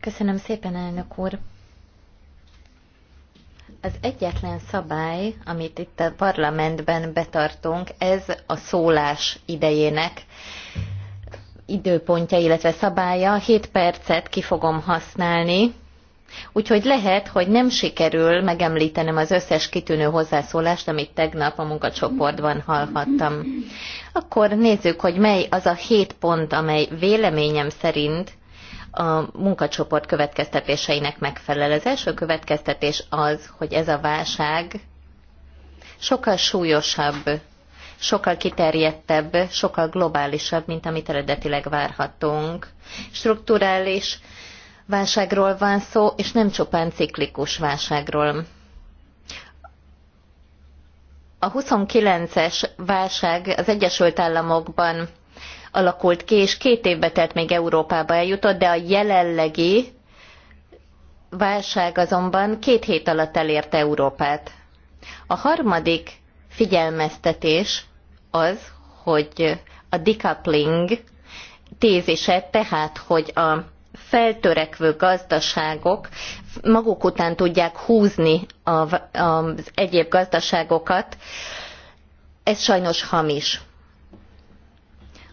Köszönöm szépen, elnök úr. Az egyetlen szabály, amit itt a parlamentben betartunk, ez a szólás idejének időpontja, illetve szabálya. 7 percet ki fogom használni, Úgyhogy lehet, hogy nem sikerül megemlítenem az összes kitűnő hozzászólást, amit tegnap a munkacsoportban hallhattam. Akkor nézzük, hogy mely az a hét pont, amely véleményem szerint a munkacsoport következtetéseinek megfelel. Az első következtetés az, hogy ez a válság sokkal súlyosabb, sokkal kiterjedtebb, sokkal globálisabb, mint amit eredetileg várhatunk. Strukturális válságról van szó, és nem csupán ciklikus válságról. A 29-es válság az Egyesült Államokban alakult ki, és két évbe telt még Európába eljutott, de a jelenlegi válság azonban két hét alatt elérte Európát. A harmadik figyelmeztetés az, hogy a decoupling tézise, tehát, hogy a feltörekvő gazdaságok maguk után tudják húzni az egyéb gazdaságokat, ez sajnos hamis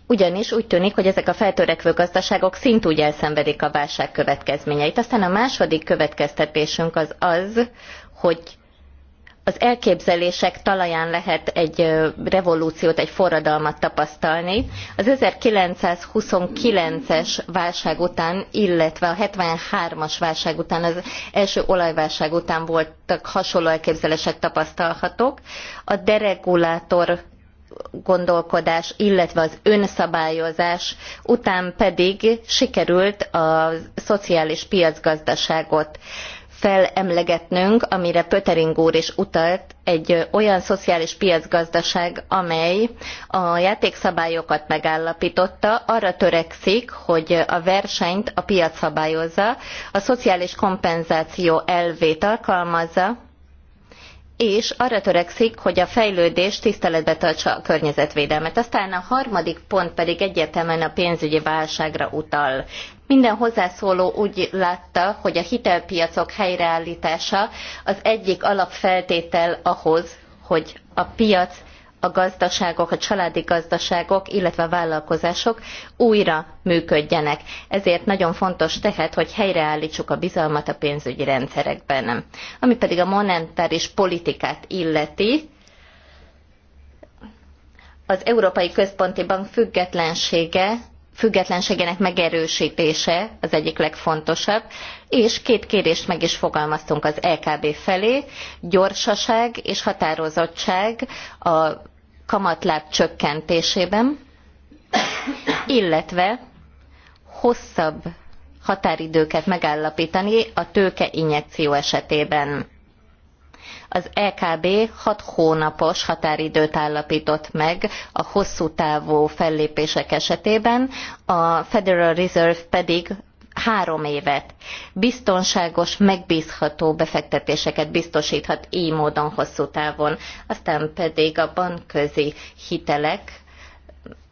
ugyanis úgy tűnik, hogy ezek a feltörekvő gazdaságok szintúgy elszenvedik a válság következményeit. Aztán a második következtetésünk az az, hogy az elképzelések talaján lehet egy revolúciót, egy forradalmat tapasztalni. Az 1929-es válság után, illetve a 73-as válság után, az első olajválság után voltak hasonló elképzelések tapasztalhatók. A deregulátor gondolkodás, illetve az önszabályozás után pedig sikerült a szociális piacgazdaságot felemlegetnünk, amire Pöttering úr is utalt, egy olyan szociális piacgazdaság, amely a játékszabályokat megállapította, arra törekszik, hogy a versenyt a piac szabályozza, a szociális kompenzáció elvét alkalmazza, és arra törekszik, hogy a fejlődés tiszteletbe tartsa a környezetvédelmet. Aztán a harmadik pont pedig egyértelműen a pénzügyi válságra utal. Minden hozzászóló úgy látta, hogy a hitelpiacok helyreállítása az egyik alapfeltétel ahhoz, hogy a piac a gazdaságok, a családi gazdaságok, illetve a vállalkozások újra működjenek. Ezért nagyon fontos tehát, hogy helyreállítsuk a bizalmat a pénzügyi rendszerekben. Ami pedig a monetáris politikát illeti, az Európai Központi Bank függetlensége függetlenségének megerősítése az egyik legfontosabb, és két kérést meg is fogalmaztunk az EKB felé, gyorsaság és határozottság a kamatláb csökkentésében, illetve hosszabb határidőket megállapítani a tőke injekció esetében. Az EKB 6 hónapos határidőt állapított meg a hosszú távú fellépések esetében, a Federal Reserve pedig három évet. Biztonságos, megbízható befektetéseket biztosíthat így módon hosszú távon. Aztán pedig a bankközi hitelek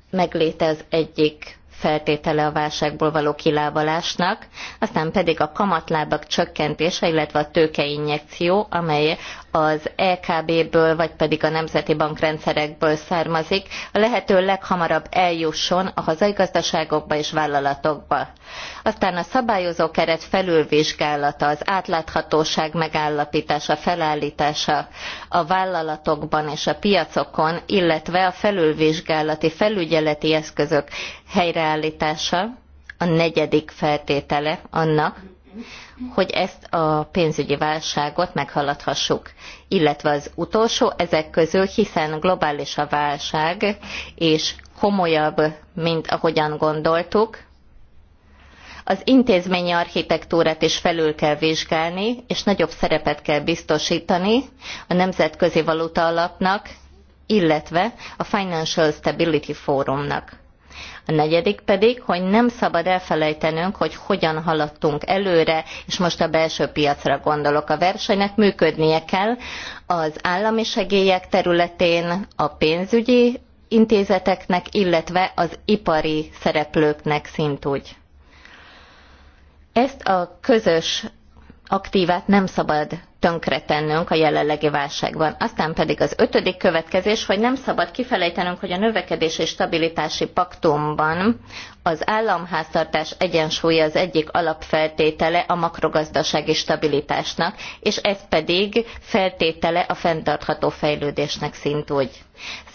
megléte az egyik feltétele a válságból való kilábalásnak, aztán pedig a kamatlábak csökkentése, illetve a tőkeinjekció, amely az EKB-ből, vagy pedig a nemzeti bankrendszerekből származik, a lehető leghamarabb eljusson a hazai gazdaságokba és vállalatokba. Aztán a szabályozó keret felülvizsgálata, az átláthatóság megállapítása, felállítása a vállalatokban és a piacokon, illetve a felülvizsgálati, felügyeleti eszközök helyreállítása, a negyedik feltétele annak, hogy ezt a pénzügyi válságot meghaladhassuk. Illetve az utolsó ezek közül, hiszen globális a válság, és komolyabb, mint ahogyan gondoltuk, az intézményi architektúrát is felül kell vizsgálni, és nagyobb szerepet kell biztosítani a Nemzetközi Valuta Alapnak, illetve a Financial Stability Forumnak. A negyedik pedig, hogy nem szabad elfelejtenünk, hogy hogyan haladtunk előre, és most a belső piacra gondolok. A versenynek működnie kell az állami segélyek területén, a pénzügyi intézeteknek, illetve az ipari szereplőknek szintúgy. Ezt a közös aktívát nem szabad tönkretennünk a jelenlegi válságban. Aztán pedig az ötödik következés, hogy nem szabad kifelejtenünk, hogy a növekedés és stabilitási paktumban az államháztartás egyensúlya az egyik alapfeltétele a makrogazdasági stabilitásnak, és ez pedig feltétele a fenntartható fejlődésnek szintúgy.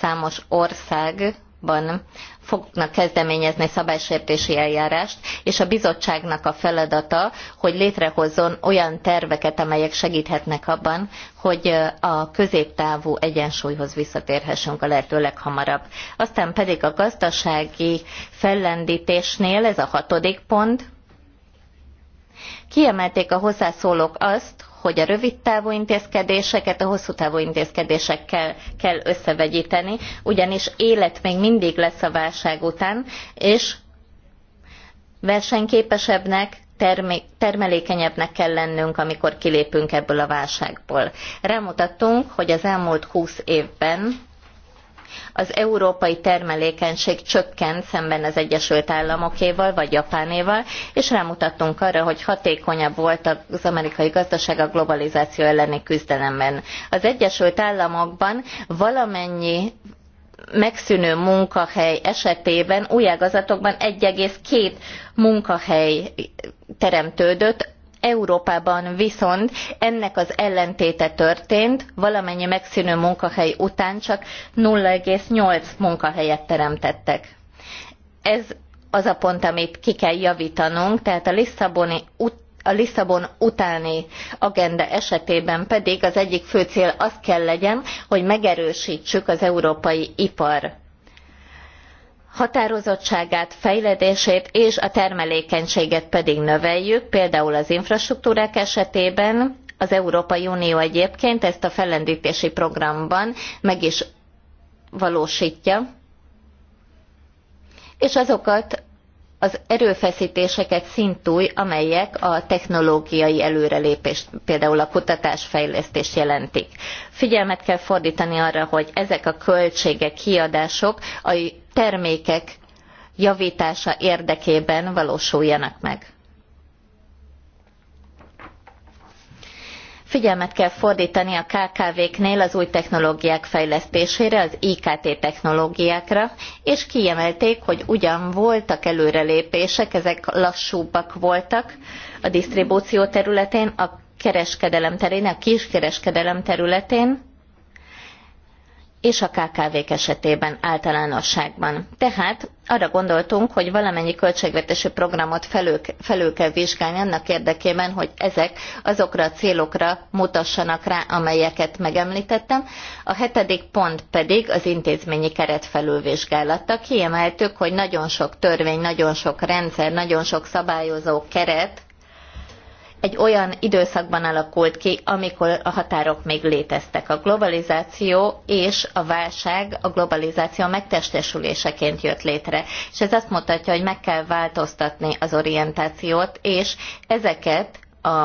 Számos ország ban fognak kezdeményezni szabálysértési eljárást, és a bizottságnak a feladata, hogy létrehozzon olyan terveket, amelyek segíthetnek abban, hogy a középtávú egyensúlyhoz visszatérhessünk a lehető leghamarabb. Aztán pedig a gazdasági fellendítésnél, ez a hatodik pont, kiemelték a hozzászólók azt, hogy a rövid távú intézkedéseket a hosszú távú intézkedésekkel kell összevegyíteni, ugyanis élet még mindig lesz a válság után, és versenyképesebbnek, termelékenyebbnek kell lennünk, amikor kilépünk ebből a válságból. Rámutattunk, hogy az elmúlt 20 évben az európai termelékenység csökkent szemben az Egyesült Államokéval vagy Japánéval, és rámutattunk arra, hogy hatékonyabb volt az amerikai gazdaság a globalizáció elleni küzdelemben. Az Egyesült Államokban valamennyi megszűnő munkahely esetében új ágazatokban 1,2 munkahely teremtődött, Európában viszont ennek az ellentéte történt, valamennyi megszűnő munkahely után csak 0,8 munkahelyet teremtettek. Ez az a pont, amit ki kell javítanunk, tehát a Lisszaboni a Lisszabon utáni agenda esetében pedig az egyik fő cél az kell legyen, hogy megerősítsük az európai ipar határozottságát, fejlődését és a termelékenységet pedig növeljük, például az infrastruktúrák esetében. Az Európai Unió egyébként ezt a fellendítési programban meg is valósítja, és azokat az erőfeszítéseket szintúj, amelyek a technológiai előrelépést, például a kutatásfejlesztést jelentik. Figyelmet kell fordítani arra, hogy ezek a költségek, kiadások a termékek javítása érdekében valósuljanak meg. Figyelmet kell fordítani a KKV-knél az új technológiák fejlesztésére, az IKT technológiákra, és kiemelték, hogy ugyan voltak előrelépések, ezek lassúbbak voltak a disztribúció területén, a kereskedelem terén, a kiskereskedelem területén, és a KKV-k esetében általánosságban. Tehát arra gondoltunk, hogy valamennyi költségvetési programot felül, felül kell vizsgálni annak érdekében, hogy ezek azokra a célokra mutassanak rá, amelyeket megemlítettem. A hetedik pont pedig az intézményi keret felülvizsgálata. Kiemeltük, hogy nagyon sok törvény, nagyon sok rendszer, nagyon sok szabályozó keret egy olyan időszakban alakult ki, amikor a határok még léteztek. A globalizáció és a válság a globalizáció megtestesüléseként jött létre. És ez azt mutatja, hogy meg kell változtatni az orientációt, és ezeket a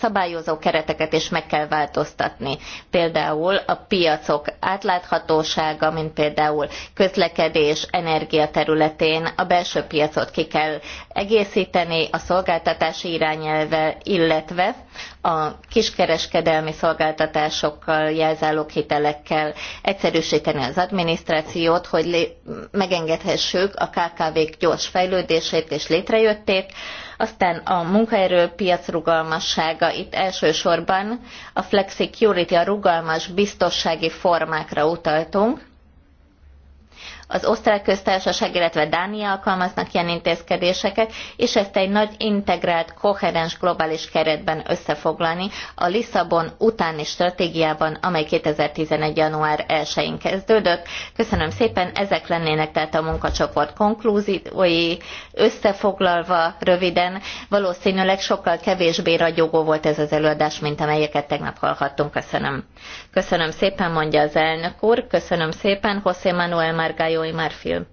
szabályozó kereteket is meg kell változtatni. Például a piacok átláthatósága, mint például közlekedés, energia területén a belső piacot ki kell egészíteni a szolgáltatási irányelvel, illetve a kiskereskedelmi szolgáltatásokkal, jelzálók hitelekkel egyszerűsíteni az adminisztrációt, hogy megengedhessük a KKV-k gyors fejlődését és létrejöttét, aztán a munkaerőpiac rugalmassága itt elsősorban a flexicurity, a rugalmas biztonsági formákra utaltunk, az osztrák köztársaság, illetve Dánia alkalmaznak ilyen intézkedéseket, és ezt egy nagy integrált, koherens globális keretben összefoglalni a Lisszabon utáni stratégiában, amely 2011. január 1-én kezdődött. Köszönöm szépen, ezek lennének tehát a munkacsoport konklúziói, összefoglalva röviden, valószínűleg sokkal kevésbé ragyogó volt ez az előadás, mint amelyeket tegnap hallhattunk. Köszönöm. Köszönöm szépen, mondja az elnök úr. Köszönöm szépen, José Manuel Margallo Marfil.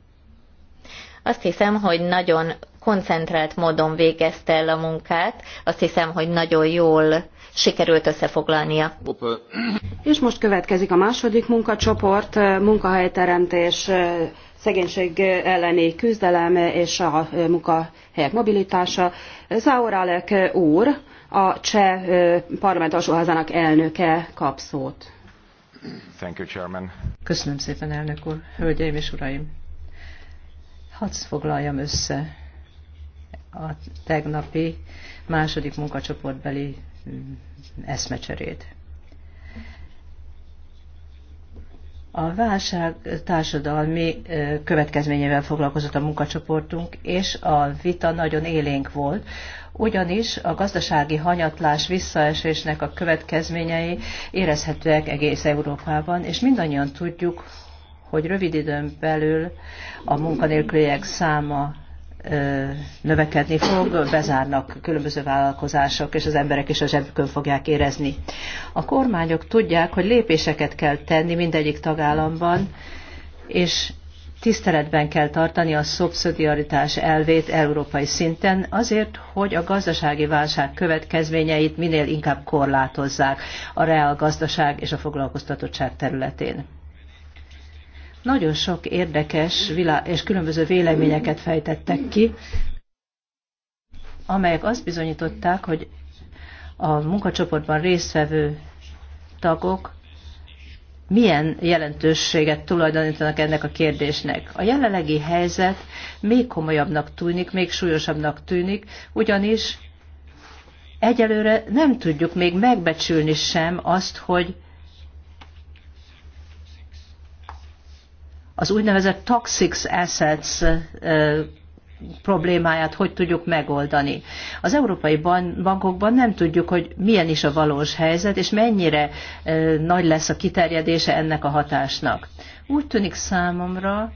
Azt hiszem, hogy nagyon koncentrált módon végezte el a munkát. Azt hiszem, hogy nagyon jól sikerült összefoglalnia. És most következik a második munkacsoport, eh, munkahelyteremtés, eh, szegénység elleni küzdelem és a eh, munkahelyek mobilitása. Zaurálek úr, a cseh parlament alsóházának elnöke kap szót. Thank you, Chairman. Köszönöm szépen, elnök úr. Hölgyeim és uraim! Hadd foglaljam össze a tegnapi második munkacsoportbeli mm, eszmecserét. A válság társadalmi következményével foglalkozott a munkacsoportunk, és a vita nagyon élénk volt ugyanis a gazdasági hanyatlás visszaesésnek a következményei érezhetőek egész Európában, és mindannyian tudjuk, hogy rövid időn belül a munkanélküliek száma növekedni fog, bezárnak különböző vállalkozások, és az emberek is a zsebükön fogják érezni. A kormányok tudják, hogy lépéseket kell tenni mindegyik tagállamban, és tiszteletben kell tartani a szubszidiaritás elvét európai szinten azért, hogy a gazdasági válság következményeit minél inkább korlátozzák a reál gazdaság és a foglalkoztatottság területén. Nagyon sok érdekes és különböző véleményeket fejtettek ki, amelyek azt bizonyították, hogy a munkacsoportban résztvevő tagok milyen jelentőséget tulajdonítanak ennek a kérdésnek. A jelenlegi helyzet még komolyabbnak tűnik, még súlyosabbnak tűnik, ugyanis egyelőre nem tudjuk még megbecsülni sem azt, hogy az úgynevezett toxic assets problémáját hogy tudjuk megoldani. Az európai bankokban nem tudjuk, hogy milyen is a valós helyzet, és mennyire nagy lesz a kiterjedése ennek a hatásnak. Úgy tűnik számomra,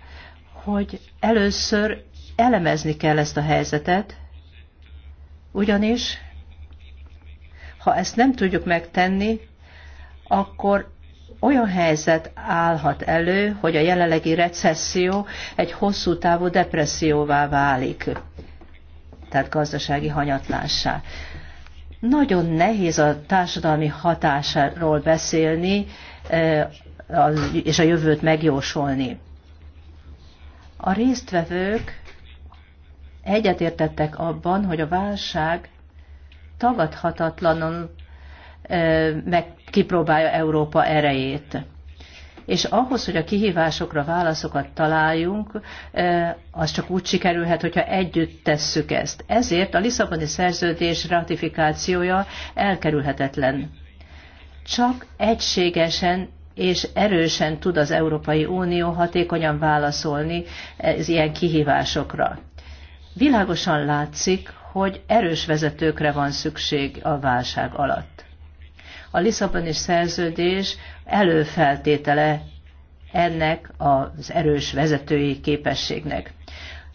hogy először elemezni kell ezt a helyzetet, ugyanis ha ezt nem tudjuk megtenni, akkor olyan helyzet állhat elő, hogy a jelenlegi recesszió egy hosszú távú depresszióvá válik, tehát gazdasági hanyatlássá. Nagyon nehéz a társadalmi hatásáról beszélni e, és a jövőt megjósolni. A résztvevők egyetértettek abban, hogy a válság tagadhatatlanul meg kipróbálja Európa erejét. És ahhoz, hogy a kihívásokra válaszokat találjunk, az csak úgy sikerülhet, hogyha együtt tesszük ezt. Ezért a Lisszaboni szerződés ratifikációja elkerülhetetlen. Csak egységesen és erősen tud az Európai Unió hatékonyan válaszolni az ilyen kihívásokra. Világosan látszik, hogy erős vezetőkre van szükség a válság alatt. A Lisszaboni szerződés előfeltétele ennek az erős vezetői képességnek.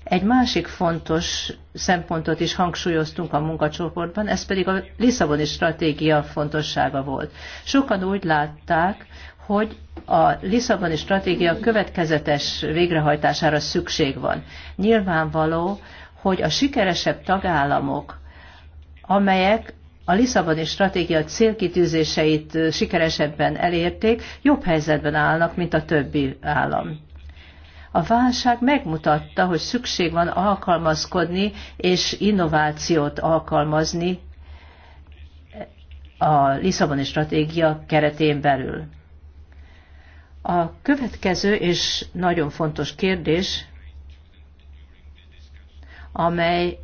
Egy másik fontos szempontot is hangsúlyoztunk a munkacsoportban, ez pedig a Lisszaboni stratégia fontossága volt. Sokan úgy látták, hogy a Lisszaboni stratégia következetes végrehajtására szükség van. Nyilvánvaló, hogy a sikeresebb tagállamok, amelyek a Lisszaboni stratégia célkitűzéseit sikeresebben elérték, jobb helyzetben állnak, mint a többi állam. A válság megmutatta, hogy szükség van alkalmazkodni és innovációt alkalmazni a Lisszaboni stratégia keretén belül. A következő és nagyon fontos kérdés, amely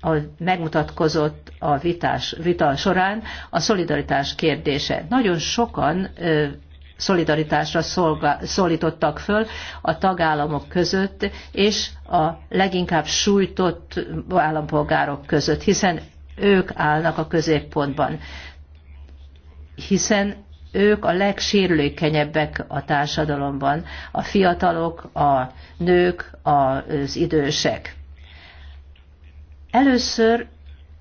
a, megmutatkozott a vitás, vita során a szolidaritás kérdése. Nagyon sokan ö, szolidaritásra szolga, szólítottak föl a tagállamok között és a leginkább sújtott állampolgárok között, hiszen ők állnak a középpontban, hiszen ők a legsérülékenyebbek a társadalomban, a fiatalok, a nők, az idősek Először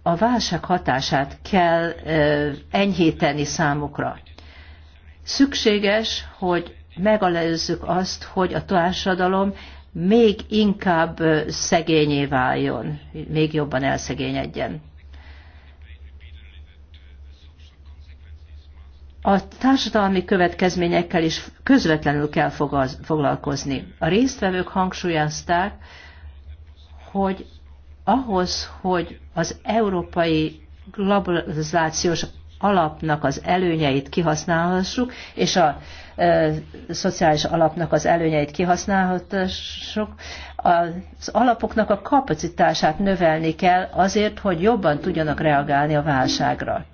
a válság hatását kell enyhíteni számukra. Szükséges, hogy megelőzzük azt, hogy a társadalom még inkább szegényé váljon, még jobban elszegényedjen. A társadalmi következményekkel is közvetlenül kell foglalkozni. A résztvevők hangsúlyozták, hogy ahhoz, hogy az európai globalizációs alapnak az előnyeit kihasználhassuk, és a e, szociális alapnak az előnyeit kihasználhassuk, az alapoknak a kapacitását növelni kell azért, hogy jobban tudjanak reagálni a válságra.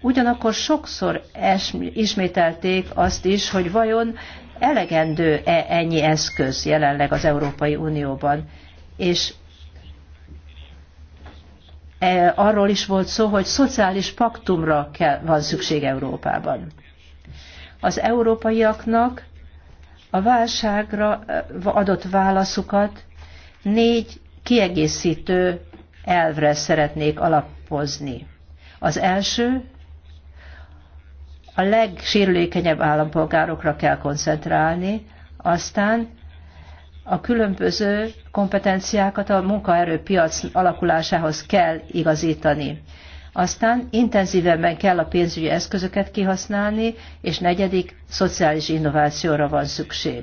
Ugyanakkor sokszor es, ismételték azt is, hogy vajon elegendő-e ennyi eszköz jelenleg az Európai Unióban, és E, arról is volt szó, hogy szociális paktumra kell, van szükség Európában. Az európaiaknak a válságra e, adott válaszukat négy kiegészítő elvre szeretnék alapozni. Az első, a legsérülékenyebb állampolgárokra kell koncentrálni, aztán a különböző kompetenciákat a munkaerőpiac alakulásához kell igazítani. Aztán intenzívebben kell a pénzügyi eszközöket kihasználni, és negyedik, szociális innovációra van szükség.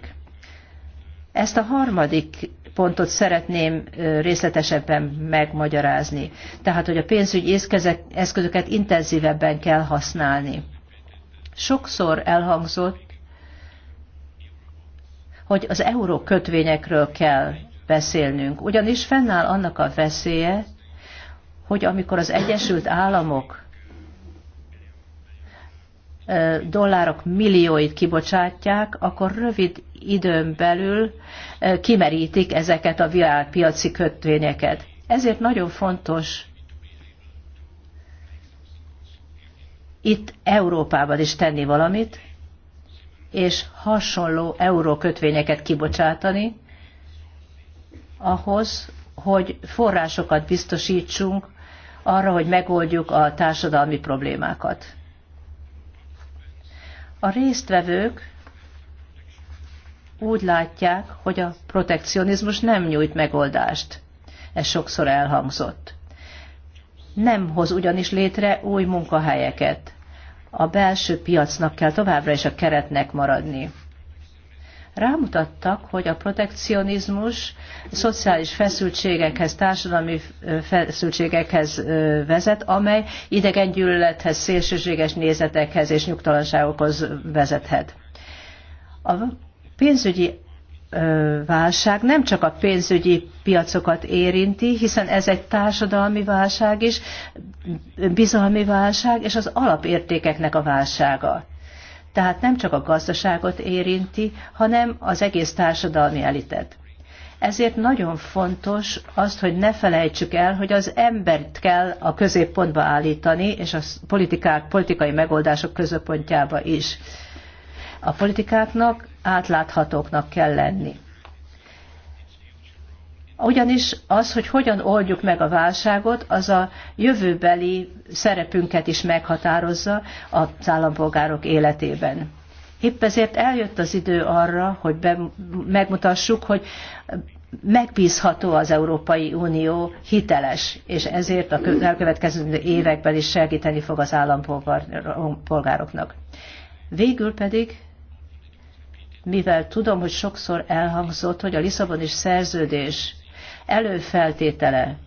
Ezt a harmadik pontot szeretném részletesebben megmagyarázni. Tehát, hogy a pénzügyi eszközöket intenzívebben kell használni. Sokszor elhangzott hogy az euró kötvényekről kell beszélnünk, ugyanis fennáll annak a veszélye, hogy amikor az Egyesült Államok dollárok millióit kibocsátják, akkor rövid időn belül kimerítik ezeket a világpiaci kötvényeket. Ezért nagyon fontos itt Európában is tenni valamit, és hasonló eurókötvényeket kibocsátani, ahhoz, hogy forrásokat biztosítsunk arra, hogy megoldjuk a társadalmi problémákat. A résztvevők úgy látják, hogy a protekcionizmus nem nyújt megoldást. Ez sokszor elhangzott. Nem hoz ugyanis létre új munkahelyeket a belső piacnak kell továbbra is a keretnek maradni. Rámutattak, hogy a protekcionizmus szociális feszültségekhez, társadalmi feszültségekhez vezet, amely idegengyűlölethez, szélsőséges nézetekhez és nyugtalanságokhoz vezethet. A pénzügyi válság nem csak a pénzügyi piacokat érinti, hiszen ez egy társadalmi válság is, bizalmi válság, és az alapértékeknek a válsága. Tehát nem csak a gazdaságot érinti, hanem az egész társadalmi elitet. Ezért nagyon fontos azt, hogy ne felejtsük el, hogy az embert kell a középpontba állítani, és a politikák, politikai megoldások középpontjába is. A politikáknak átláthatóknak kell lenni. Ugyanis az, hogy hogyan oldjuk meg a válságot, az a jövőbeli szerepünket is meghatározza az állampolgárok életében. Épp ezért eljött az idő arra, hogy be, megmutassuk, hogy megbízható az Európai Unió, hiteles, és ezért a elkövetkező években is segíteni fog az állampolgároknak. Végül pedig mivel tudom, hogy sokszor elhangzott, hogy a Lisszaboni szerződés előfeltétele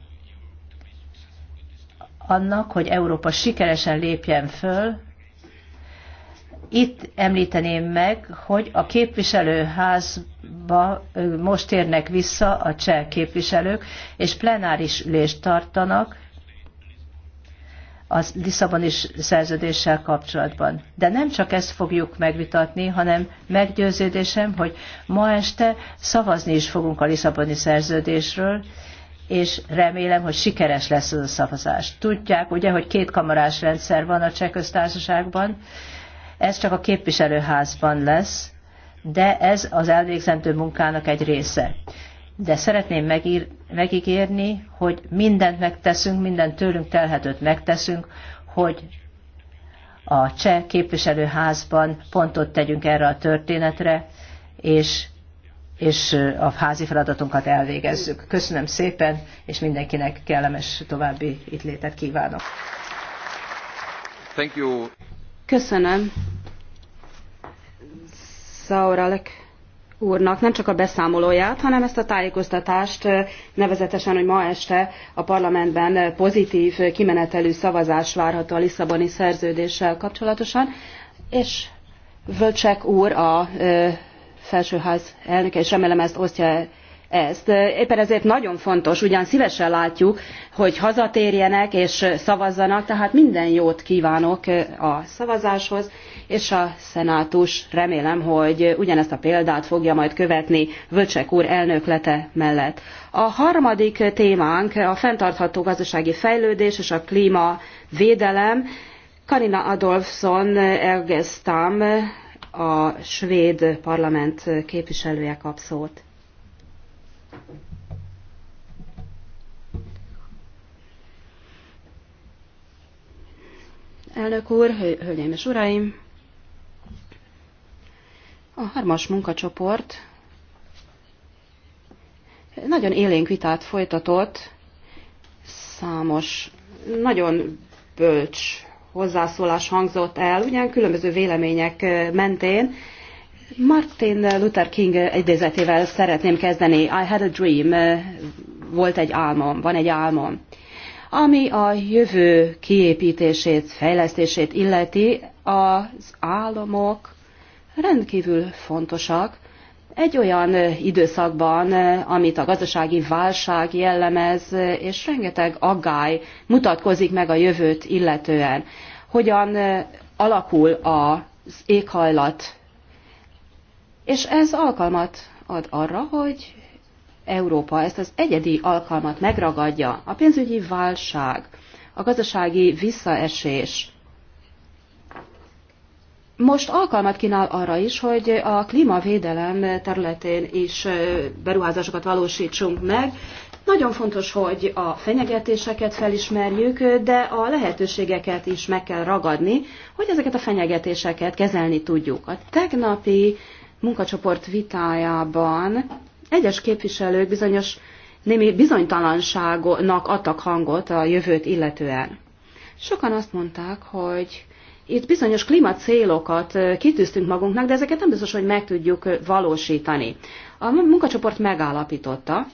annak, hogy Európa sikeresen lépjen föl, itt említeném meg, hogy a képviselőházba most térnek vissza a cseh képviselők, és plenáris ülést tartanak, a Lisszaboni szerződéssel kapcsolatban. De nem csak ezt fogjuk megvitatni, hanem meggyőződésem, hogy ma este szavazni is fogunk a Lisszaboni szerződésről, és remélem, hogy sikeres lesz az a szavazás. Tudják ugye, hogy két kamarás rendszer van a cseh köztársaságban, ez csak a képviselőházban lesz, de ez az elvégzendő munkának egy része de szeretném megír, megígérni, hogy mindent megteszünk, mindent tőlünk telhetőt megteszünk, hogy a cseh képviselőházban pontot tegyünk erre a történetre, és, és a házi feladatunkat elvégezzük. Köszönöm szépen, és mindenkinek kellemes további itt létet kívánok. Thank you. Köszönöm. Szauralek úrnak nem csak a beszámolóját, hanem ezt a tájékoztatást, nevezetesen, hogy ma este a parlamentben pozitív kimenetelű szavazás várható a Lisszaboni szerződéssel kapcsolatosan, és Völcsek úr a felsőház elnöke, és remélem ezt osztja ezt. Éppen ezért nagyon fontos, ugyan szívesen látjuk, hogy hazatérjenek és szavazzanak, tehát minden jót kívánok a szavazáshoz, és a szenátus remélem, hogy ugyanezt a példát fogja majd követni Völcsek úr elnöklete mellett. A harmadik témánk a fenntartható gazdasági fejlődés és a klímavédelem. Karina Adolfsson Elgestam, a svéd parlament képviselője kap szót. Elnök úr, hölgyeim és uraim! A hármas munkacsoport nagyon élénk vitát folytatott, számos, nagyon bölcs hozzászólás hangzott el, ugyan különböző vélemények mentén. Martin Luther King idézetével szeretném kezdeni. I had a dream, volt egy álmom, van egy álmom. Ami a jövő kiépítését, fejlesztését illeti, az álomok rendkívül fontosak egy olyan időszakban, amit a gazdasági válság jellemez, és rengeteg aggály mutatkozik meg a jövőt illetően. Hogyan alakul az éghajlat, és ez alkalmat ad arra, hogy Európa ezt az egyedi alkalmat megragadja. A pénzügyi válság, a gazdasági visszaesés, most alkalmat kínál arra is, hogy a klímavédelem területén is beruházásokat valósítsunk meg. Nagyon fontos, hogy a fenyegetéseket felismerjük, de a lehetőségeket is meg kell ragadni, hogy ezeket a fenyegetéseket kezelni tudjuk. A tegnapi munkacsoport vitájában egyes képviselők bizonyos némi bizonytalanságnak adtak hangot a jövőt illetően. Sokan azt mondták, hogy itt bizonyos klímacélokat kitűztünk magunknak, de ezeket nem biztos, hogy meg tudjuk valósítani. A munkacsoport megállapította,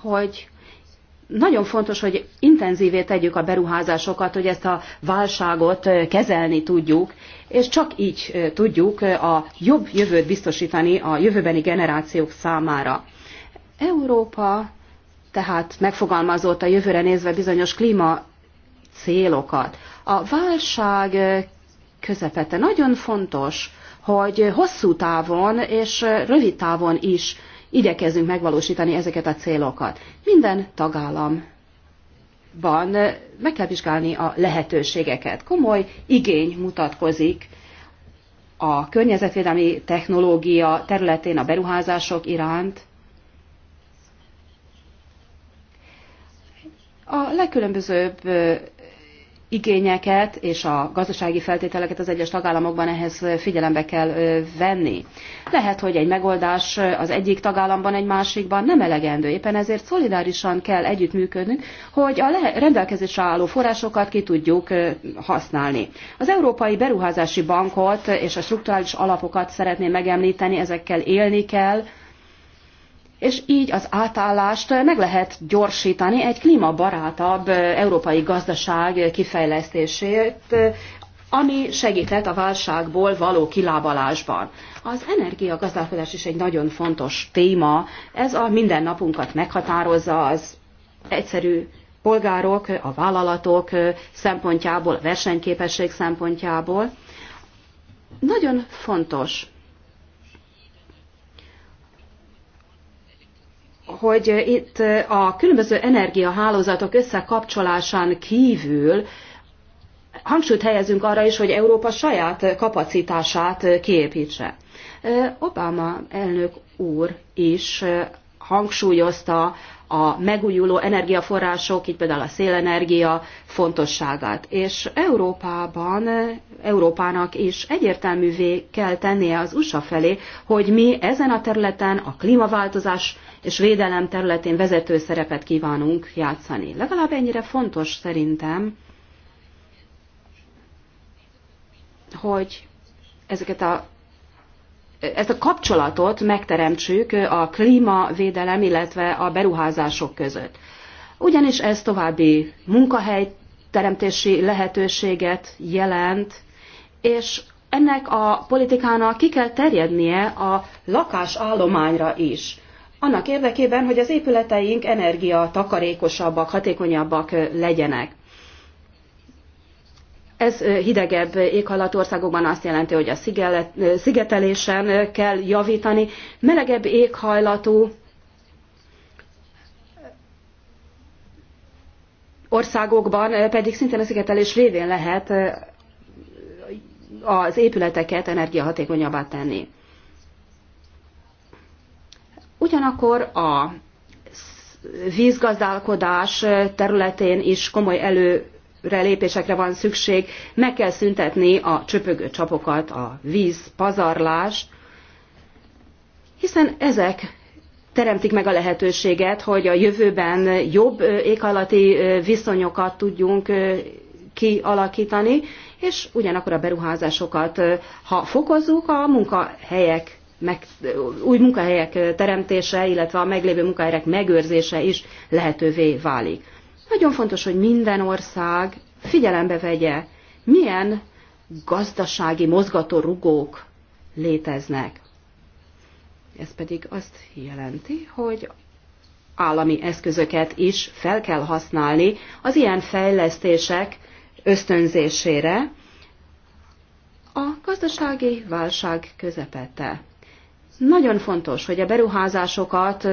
hogy nagyon fontos, hogy intenzívé tegyük a beruházásokat, hogy ezt a válságot kezelni tudjuk, és csak így tudjuk a jobb jövőt biztosítani a jövőbeni generációk számára. Európa tehát megfogalmazott a jövőre nézve bizonyos klíma célokat. A válság eh, közepette nagyon fontos, hogy hosszú távon és eh, rövid távon is igyekezzünk megvalósítani ezeket a célokat. Minden tagállam van, eh, meg kell vizsgálni a lehetőségeket. Komoly igény mutatkozik a környezetvédelmi technológia területén a beruházások iránt. A legkülönbözőbb igényeket és a gazdasági feltételeket az egyes tagállamokban ehhez figyelembe kell venni. Lehet, hogy egy megoldás az egyik tagállamban, egy másikban nem elegendő. Éppen ezért szolidárisan kell együttműködnünk, hogy a rendelkezésre álló forrásokat ki tudjuk használni. Az Európai Beruházási Bankot és a strukturális alapokat szeretném megemlíteni, ezekkel élni kell, és így az átállást meg lehet gyorsítani egy klímabarátabb európai gazdaság kifejlesztését, ami segített a válságból való kilábalásban. Az energiagazdálkodás is egy nagyon fontos téma, ez a mindennapunkat meghatározza, az egyszerű polgárok, a vállalatok szempontjából, a versenyképesség szempontjából. Nagyon fontos hogy itt a különböző energiahálózatok összekapcsolásán kívül hangsúlyt helyezünk arra is, hogy Európa saját kapacitását kiépítse. Obama elnök úr is hangsúlyozta a megújuló energiaforrások, így például a szélenergia fontosságát. És Európában, Európának is egyértelművé kell tennie az USA felé, hogy mi ezen a területen a klímaváltozás és védelem területén vezető szerepet kívánunk játszani. Legalább ennyire fontos szerintem, hogy ezeket a ezt a kapcsolatot megteremtsük a klímavédelem, illetve a beruházások között. Ugyanis ez további munkahelyteremtési lehetőséget jelent, és ennek a politikának ki kell terjednie a lakásállományra is. Annak érdekében, hogy az épületeink energia takarékosabbak, hatékonyabbak legyenek. Ez hidegebb éghajlat országokban azt jelenti, hogy a szigetelésen kell javítani. Melegebb éghajlatú országokban pedig szintén a szigetelés révén lehet az épületeket energiahatékonyabbá tenni. Ugyanakkor a vízgazdálkodás területén is komoly elő lépésekre van szükség, meg kell szüntetni a csöpögő csapokat, a víz pazarlást, hiszen ezek teremtik meg a lehetőséget, hogy a jövőben jobb éghajlati viszonyokat tudjunk kialakítani, és ugyanakkor a beruházásokat, ha fokozzuk, a munkahelyek meg, új munkahelyek teremtése, illetve a meglévő munkahelyek megőrzése is lehetővé válik. Nagyon fontos, hogy minden ország figyelembe vegye, milyen gazdasági mozgatórugók léteznek. Ez pedig azt jelenti, hogy állami eszközöket is fel kell használni az ilyen fejlesztések ösztönzésére a gazdasági válság közepette. Nagyon fontos, hogy a beruházásokat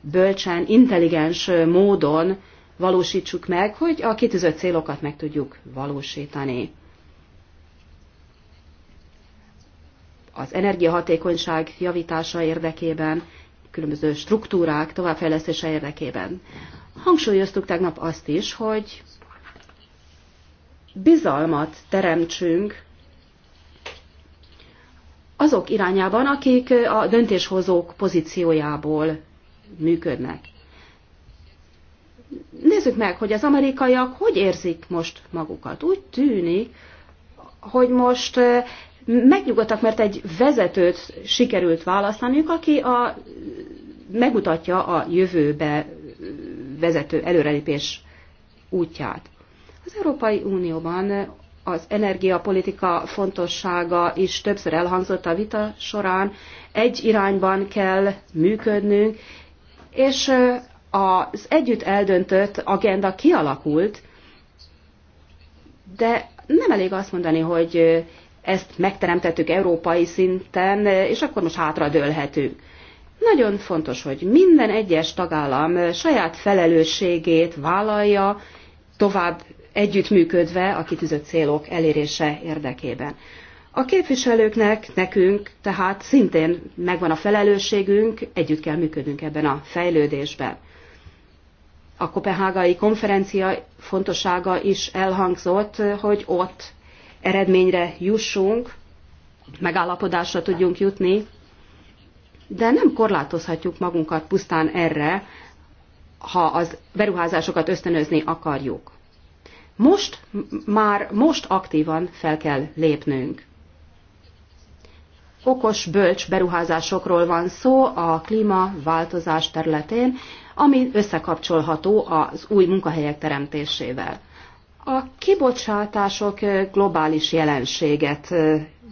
bölcsen, intelligens módon valósítsuk meg, hogy a kitűzött célokat meg tudjuk valósítani. Az energiahatékonyság javítása érdekében, különböző struktúrák továbbfejlesztése érdekében. Hangsúlyoztuk tegnap azt is, hogy bizalmat teremtsünk azok irányában, akik a döntéshozók pozíciójából működnek nézzük meg, hogy az amerikaiak hogy érzik most magukat. Úgy tűnik, hogy most megnyugodtak, mert egy vezetőt sikerült választaniuk, aki a, megmutatja a jövőbe vezető előrelépés útját. Az Európai Unióban az energiapolitika fontossága is többször elhangzott a vita során, egy irányban kell működnünk, és az együtt eldöntött agenda kialakult, de nem elég azt mondani, hogy ezt megteremtettük európai szinten, és akkor most dőlhetünk. Nagyon fontos, hogy minden egyes tagállam saját felelősségét vállalja, tovább együttműködve a kitűzött célok elérése érdekében. A képviselőknek, nekünk tehát szintén megvan a felelősségünk, együtt kell működnünk ebben a fejlődésben a kopenhágai konferencia fontossága is elhangzott, hogy ott eredményre jussunk, megállapodásra tudjunk jutni, de nem korlátozhatjuk magunkat pusztán erre, ha az beruházásokat ösztönözni akarjuk. Most, már most aktívan fel kell lépnünk. Okos, bölcs beruházásokról van szó a klímaváltozás területén, ami összekapcsolható az új munkahelyek teremtésével. A kibocsátások globális jelenséget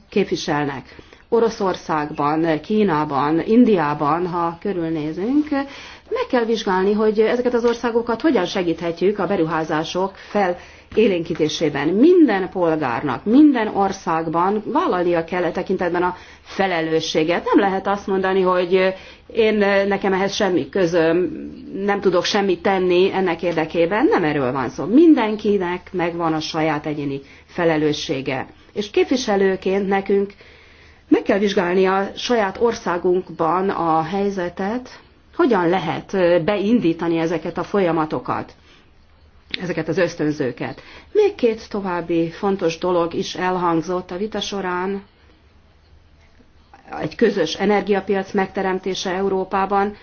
képviselnek. Oroszországban, Kínában, Indiában, ha körülnézünk, meg kell vizsgálni, hogy ezeket az országokat hogyan segíthetjük a beruházások fel élénkítésében minden polgárnak, minden országban vállalnia kell e tekintetben a felelősséget. Nem lehet azt mondani, hogy én nekem ehhez semmi közöm, nem tudok semmit tenni ennek érdekében. Nem erről van szó. Mindenkinek megvan a saját egyéni felelőssége. És képviselőként nekünk meg kell vizsgálni a saját országunkban a helyzetet, hogyan lehet beindítani ezeket a folyamatokat ezeket az ösztönzőket. Még két további fontos dolog is elhangzott a vita során, egy közös energiapiac megteremtése Európában,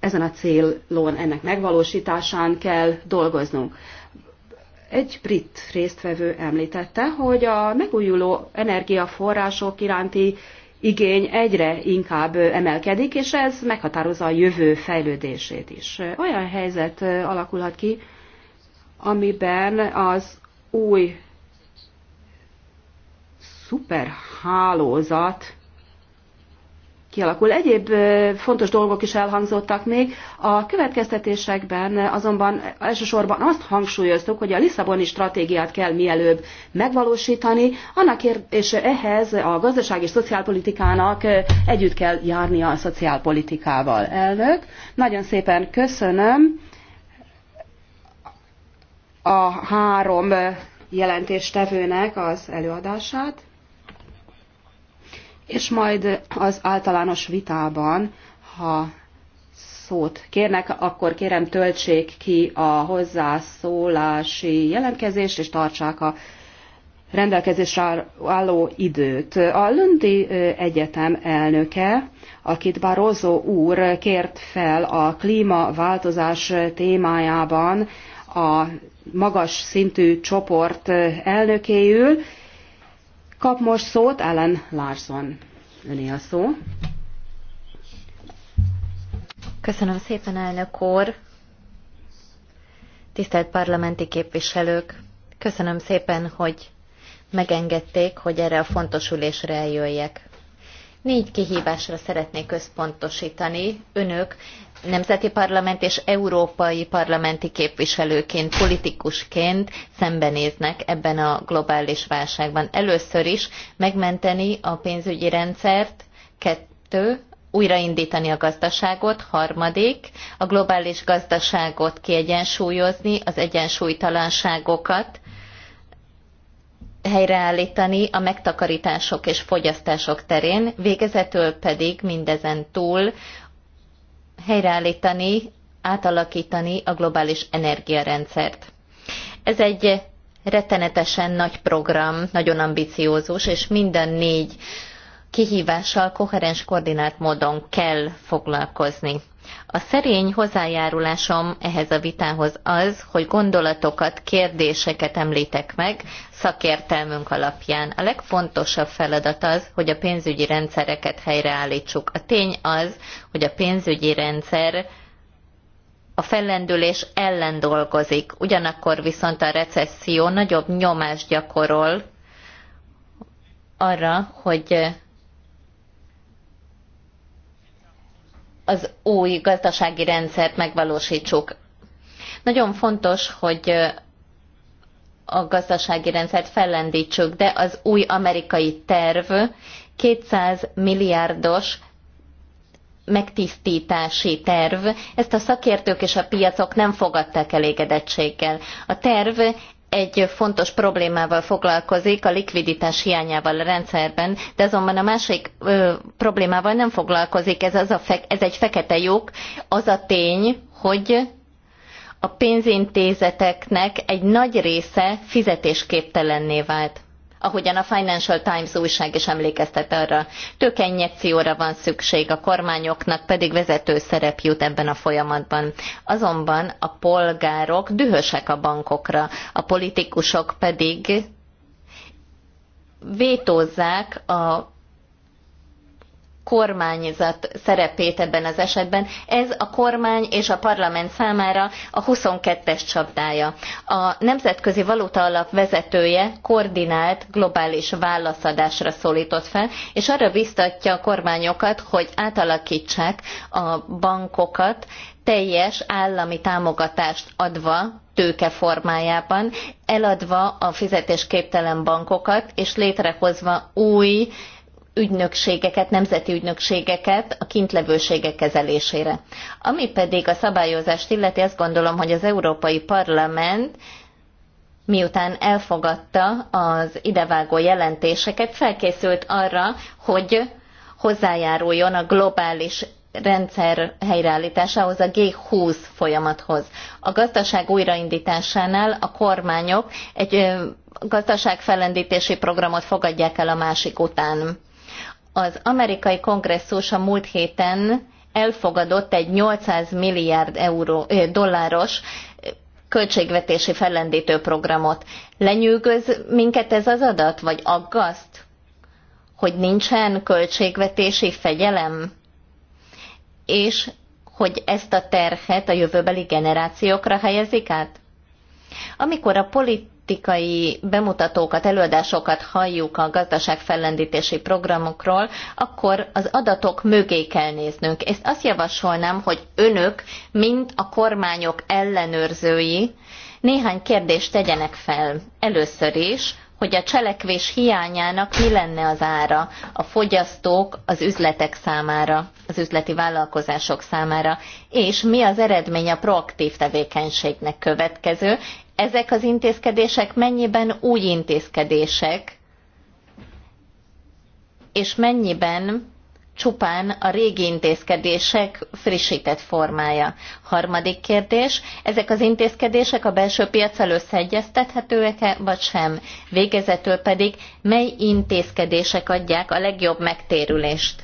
ezen a célon, ennek megvalósításán kell dolgoznunk. Egy brit résztvevő említette, hogy a megújuló energiaforrások iránti igény egyre inkább emelkedik, és ez meghatározza a jövő fejlődését is. Olyan helyzet alakulhat ki, amiben az új szuperhálózat kialakul. Egyéb fontos dolgok is elhangzottak még. A következtetésekben azonban elsősorban azt hangsúlyoztuk, hogy a Lisszaboni stratégiát kell mielőbb megvalósítani, annak ér- és ehhez a gazdaság és szociálpolitikának együtt kell járnia a szociálpolitikával. Elnök, nagyon szépen köszönöm a három jelentéstevőnek az előadását és majd az általános vitában, ha szót kérnek, akkor kérem töltsék ki a hozzászólási jelentkezést, és tartsák a rendelkezésre álló időt. A Lundi Egyetem elnöke, akit Barozó úr kért fel a klímaváltozás témájában a magas szintű csoport elnökéül, Kap most szót Ellen Larson. Öné a szó. Köszönöm szépen, elnök úr. Tisztelt parlamenti képviselők, köszönöm szépen, hogy megengedték, hogy erre a fontos ülésre eljöjjek. Négy kihívásra szeretnék összpontosítani. Önök nemzeti parlament és európai parlamenti képviselőként, politikusként szembenéznek ebben a globális válságban. Először is megmenteni a pénzügyi rendszert, kettő, újraindítani a gazdaságot, harmadik, a globális gazdaságot kiegyensúlyozni, az egyensúlytalanságokat helyreállítani a megtakarítások és fogyasztások terén, végezetül pedig mindezen túl helyreállítani, átalakítani a globális energiarendszert. Ez egy rettenetesen nagy program, nagyon ambiciózus, és minden négy kihívással koherens koordinált módon kell foglalkozni. A szerény hozzájárulásom ehhez a vitához az, hogy gondolatokat, kérdéseket említek meg szakértelmünk alapján. A legfontosabb feladat az, hogy a pénzügyi rendszereket helyreállítsuk. A tény az, hogy a pénzügyi rendszer a fellendülés ellen dolgozik, ugyanakkor viszont a recesszió nagyobb nyomást gyakorol arra, hogy az új gazdasági rendszert megvalósítsuk. Nagyon fontos, hogy a gazdasági rendszert fellendítsük, de az új amerikai terv 200 milliárdos megtisztítási terv, ezt a szakértők és a piacok nem fogadták elégedettséggel. A terv egy fontos problémával foglalkozik, a likviditás hiányával a rendszerben, de azonban a másik ö, problémával nem foglalkozik, ez, az a fe, ez egy fekete lyuk, az a tény, hogy a pénzintézeteknek egy nagy része fizetésképtelenné vált ahogyan a Financial Times újság is emlékeztet arra. Tőkeinjekcióra van szükség, a kormányoknak pedig vezető szerep jut ebben a folyamatban. Azonban a polgárok dühösek a bankokra, a politikusok pedig vétózzák a kormányzat szerepét ebben az esetben. Ez a kormány és a parlament számára a 22-es csapdája. A Nemzetközi Valuta Alap vezetője koordinált globális válaszadásra szólított fel, és arra biztatja a kormányokat, hogy átalakítsák a bankokat, teljes állami támogatást adva tőke formájában, eladva a fizetésképtelen bankokat, és létrehozva új ügynökségeket, nemzeti ügynökségeket a kintlevőségek kezelésére. Ami pedig a szabályozást illeti, azt gondolom, hogy az Európai Parlament miután elfogadta az idevágó jelentéseket, felkészült arra, hogy hozzájáruljon a globális rendszer helyreállításához, a G20 folyamathoz. A gazdaság újraindításánál a kormányok egy gazdaságfellendítési programot fogadják el a másik után. Az amerikai kongresszus a múlt héten elfogadott egy 800 milliárd euró, dolláros költségvetési fellendítő programot. Lenyűgöz minket ez az adat, vagy aggaszt, hogy nincsen költségvetési fegyelem? És hogy ezt a terhet a jövőbeli generációkra helyezik át? Amikor a politikai politikai bemutatókat, előadásokat halljuk a gazdaság fellendítési programokról, akkor az adatok mögé kell néznünk. Ezt azt javasolnám, hogy önök, mint a kormányok ellenőrzői, néhány kérdést tegyenek fel. Először is, hogy a cselekvés hiányának mi lenne az ára a fogyasztók, az üzletek számára, az üzleti vállalkozások számára, és mi az eredmény a proaktív tevékenységnek következő, ezek az intézkedések mennyiben új intézkedések, és mennyiben csupán a régi intézkedések frissített formája. Harmadik kérdés, ezek az intézkedések a belső piacsal összeegyeztethetőek-e, vagy sem? Végezetül pedig, mely intézkedések adják a legjobb megtérülést?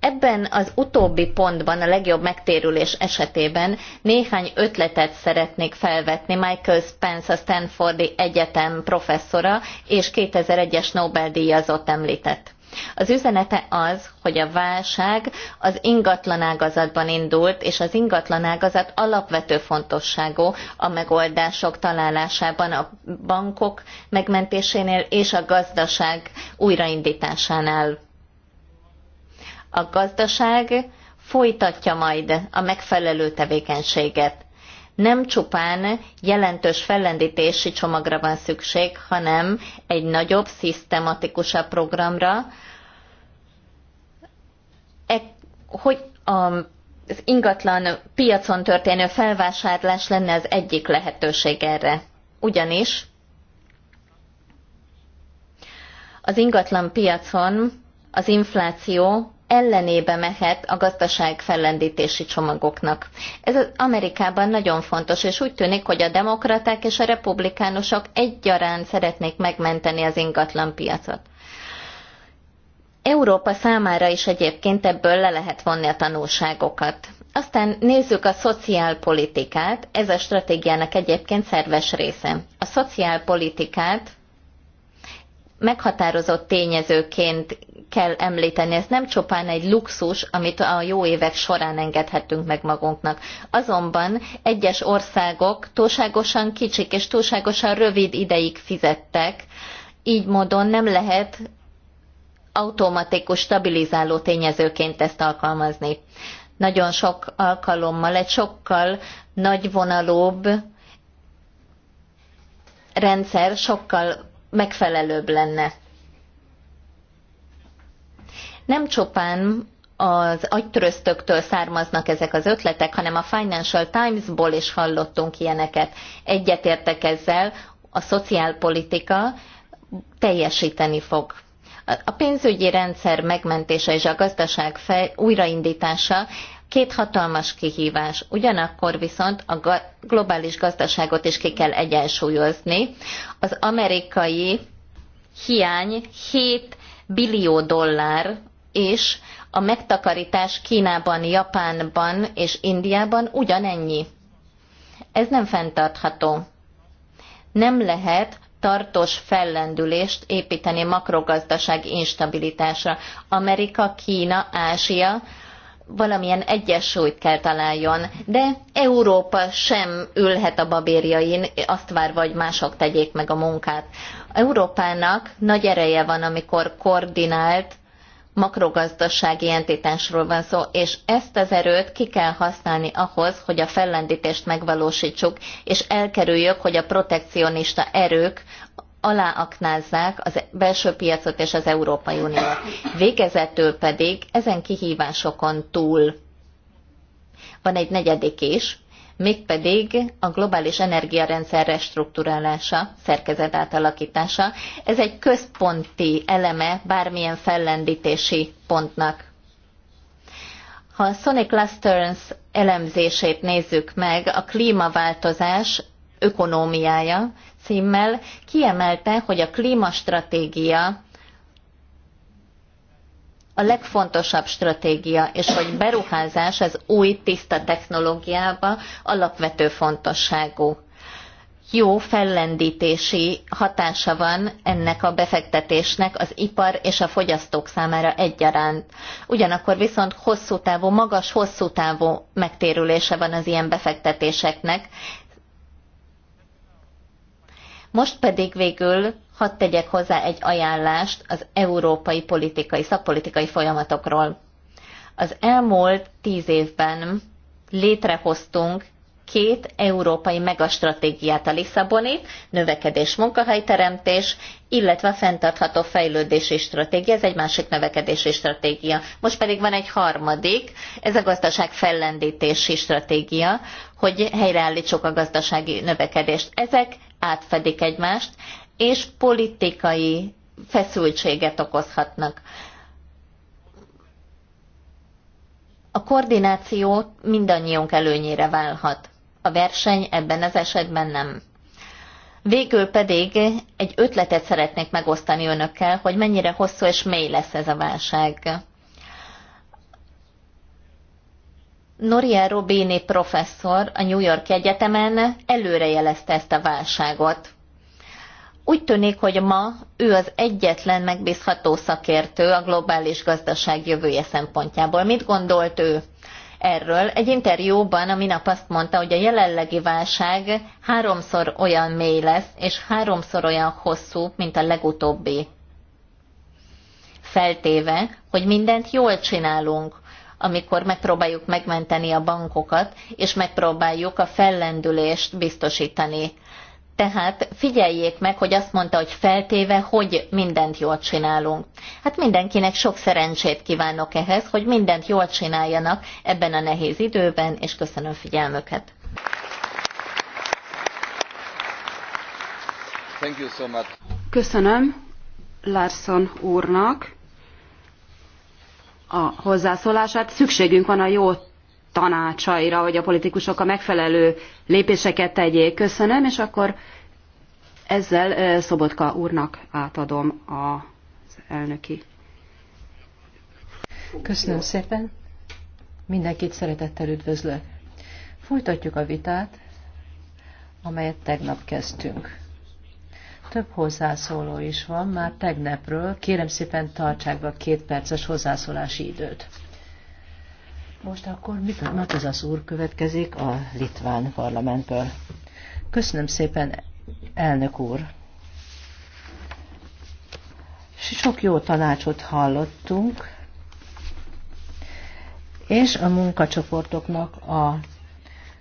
Ebben az utóbbi pontban, a legjobb megtérülés esetében néhány ötletet szeretnék felvetni Michael Spence, a Stanfordi Egyetem professzora és 2001-es Nobel-díjazott említett. Az üzenete az, hogy a válság az ingatlanágazatban indult, és az ingatlanágazat alapvető fontosságú a megoldások találásában a bankok megmentésénél és a gazdaság újraindításánál a gazdaság folytatja majd a megfelelő tevékenységet. Nem csupán jelentős fellendítési csomagra van szükség, hanem egy nagyobb, szisztematikusabb programra, e, hogy a az ingatlan piacon történő felvásárlás lenne az egyik lehetőség erre. Ugyanis az ingatlan piacon az infláció ellenébe mehet a gazdaság fellendítési csomagoknak. Ez az Amerikában nagyon fontos, és úgy tűnik, hogy a demokraták és a republikánusok egyaránt szeretnék megmenteni az ingatlanpiacot. Európa számára is egyébként ebből le lehet vonni a tanulságokat. Aztán nézzük a szociálpolitikát, ez a stratégiának egyébként szerves része. A szociálpolitikát meghatározott tényezőként kell említeni. Ez nem csupán egy luxus, amit a jó évek során engedhetünk meg magunknak. Azonban egyes országok túlságosan kicsik és túlságosan rövid ideig fizettek, így módon nem lehet automatikus stabilizáló tényezőként ezt alkalmazni. Nagyon sok alkalommal egy sokkal nagyvonalúbb rendszer sokkal megfelelőbb lenne. Nem csupán az agytröztöktől származnak ezek az ötletek, hanem a Financial Times-ból is hallottunk ilyeneket. Egyetértek ezzel, a szociálpolitika teljesíteni fog. A pénzügyi rendszer megmentése és a gazdaság újraindítása Két hatalmas kihívás. Ugyanakkor viszont a globális gazdaságot is ki kell egyensúlyozni. Az amerikai hiány 7 billió dollár, és a megtakarítás Kínában, Japánban és Indiában ugyanennyi. Ez nem fenntartható. Nem lehet tartós fellendülést építeni makrogazdaság instabilitásra. Amerika, Kína, Ázsia valamilyen egyensúlyt kell találjon, de Európa sem ülhet a babérjain, azt várva, hogy mások tegyék meg a munkát. Európának nagy ereje van, amikor koordinált makrogazdasági entitásról van szó, és ezt az erőt ki kell használni ahhoz, hogy a fellendítést megvalósítsuk, és elkerüljük, hogy a protekcionista erők aláaknázzák az belső piacot és az Európai Uniót. Végezetül pedig ezen kihívásokon túl van egy negyedik is, mégpedig a globális energiarendszer restruktúrálása, szerkezet átalakítása. Ez egy központi eleme bármilyen fellendítési pontnak. Ha a Sonic Lusterns elemzését nézzük meg, a klímaváltozás ökonómiája címmel kiemelte, hogy a klímastratégia a legfontosabb stratégia, és hogy beruházás az új tiszta technológiába alapvető fontosságú. Jó fellendítési hatása van ennek a befektetésnek az ipar és a fogyasztók számára egyaránt. Ugyanakkor viszont hosszú távú, magas hosszú távú megtérülése van az ilyen befektetéseknek, most pedig végül hadd tegyek hozzá egy ajánlást az európai politikai, szakpolitikai folyamatokról. Az elmúlt tíz évben létrehoztunk két európai megastratégiát, a Lisszabonit, növekedés munkahelyteremtés, illetve a fenntartható fejlődési stratégia, ez egy másik növekedési stratégia. Most pedig van egy harmadik, ez a gazdaság fellendítési stratégia, hogy helyreállítsuk a gazdasági növekedést. Ezek átfedik egymást, és politikai feszültséget okozhatnak. A koordináció mindannyiunk előnyére válhat a verseny ebben az esetben nem. Végül pedig egy ötletet szeretnék megosztani önökkel, hogy mennyire hosszú és mély lesz ez a válság. Noria Robini professzor a New York Egyetemen előrejelezte ezt a válságot. Úgy tűnik, hogy ma ő az egyetlen megbízható szakértő a globális gazdaság jövője szempontjából. Mit gondolt ő? erről. Egy interjúban a minap azt mondta, hogy a jelenlegi válság háromszor olyan mély lesz, és háromszor olyan hosszú, mint a legutóbbi. Feltéve, hogy mindent jól csinálunk, amikor megpróbáljuk megmenteni a bankokat, és megpróbáljuk a fellendülést biztosítani. Tehát figyeljék meg, hogy azt mondta, hogy feltéve, hogy mindent jól csinálunk. Hát mindenkinek sok szerencsét kívánok ehhez, hogy mindent jól csináljanak ebben a nehéz időben, és köszönöm figyelmüket. So köszönöm Larson úrnak a hozzászólását. Szükségünk van a jó tanácsaira, hogy a politikusok a megfelelő lépéseket tegyék. Köszönöm, és akkor ezzel Szobotka úrnak átadom az elnöki. Köszönöm szépen. Mindenkit szeretettel üdvözlök. Folytatjuk a vitát, amelyet tegnap kezdtünk. Több hozzászóló is van már tegnapről. Kérem szépen tartsák be a két perces hozzászólási időt. Most akkor az az úr következik a Litván parlamentből. Köszönöm szépen, elnök úr! Sok jó tanácsot hallottunk, és a munkacsoportoknak a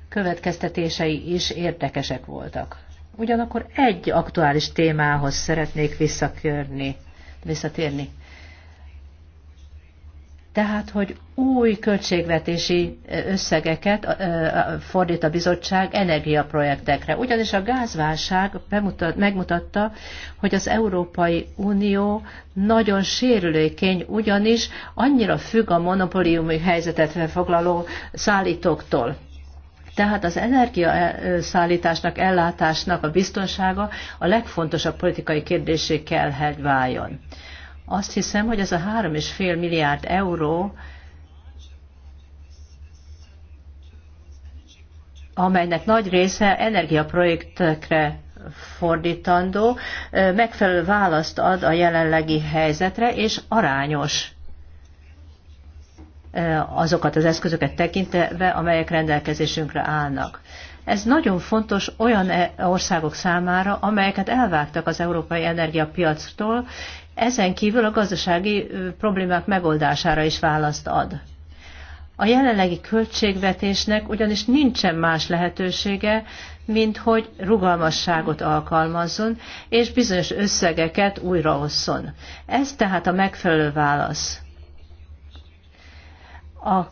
következtetései is érdekesek voltak. Ugyanakkor egy aktuális témához szeretnék visszakörni, visszatérni. Tehát, hogy új költségvetési összegeket fordít a bizottság energiaprojektekre. Ugyanis a gázválság bemutat, megmutatta, hogy az Európai Unió nagyon sérülékeny, ugyanis annyira függ a monopóliumi helyzetet foglaló szállítóktól. Tehát az energiaszállításnak, ellátásnak a biztonsága a legfontosabb politikai kérdésé kell, hogy váljon. Azt hiszem, hogy ez a 3,5 milliárd euró, amelynek nagy része energiaprojektekre fordítandó, megfelelő választ ad a jelenlegi helyzetre, és arányos azokat az eszközöket tekintve, amelyek rendelkezésünkre állnak. Ez nagyon fontos olyan e- országok számára, amelyeket elvágtak az európai energiapiactól, ezen kívül a gazdasági problémák megoldására is választ ad. A jelenlegi költségvetésnek ugyanis nincsen más lehetősége, mint hogy rugalmasságot alkalmazzon, és bizonyos összegeket újraosszon. Ez tehát a megfelelő válasz. A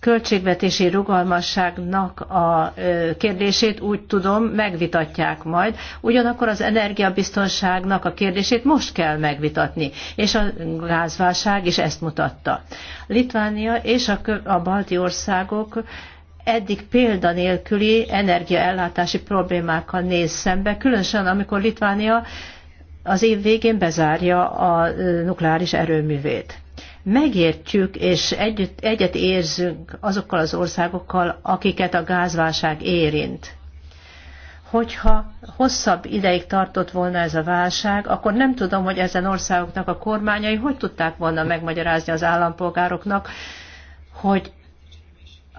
költségvetési rugalmasságnak a kérdését úgy tudom megvitatják majd, ugyanakkor az energiabiztonságnak a kérdését most kell megvitatni, és a gázválság is ezt mutatta. Litvánia és a, a balti országok eddig példanélküli energiaellátási problémákkal néz szembe, különösen amikor Litvánia az év végén bezárja a nukleáris erőművét megértjük és együtt, egyet érzünk azokkal az országokkal, akiket a gázválság érint. Hogyha hosszabb ideig tartott volna ez a válság, akkor nem tudom, hogy ezen országoknak a kormányai hogy tudták volna megmagyarázni az állampolgároknak, hogy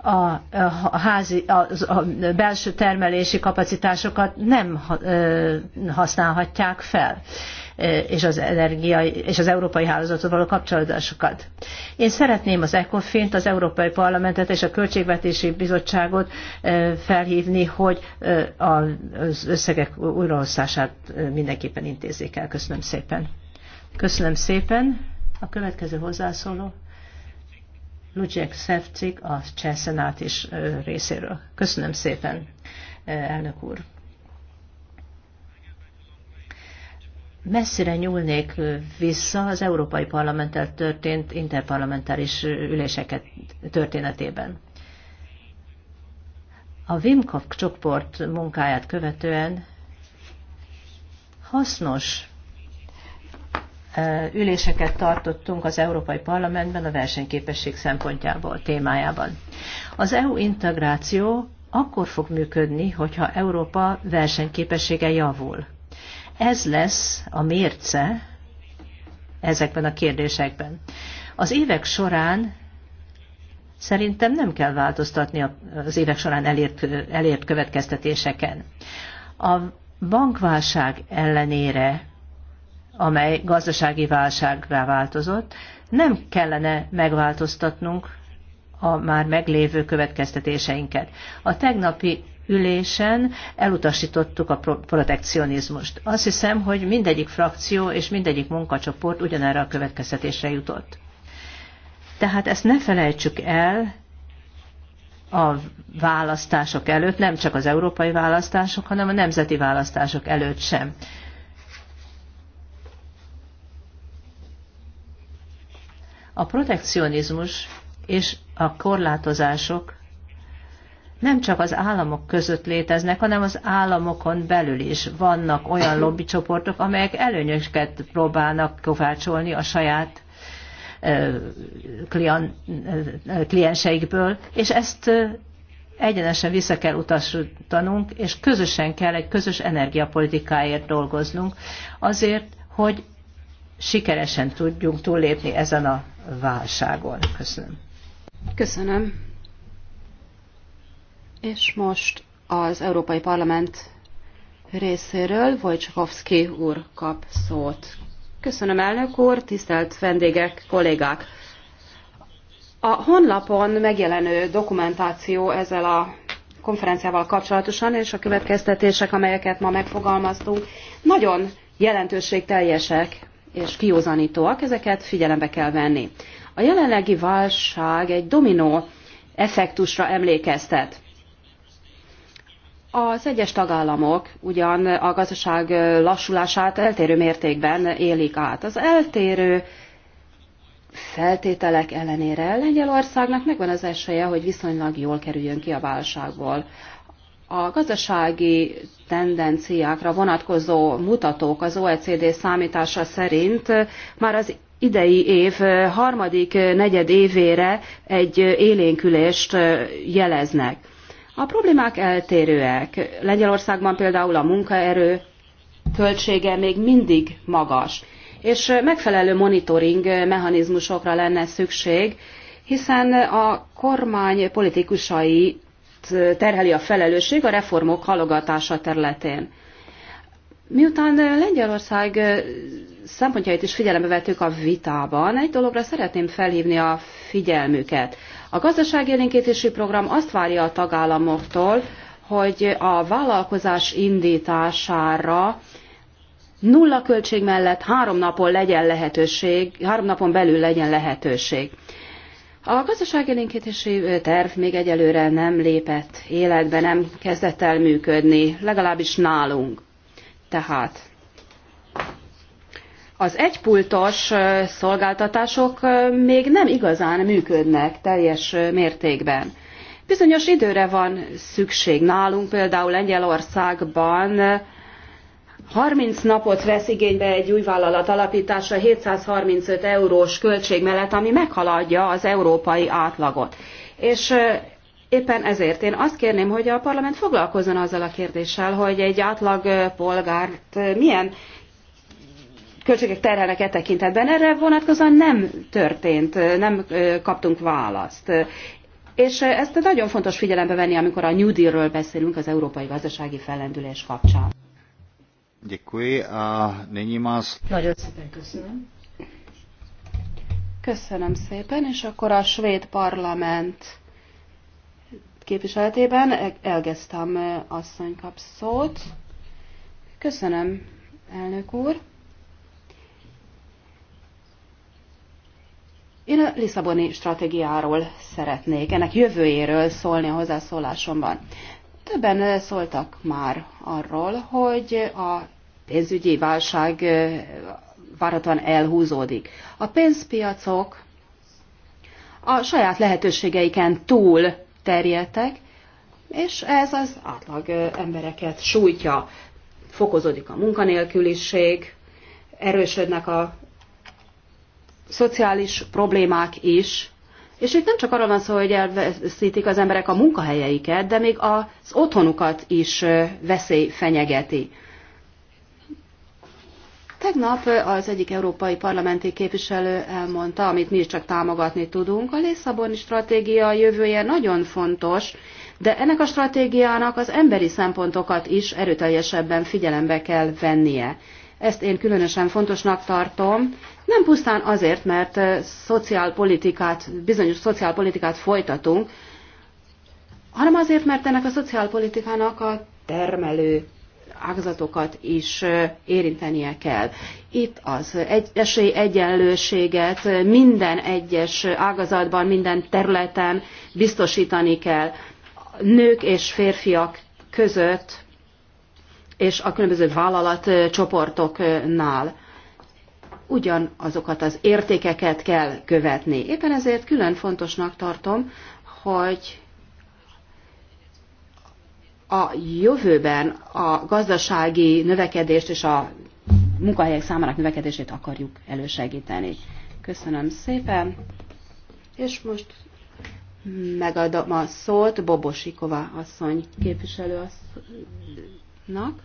a, a, házi, a, a belső termelési kapacitásokat nem használhatják fel. Eh, és az, energiai, és az európai hálózatot való kapcsolódásokat. Én szeretném az ECOFIN-t, az Európai Parlamentet és a Költségvetési Bizottságot eh, felhívni, hogy eh, az összegek újraosztását mindenképpen intézzék el. Köszönöm szépen. Köszönöm szépen. A következő hozzászóló. Ludzsek Szevcik a Cseh Szenát is részéről. Köszönöm szépen, elnök úr. messzire nyúlnék vissza az Európai Parlamenttel történt interparlamentáris üléseket történetében. A Wimkov csoport munkáját követően hasznos eh, üléseket tartottunk az Európai Parlamentben a versenyképesség szempontjából témájában. Az EU integráció akkor fog működni, hogyha Európa versenyképessége javul ez lesz a mérce ezekben a kérdésekben. Az évek során szerintem nem kell változtatni az évek során elért, elért következtetéseken. A bankválság ellenére, amely gazdasági válságra változott, nem kellene megváltoztatnunk a már meglévő következtetéseinket. A tegnapi ülésen elutasítottuk a protekcionizmust. Azt hiszem, hogy mindegyik frakció és mindegyik munkacsoport ugyanerre a következtetésre jutott. Tehát ezt ne felejtsük el a választások előtt, nem csak az európai választások, hanem a nemzeti választások előtt sem. A protekcionizmus és a korlátozások nem csak az államok között léteznek, hanem az államokon belül is vannak olyan lobbycsoportok, amelyek előnyöket próbálnak kovácsolni a saját klien, klienseikből, és ezt egyenesen vissza kell utasítanunk, és közösen kell egy közös energiapolitikáért dolgoznunk, azért, hogy sikeresen tudjunk túllépni ezen a válságon. Köszönöm. Köszönöm. És most az Európai Parlament részéről Wojciechowski úr kap szót. Köszönöm, elnök úr, tisztelt vendégek, kollégák! A honlapon megjelenő dokumentáció ezzel a konferenciával kapcsolatosan, és a következtetések, amelyeket ma megfogalmaztunk, nagyon jelentőségteljesek és kiózanítóak, ezeket figyelembe kell venni. A jelenlegi válság egy dominó effektusra emlékeztet. Az egyes tagállamok ugyan a gazdaság lassulását eltérő mértékben élik át. Az eltérő feltételek ellenére Lengyelországnak megvan az esélye, hogy viszonylag jól kerüljön ki a válságból. A gazdasági tendenciákra vonatkozó mutatók az OECD számítása szerint már az idei év harmadik negyed évére egy élénkülést jeleznek. A problémák eltérőek. Lengyelországban például a munkaerő költsége még mindig magas, és megfelelő monitoring mechanizmusokra lenne szükség, hiszen a kormány politikusai terheli a felelősség a reformok halogatása területén. Miután Lengyelország szempontjait is figyelembe vettük a vitában, egy dologra szeretném felhívni a figyelmüket. A gazdaságélénkítési program azt várja a tagállamoktól, hogy a vállalkozás indítására nulla költség mellett három napon legyen lehetőség, három napon belül legyen lehetőség. A gazdaságélénkítési terv még egyelőre nem lépett életbe, nem kezdett el működni, legalábbis nálunk. Tehát az egypultos szolgáltatások még nem igazán működnek teljes mértékben. Bizonyos időre van szükség. Nálunk például Lengyelországban 30 napot vesz igénybe egy új vállalat alapítása 735 eurós költség mellett, ami meghaladja az európai átlagot. És éppen ezért én azt kérném, hogy a parlament foglalkozzon azzal a kérdéssel, hogy egy átlag polgárt milyen költségek terhelnek e tekintetben. Erre vonatkozóan nem történt, nem kaptunk választ. És ezt nagyon fontos figyelembe venni, amikor a New Deal-ről beszélünk az európai gazdasági fellendülés kapcsán. Děkuji a nyní má... Nagyon szépen köszönöm. Köszönöm szépen, és akkor a svéd parlament képviseletében elgeztem asszony kap szót. Köszönöm, elnök úr. Én a Lisszaboni stratégiáról szeretnék, ennek jövőjéről szólni a hozzászólásomban. Többen szóltak már arról, hogy a pénzügyi válság várhatóan elhúzódik. A pénzpiacok a saját lehetőségeiken túl terjedtek, és ez az átlag embereket sújtja. Fokozódik a munkanélküliség, erősödnek a szociális problémák is, és itt nem csak arról van szó, hogy elveszítik az emberek a munkahelyeiket, de még az otthonukat is veszély fenyegeti. Tegnap az egyik európai parlamenti képviselő elmondta, amit mi is csak támogatni tudunk, a Lisszaboni stratégia jövője nagyon fontos, de ennek a stratégiának az emberi szempontokat is erőteljesebben figyelembe kell vennie. Ezt én különösen fontosnak tartom, nem pusztán azért, mert szociálpolitikát, bizonyos szociálpolitikát folytatunk, hanem azért, mert ennek a szociálpolitikának a termelő ágazatokat is érintenie kell. Itt az egy, egyenlőséget minden egyes ágazatban, minden területen biztosítani kell. Nők és férfiak között és a különböző vállalatcsoportoknál ugyanazokat az értékeket kell követni. Éppen ezért külön fontosnak tartom, hogy a jövőben a gazdasági növekedést és a munkahelyek számának növekedését akarjuk elősegíteni. Köszönöm szépen, és most megadom a szót Bobosikova asszony képviselőasszonynak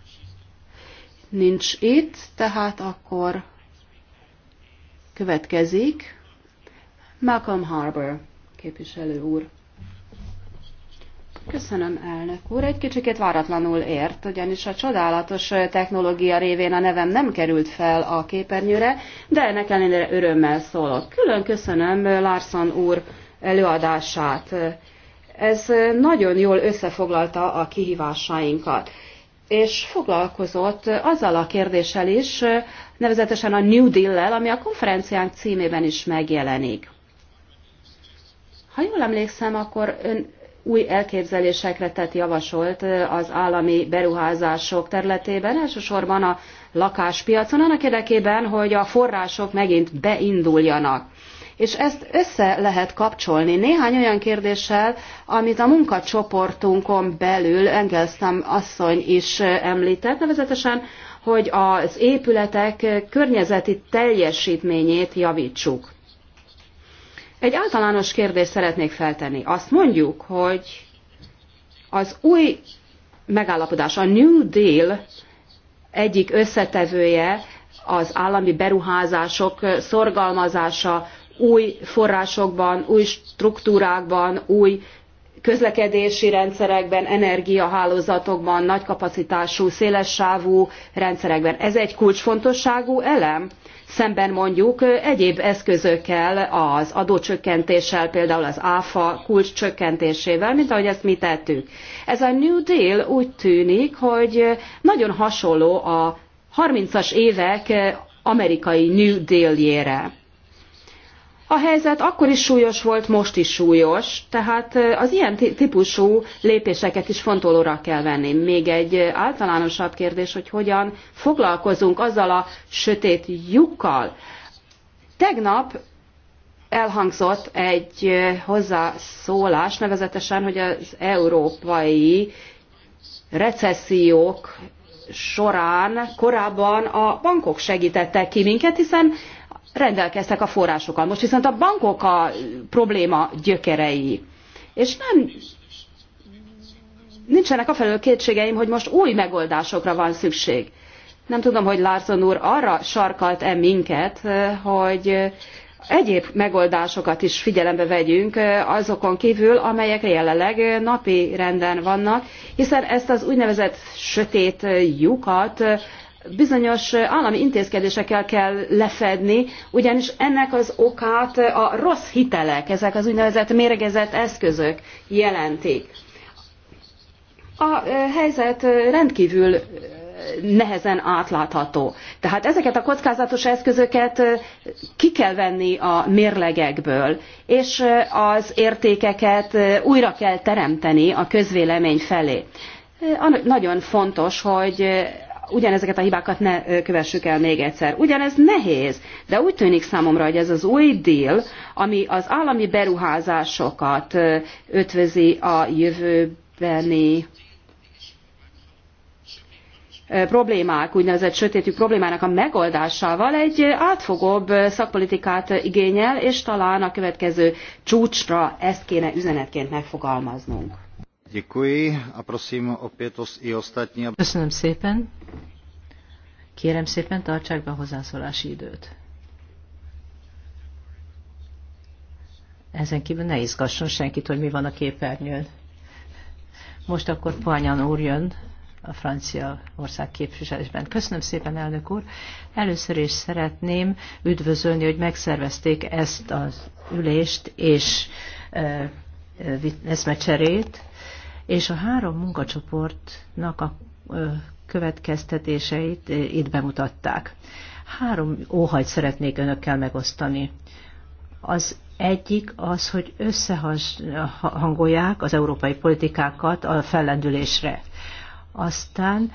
nincs itt, tehát akkor következik Malcolm Harbour képviselő úr. Köszönöm, elnök úr. Egy kicsikét váratlanul ért, ugyanis a csodálatos technológia révén a nevem nem került fel a képernyőre, de ennek ellenére örömmel szólok. Külön köszönöm Larson úr előadását. Ez nagyon jól összefoglalta a kihívásainkat és foglalkozott azzal a kérdéssel is, nevezetesen a New Deal-lel, ami a konferenciánk címében is megjelenik. Ha jól emlékszem, akkor ön új elképzelésekre tett javasolt az állami beruházások területében, elsősorban a lakáspiacon, annak érdekében, hogy a források megint beinduljanak és ezt össze lehet kapcsolni néhány olyan kérdéssel, amit a munkacsoportunkon belül Engelszám asszony is említett, nevezetesen, hogy az épületek környezeti teljesítményét javítsuk. Egy általános kérdést szeretnék feltenni. Azt mondjuk, hogy az új megállapodás, a New Deal egyik összetevője az állami beruházások szorgalmazása, új forrásokban, új struktúrákban, új közlekedési rendszerekben, energiahálózatokban, nagy szélessávú rendszerekben. Ez egy kulcsfontosságú elem, szemben mondjuk egyéb eszközökkel, az adócsökkentéssel, például az áfa kulcscsökkentésével, mint ahogy ezt mi tettük. Ez a New Deal úgy tűnik, hogy nagyon hasonló a 30-as évek amerikai New Deal-jére. A helyzet akkor is súlyos volt, most is súlyos, tehát az ilyen típusú lépéseket is fontolóra kell venni. Még egy általánosabb kérdés, hogy hogyan foglalkozunk azzal a sötét lyukkal. Tegnap elhangzott egy hozzászólás, nevezetesen, hogy az európai recessziók során korábban a bankok segítettek ki minket, hiszen rendelkeztek a forrásokkal. Most viszont a bankok a probléma gyökerei. És nem nincsenek felől kétségeim, hogy most új megoldásokra van szükség. Nem tudom, hogy Larson úr arra sarkalt-e minket, eh, hogy egyéb megoldásokat is figyelembe vegyünk eh, azokon kívül, amelyek jelenleg napi renden vannak, hiszen ezt az úgynevezett sötét eh, lyukat bizonyos állami intézkedésekkel kell lefedni, ugyanis ennek az okát a rossz hitelek, ezek az úgynevezett mérgezett eszközök jelentik. A helyzet rendkívül nehezen átlátható. Tehát ezeket a kockázatos eszközöket ki kell venni a mérlegekből, és az értékeket újra kell teremteni a közvélemény felé. Nagyon fontos, hogy ugyanezeket a hibákat ne kövessük el még egyszer. Ugyanez nehéz, de úgy tűnik számomra, hogy ez az új deal, ami az állami beruházásokat ötvözi a jövőbeni problémák, úgynevezett sötétű problémának a megoldásával egy átfogóbb szakpolitikát igényel, és talán a következő csúcsra ezt kéne üzenetként megfogalmaznunk. Köszönöm szépen. Kérem szépen, tartsák be a hozzászólási időt. Ezen kívül ne izgasson senkit, hogy mi van a képernyőn. Most akkor Poányan úr jön a francia ország képviselésben. Köszönöm szépen, elnök úr. Először is szeretném üdvözölni, hogy megszervezték ezt az ülést és eh, eh, eszmecserét és a három munkacsoportnak a következtetéseit itt bemutatták. Három óhajt szeretnék önökkel megosztani. Az egyik az, hogy összehangolják az európai politikákat a fellendülésre. Aztán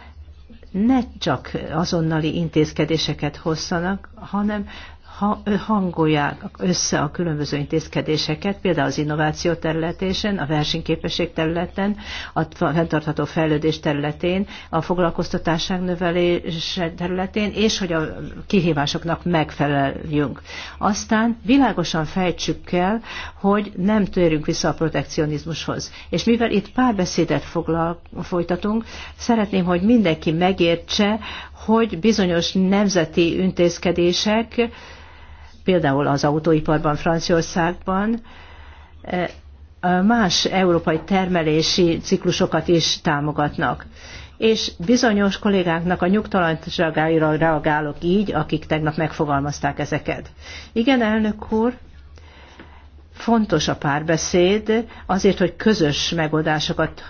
ne csak azonnali intézkedéseket hozzanak, hanem hangolják össze a különböző intézkedéseket, például az innováció területésen, a versenyképesség területen, a fenntartható fejlődés területén, a foglalkoztatásság növelés területén, és hogy a kihívásoknak megfeleljünk. Aztán világosan fejtsük el, hogy nem térünk vissza a protekcionizmushoz. És mivel itt párbeszédet folytatunk, szeretném, hogy mindenki megértse, hogy bizonyos nemzeti intézkedések például az autóiparban Franciaországban, eh, más európai termelési ciklusokat is támogatnak. És bizonyos kollégáknak a nyugtalanságáira reagálok így, akik tegnap megfogalmazták ezeket. Igen, elnök úr, Fontos a párbeszéd azért, hogy közös megoldásokat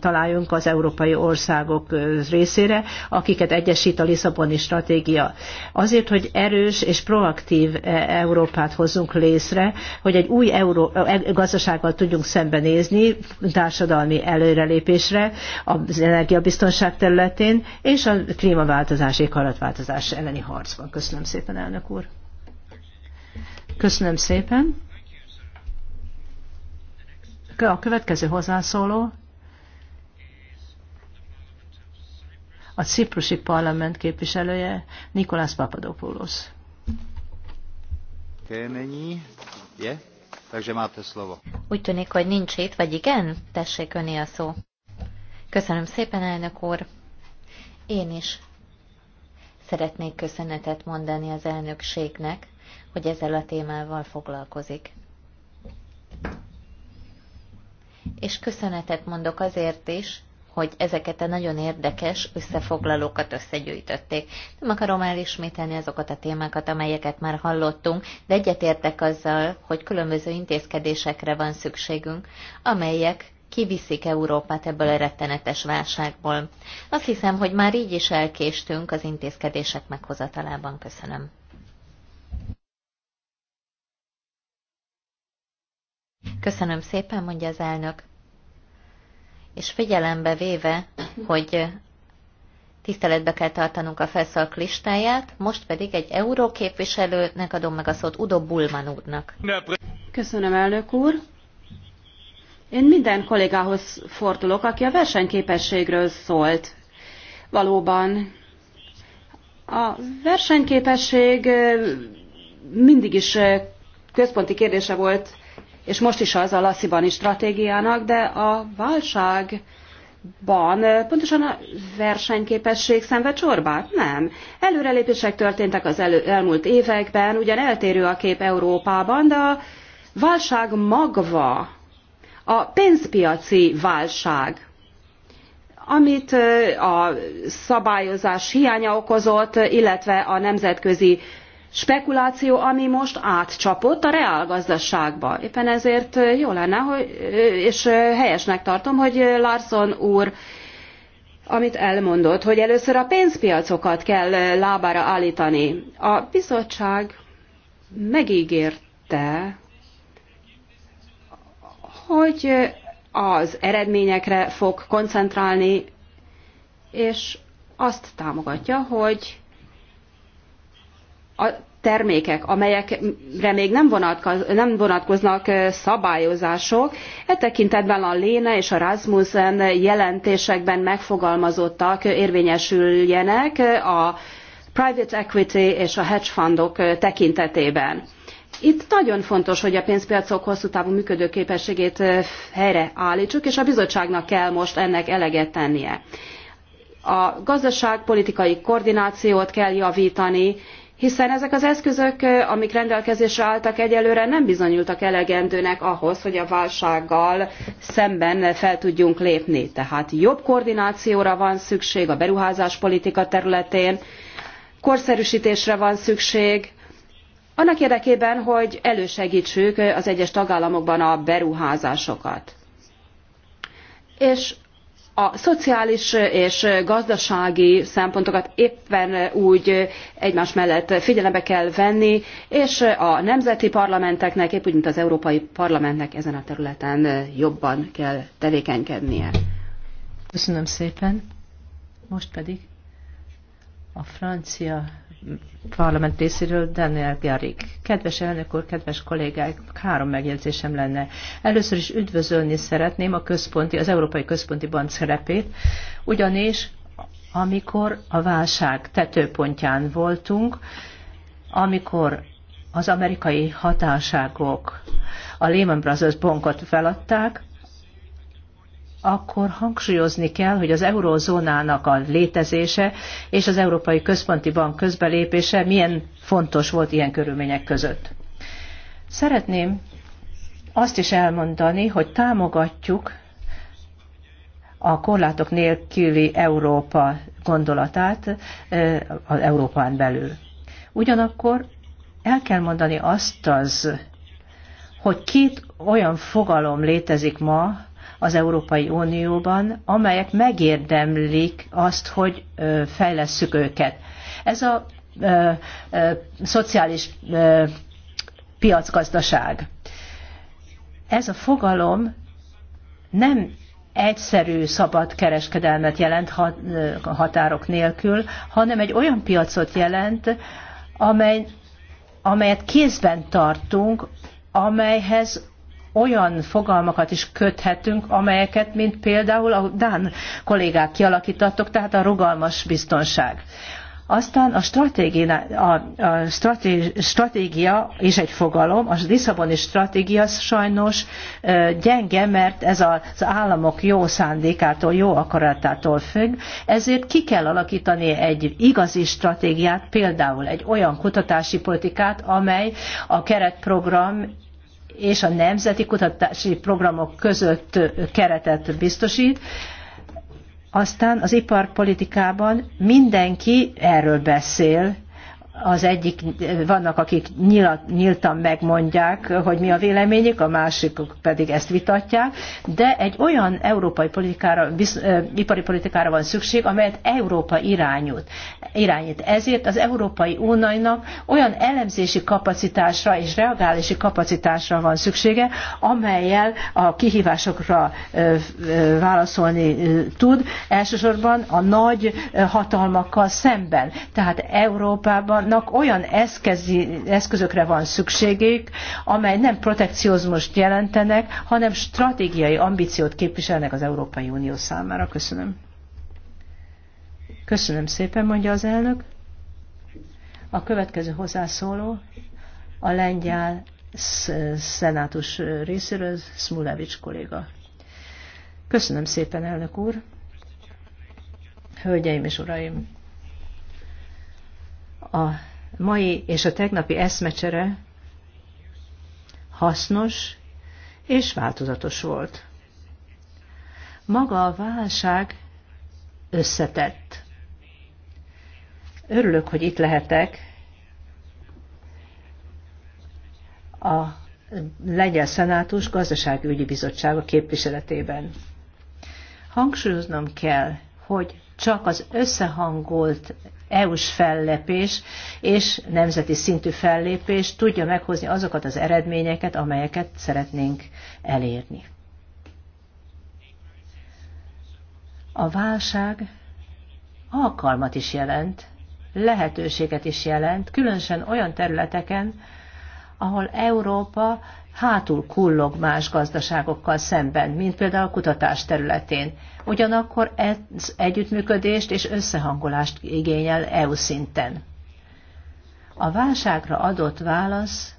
találjunk az európai országok részére, akiket egyesít a Lisszaboni stratégia. Azért, hogy erős és proaktív Európát hozzunk létre, hogy egy új euró, e, gazdasággal tudjunk szembenézni társadalmi előrelépésre az energiabiztonság területén és a klímaváltozás, éghajlatváltozás elleni harcban. Köszönöm szépen, elnök úr! Köszönöm szépen. A következő hozzászóló a ciprusi parlament képviselője Nikolás Papadopoulos. Úgy tűnik, hogy nincs itt, vagy igen? Tessék öné a szó. Köszönöm szépen, elnök úr. Én is szeretnék köszönetet mondani az elnökségnek, hogy ezzel a témával foglalkozik és köszönetet mondok azért is, hogy ezeket a nagyon érdekes összefoglalókat összegyűjtötték. Nem akarom elismételni azokat a témákat, amelyeket már hallottunk, de egyetértek azzal, hogy különböző intézkedésekre van szükségünk, amelyek kiviszik Európát ebből a rettenetes válságból. Azt hiszem, hogy már így is elkéstünk az intézkedések meghozatalában. Köszönöm. Köszönöm szépen, mondja az elnök. És figyelembe véve, hogy tiszteletbe kell tartanunk a felszalk listáját, most pedig egy euró képviselőnek adom meg a szót Udo Bulman úrnak. Köszönöm, elnök úr. Én minden kollégához fordulok, aki a versenyképességről szólt. Valóban a versenyképesség mindig is eh, központi kérdése volt és most is az a lasszibani stratégiának, de a válság Ban, pontosan a versenyképesség szenved csorbát? Nem. Előrelépések történtek az elő, elmúlt években, ugyan eltérő a kép Európában, de a válság magva, a pénzpiaci válság, amit a szabályozás hiánya okozott, illetve a nemzetközi spekuláció, ami most átcsapott a reálgazdaságba. Éppen ezért jó lenne, hogy, és helyesnek tartom, hogy Larson úr amit elmondott, hogy először a pénzpiacokat kell lábára állítani. A bizottság megígérte, hogy az eredményekre fog koncentrálni, és azt támogatja, hogy a termékek, amelyekre még nem, vonatkoz, nem vonatkoznak szabályozások. E tekintetben a Léne és a Rasmussen jelentésekben megfogalmazottak érvényesüljenek a private equity és a hedge fundok tekintetében. Itt nagyon fontos, hogy a pénzpiacok hosszú távú működőképességét helyreállítsuk, és a bizottságnak kell most ennek eleget tennie. A gazdaságpolitikai koordinációt kell javítani, hiszen ezek az eszközök, amik rendelkezésre álltak egyelőre, nem bizonyultak elegendőnek ahhoz, hogy a válsággal szemben fel tudjunk lépni. Tehát jobb koordinációra van szükség a beruházáspolitika területén, korszerűsítésre van szükség, annak érdekében, hogy elősegítsük az egyes tagállamokban a beruházásokat. És a szociális és gazdasági szempontokat éppen úgy egymás mellett figyelembe kell venni, és a nemzeti parlamenteknek, épp úgy, mint az Európai Parlamentnek ezen a területen jobban kell tevékenykednie. Köszönöm szépen. Most pedig a francia parlament részéről Daniel Garrick. Kedves elnök úr, kedves kollégák, három megjegyzésem lenne. Először is üdvözölni szeretném a központi, az Európai Központi Bank szerepét, ugyanis amikor a válság tetőpontján voltunk, amikor az amerikai hatáságok a Lehman Brothers bankot feladták, akkor hangsúlyozni kell, hogy az eurózónának a létezése és az Európai Központi Bank közbelépése milyen fontos volt ilyen körülmények között. Szeretném azt is elmondani, hogy támogatjuk a korlátok nélküli Európa gondolatát az Európán belül. Ugyanakkor el kell mondani azt az, hogy két olyan fogalom létezik ma, az Európai Unióban, amelyek megérdemlik azt, hogy fejlesszük őket. Ez a ö, ö, szociális ö, piacgazdaság. Ez a fogalom nem egyszerű szabad kereskedelmet jelent határok nélkül, hanem egy olyan piacot jelent, amely, amelyet kézben tartunk, amelyhez olyan fogalmakat is köthetünk, amelyeket, mint például a Dán kollégák kialakítottak, tehát a rugalmas biztonság. Aztán a, a, a stratégia is egy fogalom, a Lisszaboni stratégia sajnos gyenge, mert ez az államok jó szándékától, jó akaratától függ, ezért ki kell alakítani egy igazi stratégiát, például egy olyan kutatási politikát, amely a keretprogram és a nemzeti kutatási programok között keretet biztosít. Aztán az iparpolitikában mindenki erről beszél, az egyik, vannak akik nyilat, nyíltan megmondják, hogy mi a véleményük, a másikok pedig ezt vitatják, de egy olyan európai politikára, biz, ipari politikára van szükség, amelyet Európa irányít. irányít. Ezért az Európai Uniónak olyan elemzési kapacitásra és reagálási kapacitásra van szüksége, amelyel a kihívásokra válaszolni tud, elsősorban a nagy hatalmakkal szemben. Tehát Európában Uniónak olyan eszkezi, eszközökre van szükségük, amely nem protekciózmust jelentenek, hanem stratégiai ambíciót képviselnek az Európai Unió számára. Köszönöm. Köszönöm szépen, mondja az elnök. A következő hozzászóló a lengyel szenátus részéről Smulevics kolléga. Köszönöm szépen, elnök úr. Hölgyeim és uraim! A mai és a tegnapi eszmecsere hasznos és változatos volt. Maga a válság összetett. Örülök, hogy itt lehetek a Lengyel Szenátus Gazdaságügyi Bizottsága képviseletében. Hangsúlyoznom kell, hogy csak az összehangolt EU-s fellépés és nemzeti szintű fellépés tudja meghozni azokat az eredményeket, amelyeket szeretnénk elérni. A válság alkalmat is jelent, lehetőséget is jelent, különösen olyan területeken, ahol Európa hátul kullog más gazdaságokkal szemben, mint például a kutatás területén. Ugyanakkor ez együttműködést és összehangolást igényel EU szinten. A válságra adott válasz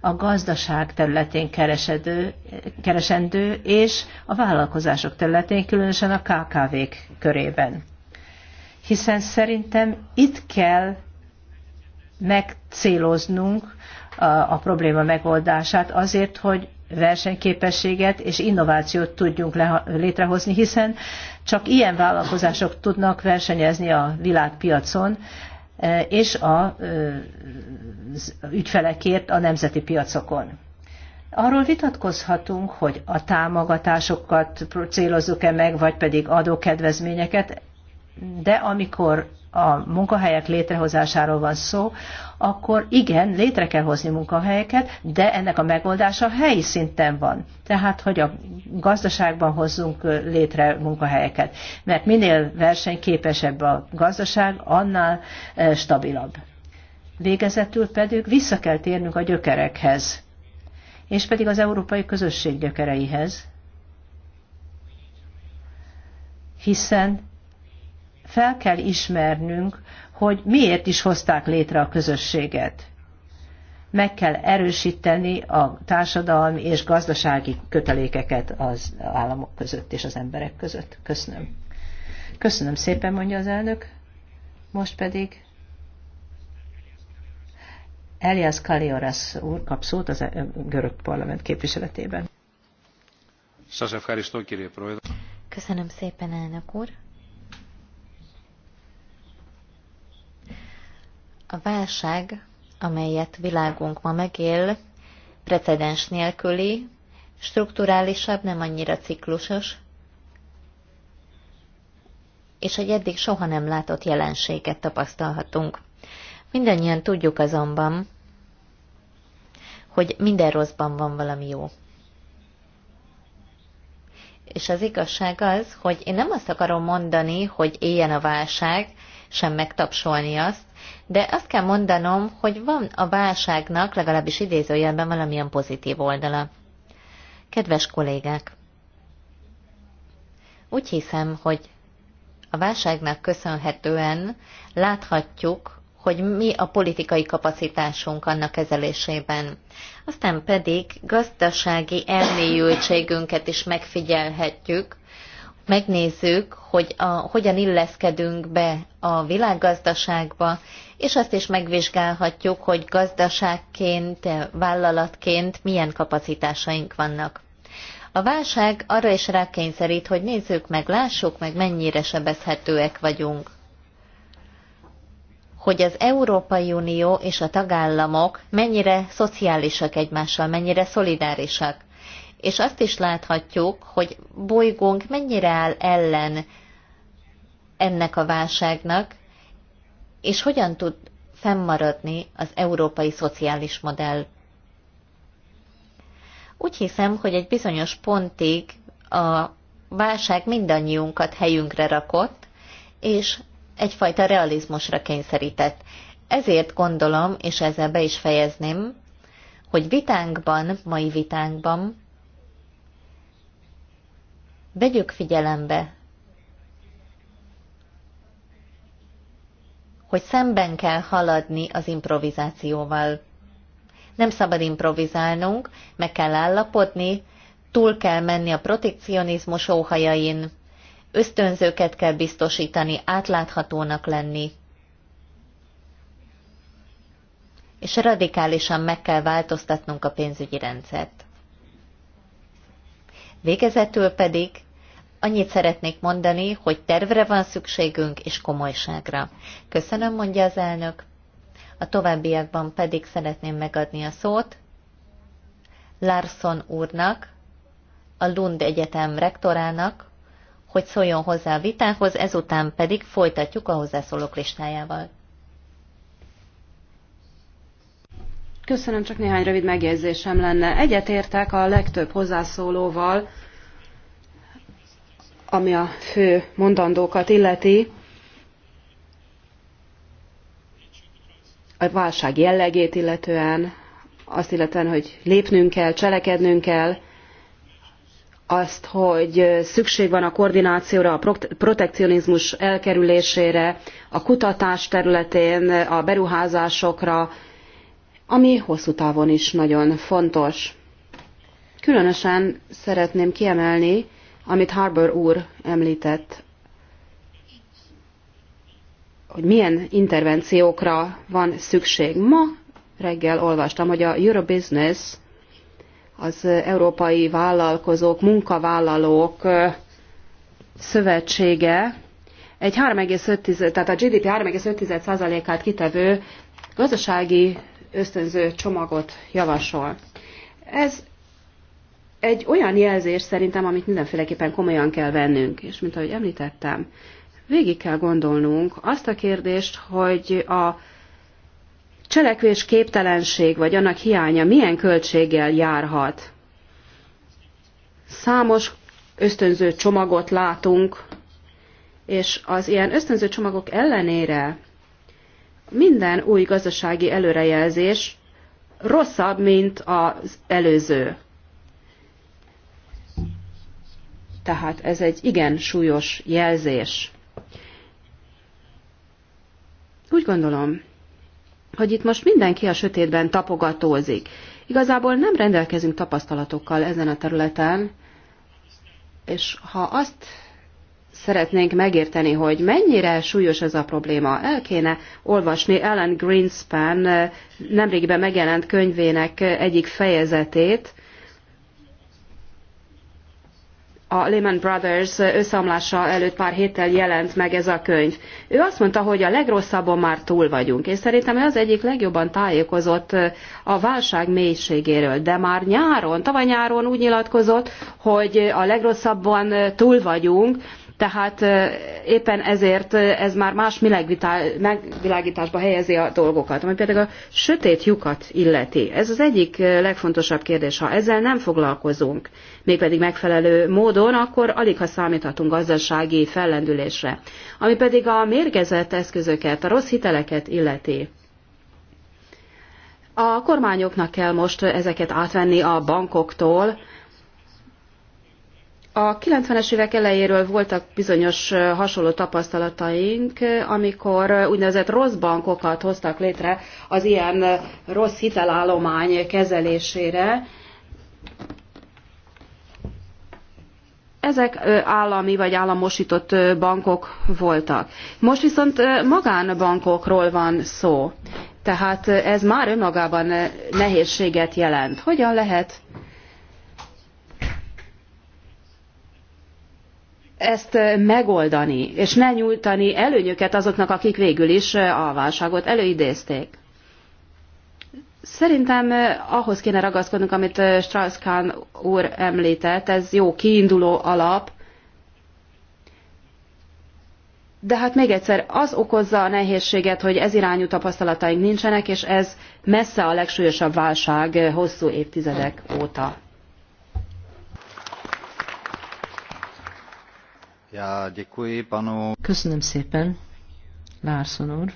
a gazdaság területén keresedő, keresendő és a vállalkozások területén, különösen a KKV-k körében. Hiszen szerintem itt kell megcéloznunk a, a probléma megoldását azért, hogy versenyképességet és innovációt tudjunk létrehozni, hiszen csak ilyen vállalkozások tudnak versenyezni a világpiacon, e, és a ügyfelekért a nemzeti piacokon. Arról vitatkozhatunk, hogy a támogatásokat célozzuk-e meg, vagy pedig adókedvezményeket, de amikor a munkahelyek létrehozásáról van szó, akkor igen, létre kell hozni munkahelyeket, de ennek a megoldása helyi szinten van. Tehát, hogy a gazdaságban hozzunk létre munkahelyeket. Mert minél versenyképesebb a gazdaság, annál stabilabb. Végezetül pedig vissza kell térnünk a gyökerekhez, és pedig az európai közösség gyökereihez, hiszen fel kell ismernünk, hogy miért is hozták létre a közösséget. Meg kell erősíteni a társadalmi és gazdasági kötelékeket az államok között és az emberek között. Köszönöm. Köszönöm szépen, mondja az elnök. Most pedig Elias Kalioras úr kap szót az eh, görög parlament képviseletében. Köszönöm szépen, elnök úr. A válság, amelyet világunk ma megél, precedens nélküli, strukturálisabb, nem annyira ciklusos, és egy eddig soha nem látott jelenséget tapasztalhatunk. Mindennyian tudjuk azonban, hogy minden rosszban van valami jó. És az igazság az, hogy én nem azt akarom mondani, hogy éljen a válság, sem megtapsolni azt, de azt kell mondanom, hogy van a válságnak legalábbis idézőjelben valamilyen pozitív oldala. Kedves kollégák! Úgy hiszem, hogy a válságnak köszönhetően láthatjuk, hogy mi a politikai kapacitásunk annak kezelésében. Aztán pedig gazdasági elmélyültségünket is megfigyelhetjük, megnézzük, hogy a, hogyan illeszkedünk be a világgazdaságba, és azt is megvizsgálhatjuk, hogy gazdaságként, vállalatként milyen kapacitásaink vannak. A válság arra is rákényszerít, hogy nézzük meg, lássuk meg, mennyire sebezhetőek vagyunk. Hogy az Európai Unió és a tagállamok mennyire szociálisak egymással, mennyire szolidárisak és azt is láthatjuk, hogy bolygónk mennyire áll ellen ennek a válságnak, és hogyan tud fennmaradni az európai szociális modell. Úgy hiszem, hogy egy bizonyos pontig a válság mindannyiunkat helyünkre rakott, és egyfajta realizmusra kényszerített. Ezért gondolom, és ezzel be is fejezném, hogy vitánkban, mai vitánkban vegyük figyelembe, hogy szemben kell haladni az improvizációval. Nem szabad improvizálnunk, meg kell állapodni, túl kell menni a protekcionizmus óhajain, ösztönzőket kell biztosítani, átláthatónak lenni. És radikálisan meg kell változtatnunk a pénzügyi rendszert. Végezetül pedig Annyit szeretnék mondani, hogy tervre van szükségünk és komolyságra. Köszönöm, mondja az elnök. A továbbiakban pedig szeretném megadni a szót Larson úrnak, a Lund Egyetem rektorának, hogy szóljon hozzá a vitához, ezután pedig folytatjuk a hozzászólók listájával. Köszönöm, csak néhány rövid megjegyzésem lenne. Egyetértek a legtöbb hozzászólóval, ami a fő mondandókat illeti, a válság jellegét illetően, azt illetően, hogy lépnünk kell, cselekednünk kell, azt, hogy szükség van a koordinációra, a protekcionizmus elkerülésére, a kutatás területén, a beruházásokra, ami hosszú távon is nagyon fontos. Különösen szeretném kiemelni, amit Harbour úr említett, hogy milyen intervenciókra van szükség. Ma reggel olvastam, hogy a Eurobusiness az Európai Vállalkozók, Munkavállalók Szövetsége egy 3,5, tehát a GDP 3,5%-át kitevő gazdasági ösztönző csomagot javasol. Ez egy olyan jelzés szerintem, amit mindenféleképpen komolyan kell vennünk, és mint ahogy említettem, végig kell gondolnunk azt a kérdést, hogy a cselekvés képtelenség vagy annak hiánya milyen költséggel járhat. Számos ösztönző csomagot látunk, és az ilyen ösztönző csomagok ellenére minden új gazdasági előrejelzés rosszabb, mint az előző. Tehát ez egy igen súlyos jelzés. Úgy gondolom, hogy itt most mindenki a sötétben tapogatózik. Igazából nem rendelkezünk tapasztalatokkal ezen a területen, és ha azt szeretnénk megérteni, hogy mennyire súlyos ez a probléma, el kéne olvasni Ellen Greenspan eh, nemrégiben megjelent könyvének egyik fejezetét, a Lehman Brothers összeomlása előtt pár héttel jelent meg ez a könyv. Ő azt mondta, hogy a legrosszabban már túl vagyunk, és szerintem ő az egyik legjobban tájékozott a válság mélységéről, de már nyáron, tavaly nyáron úgy nyilatkozott, hogy a legrosszabban túl vagyunk, tehát éppen ezért ez már más megvilágításba helyezi a dolgokat. Ami például a sötét lyukat illeti. Ez az egyik legfontosabb kérdés. Ha ezzel nem foglalkozunk, mégpedig megfelelő módon, akkor alig ha számíthatunk gazdasági fellendülésre. Ami pedig a mérgezett eszközöket, a rossz hiteleket illeti. A kormányoknak kell most ezeket átvenni a bankoktól, a 90-es évek elejéről voltak bizonyos hasonló tapasztalataink, amikor úgynevezett rossz bankokat hoztak létre az ilyen rossz hitelállomány kezelésére. Ezek állami vagy államosított bankok voltak. Most viszont magánbankokról van szó. Tehát ez már önmagában nehézséget jelent. Hogyan lehet ezt megoldani, és ne nyújtani előnyöket azoknak, akik végül is a válságot előidézték. Szerintem ahhoz kéne ragaszkodnunk, amit Strauss-Kahn úr említett, ez jó kiinduló alap, de hát még egyszer, az okozza a nehézséget, hogy ez irányú tapasztalataink nincsenek, és ez messze a legsúlyosabb válság hosszú évtizedek óta. Já děkuji panu... Köszönöm szépen, Larson úr,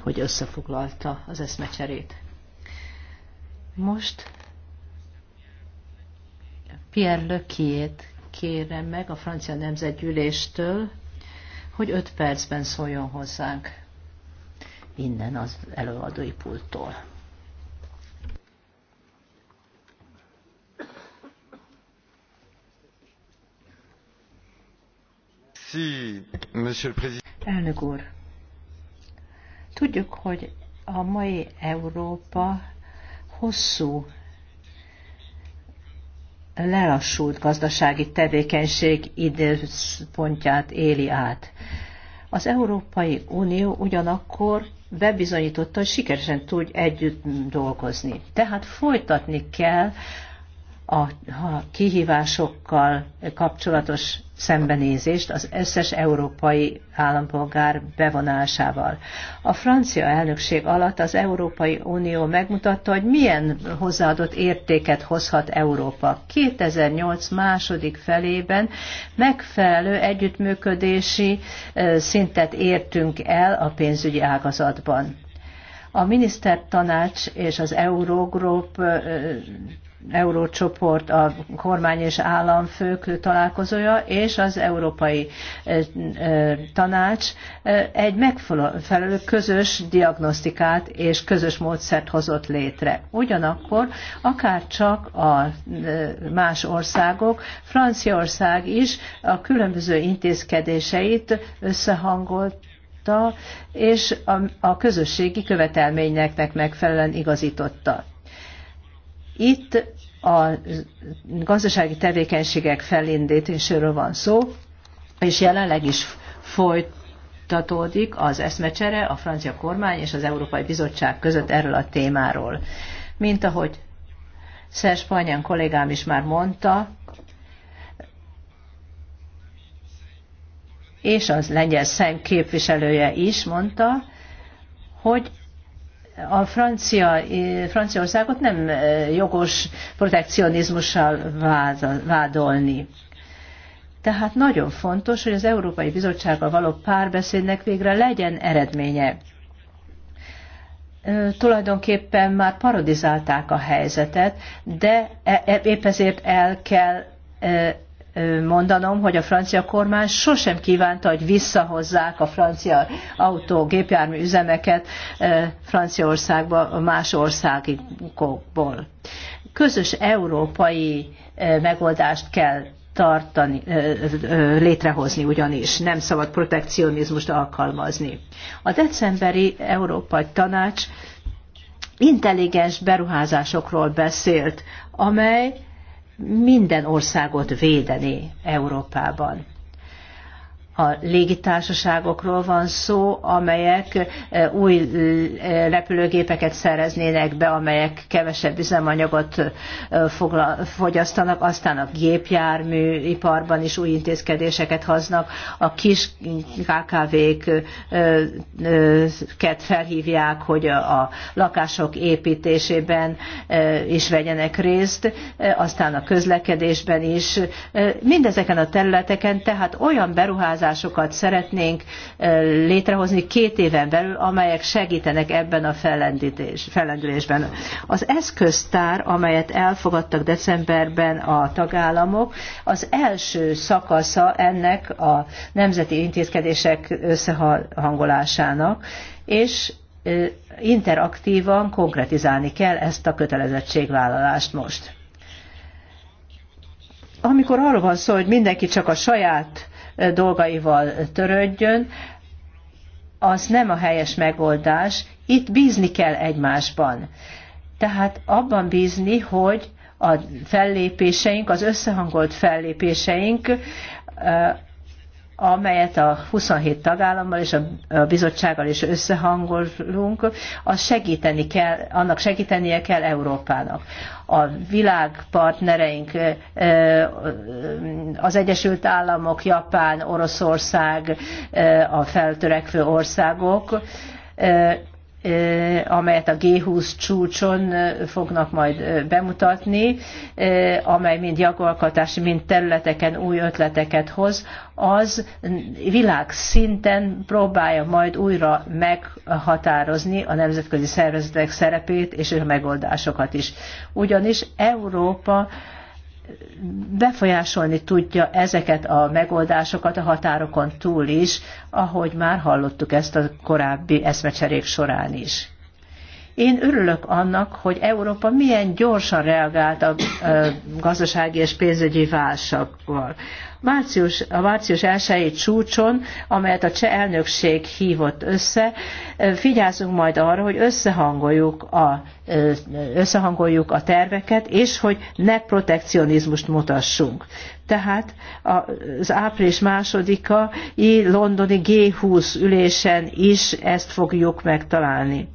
hogy összefoglalta az eszmecserét. Most Pierre Lökiét kérem meg a francia nemzetgyűléstől, hogy öt percben szóljon hozzánk innen az előadói pulttól. Elnök úr, tudjuk, hogy a mai Európa hosszú lelassult gazdasági tevékenység időpontját éli át. Az Európai Unió ugyanakkor bebizonyította, hogy sikeresen tud együtt dolgozni. Tehát folytatni kell a kihívásokkal kapcsolatos szembenézést az összes európai állampolgár bevonásával. A francia elnökség alatt az Európai Unió megmutatta, hogy milyen hozzáadott értéket hozhat Európa. 2008 második felében megfelelő együttműködési szintet értünk el a pénzügyi ágazatban. A minisztertanács és az Eurogroup eurócsoport, a kormány és államfők találkozója és az Európai Tanács egy megfelelő közös diagnosztikát és közös módszert hozott létre. Ugyanakkor akár csak a más országok, Franciaország is a különböző intézkedéseit összehangolt és a, a közösségi követelményeknek megfelelően igazította. Itt a gazdasági tevékenységek felindítéséről van szó, és jelenleg is folytatódik az eszmecsere a francia kormány és az Európai Bizottság között erről a témáról. Mint ahogy Szerzs Panyán kollégám is már mondta, és az lengyel szem képviselője is mondta, hogy a francia, Franciaországot nem e, jogos protekcionizmussal vádolni. Tehát nagyon fontos, hogy az Európai Bizottsággal való párbeszédnek végre legyen eredménye. E, tulajdonképpen már parodizálták a helyzetet, de e, épp ezért el kell mondanom, hogy a francia kormány sosem kívánta, hogy visszahozzák a francia autó, gépjármű üzemeket Franciaországba, más országokból. Közös európai megoldást kell tartani, létrehozni ugyanis, nem szabad protekcionizmust alkalmazni. A decemberi Európai Tanács intelligens beruházásokról beszélt, amely minden országot védeni Európában a légitársaságokról van szó, amelyek új repülőgépeket szereznének be, amelyek kevesebb üzemanyagot fogyasztanak, aztán a gépjárműiparban is új intézkedéseket hoznak, a kis KKV-ket felhívják, hogy a lakások építésében is vegyenek részt, aztán a közlekedésben is. Mindezeken a területeken tehát olyan beruházás, beruházásokat szeretnénk létrehozni két éven belül, amelyek segítenek ebben a fellendülésben. Az eszköztár, amelyet elfogadtak decemberben a tagállamok, az első szakasza ennek a nemzeti intézkedések összehangolásának, és interaktívan konkretizálni kell ezt a kötelezettségvállalást most. Amikor arról van szó, hogy mindenki csak a saját dolgaival törődjön, az nem a helyes megoldás. Itt bízni kell egymásban. Tehát abban bízni, hogy a fellépéseink, az összehangolt fellépéseink amelyet a 27 tagállammal és a bizottsággal is összehangolunk, az segíteni kell, annak segítenie kell Európának. A világ partnereink, az Egyesült Államok, Japán, Oroszország, a feltörekvő országok, Eh, amelyet a G20 csúcson eh, fognak majd eh, bemutatni, amely mind gyakorlatási, mind területeken új ötleteket hoz, az világszinten próbálja majd újra meghatározni a nemzetközi szervezetek szerepét és a megoldásokat is. Ugyanis Európa befolyásolni tudja ezeket a megoldásokat a határokon túl is, ahogy már hallottuk ezt a korábbi eszmecserék során is. Én örülök annak, hogy Európa milyen gyorsan reagált a gazdasági és pénzügyi válsággal. Március, a március 1 csúcson, amelyet a cseh elnökség hívott össze, figyelzünk majd arra, hogy összehangoljuk a, összehangoljuk a terveket, és hogy ne protekcionizmust mutassunk. Tehát az április másodika i londoni G20 ülésen is ezt fogjuk megtalálni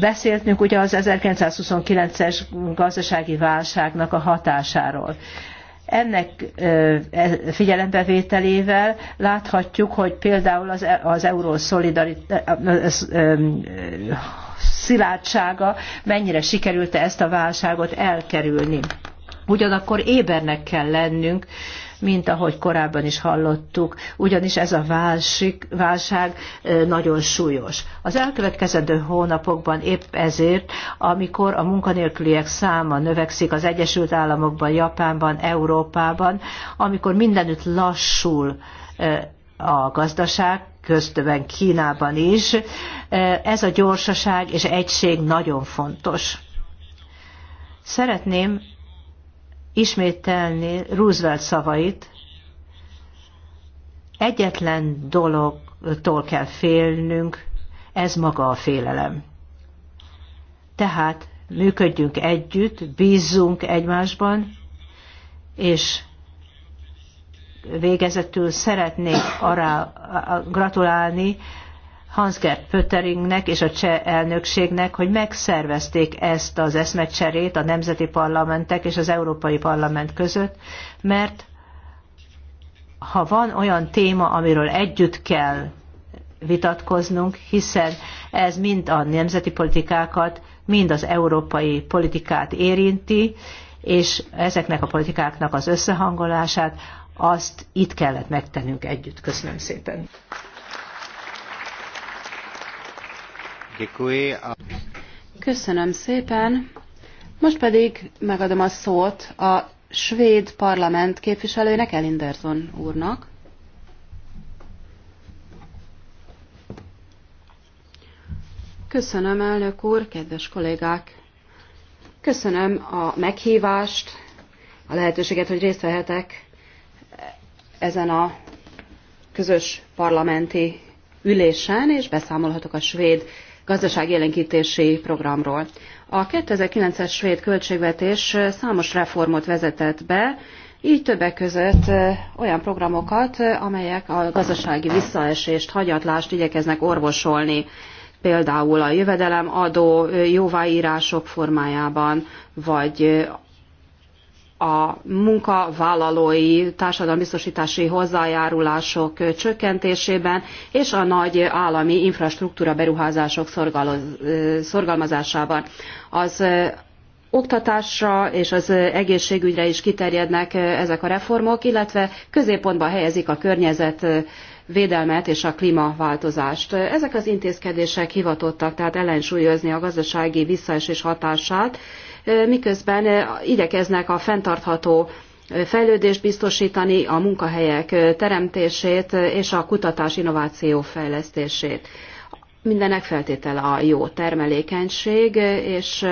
beszéltünk ugye az 1929-es gazdasági válságnak a hatásáról. Ennek e, figyelembevételével láthatjuk, hogy például az, e, az euró e, szilárdsága mennyire sikerült ezt a válságot elkerülni. Ugyanakkor ébernek kell lennünk, mint ahogy korábban is hallottuk, ugyanis ez a válsik, válság nagyon súlyos. Az elkövetkezendő hónapokban épp ezért, amikor a munkanélküliek száma növekszik az Egyesült Államokban, Japánban, Európában, amikor mindenütt lassul a gazdaság, köztöven Kínában is. Ez a gyorsaság és egység nagyon fontos. Szeretném ismételni Roosevelt szavait, egyetlen dologtól kell félnünk, ez maga a félelem. Tehát működjünk együtt, bízzunk egymásban, és végezetül szeretnék arra gratulálni Hans-Gert Pöteringnek és a cseh elnökségnek, hogy megszervezték ezt az eszmecserét a nemzeti parlamentek és az Európai Parlament között, mert ha van olyan téma, amiről együtt kell vitatkoznunk, hiszen ez mind a nemzeti politikákat, mind az európai politikát érinti, és ezeknek a politikáknak az összehangolását, azt itt kellett megtennünk együtt. Köszönöm szépen. Köszönöm szépen. Most pedig megadom a szót a svéd parlament képviselőjének, Elinderson úrnak. Köszönöm, elnök úr, kedves kollégák! Köszönöm a meghívást, a lehetőséget, hogy részt vehetek ezen a közös parlamenti ülésen, és beszámolhatok a svéd gazdaságélénkítési programról. A 2009-es svéd költségvetés számos reformot vezetett be, így többek között olyan programokat, amelyek a gazdasági visszaesést, hagyatlást igyekeznek orvosolni, például a jövedelemadó jóváírások formájában, vagy a munkavállalói társadalombiztosítási hozzájárulások csökkentésében és a nagy állami infrastruktúra beruházások szorgalmazásában. Az oktatásra és az egészségügyre is kiterjednek ezek a reformok, illetve középpontba helyezik a környezet védelmet és a klímaváltozást. Ezek az intézkedések hivatottak tehát ellensúlyozni a gazdasági visszaesés hatását, miközben igyekeznek a fenntartható fejlődést biztosítani, a munkahelyek teremtését és a kutatás innováció fejlesztését. Mindenek feltétele a jó termelékenység, és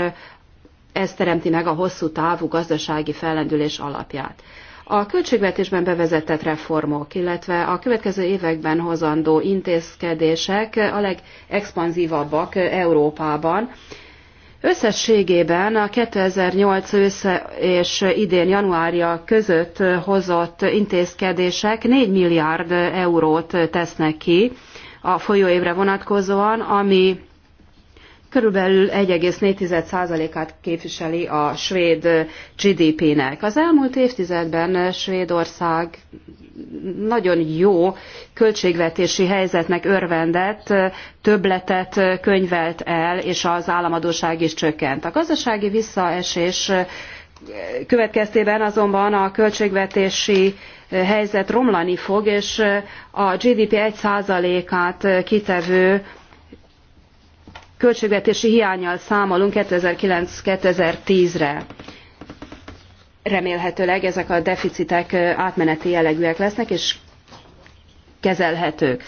ez teremti meg a hosszú távú gazdasági fellendülés alapját. A költségvetésben bevezetett reformok, illetve a következő években hozandó intézkedések a legexpanzívabbak Európában, Összességében a 2008 össze és idén januárja között hozott intézkedések 4 milliárd eurót tesznek ki a folyóévre vonatkozóan, ami körülbelül 1,4%-át képviseli a svéd GDP-nek. Az elmúlt évtizedben Svédország nagyon jó költségvetési helyzetnek örvendett, többletet könyvelt el, és az államadóság is csökkent. A gazdasági visszaesés következtében azonban a költségvetési helyzet romlani fog, és a GDP 1%-át kitevő költségvetési hiányjal számolunk 2009-2010-re remélhetőleg ezek a deficitek átmeneti jellegűek lesznek, és kezelhetők.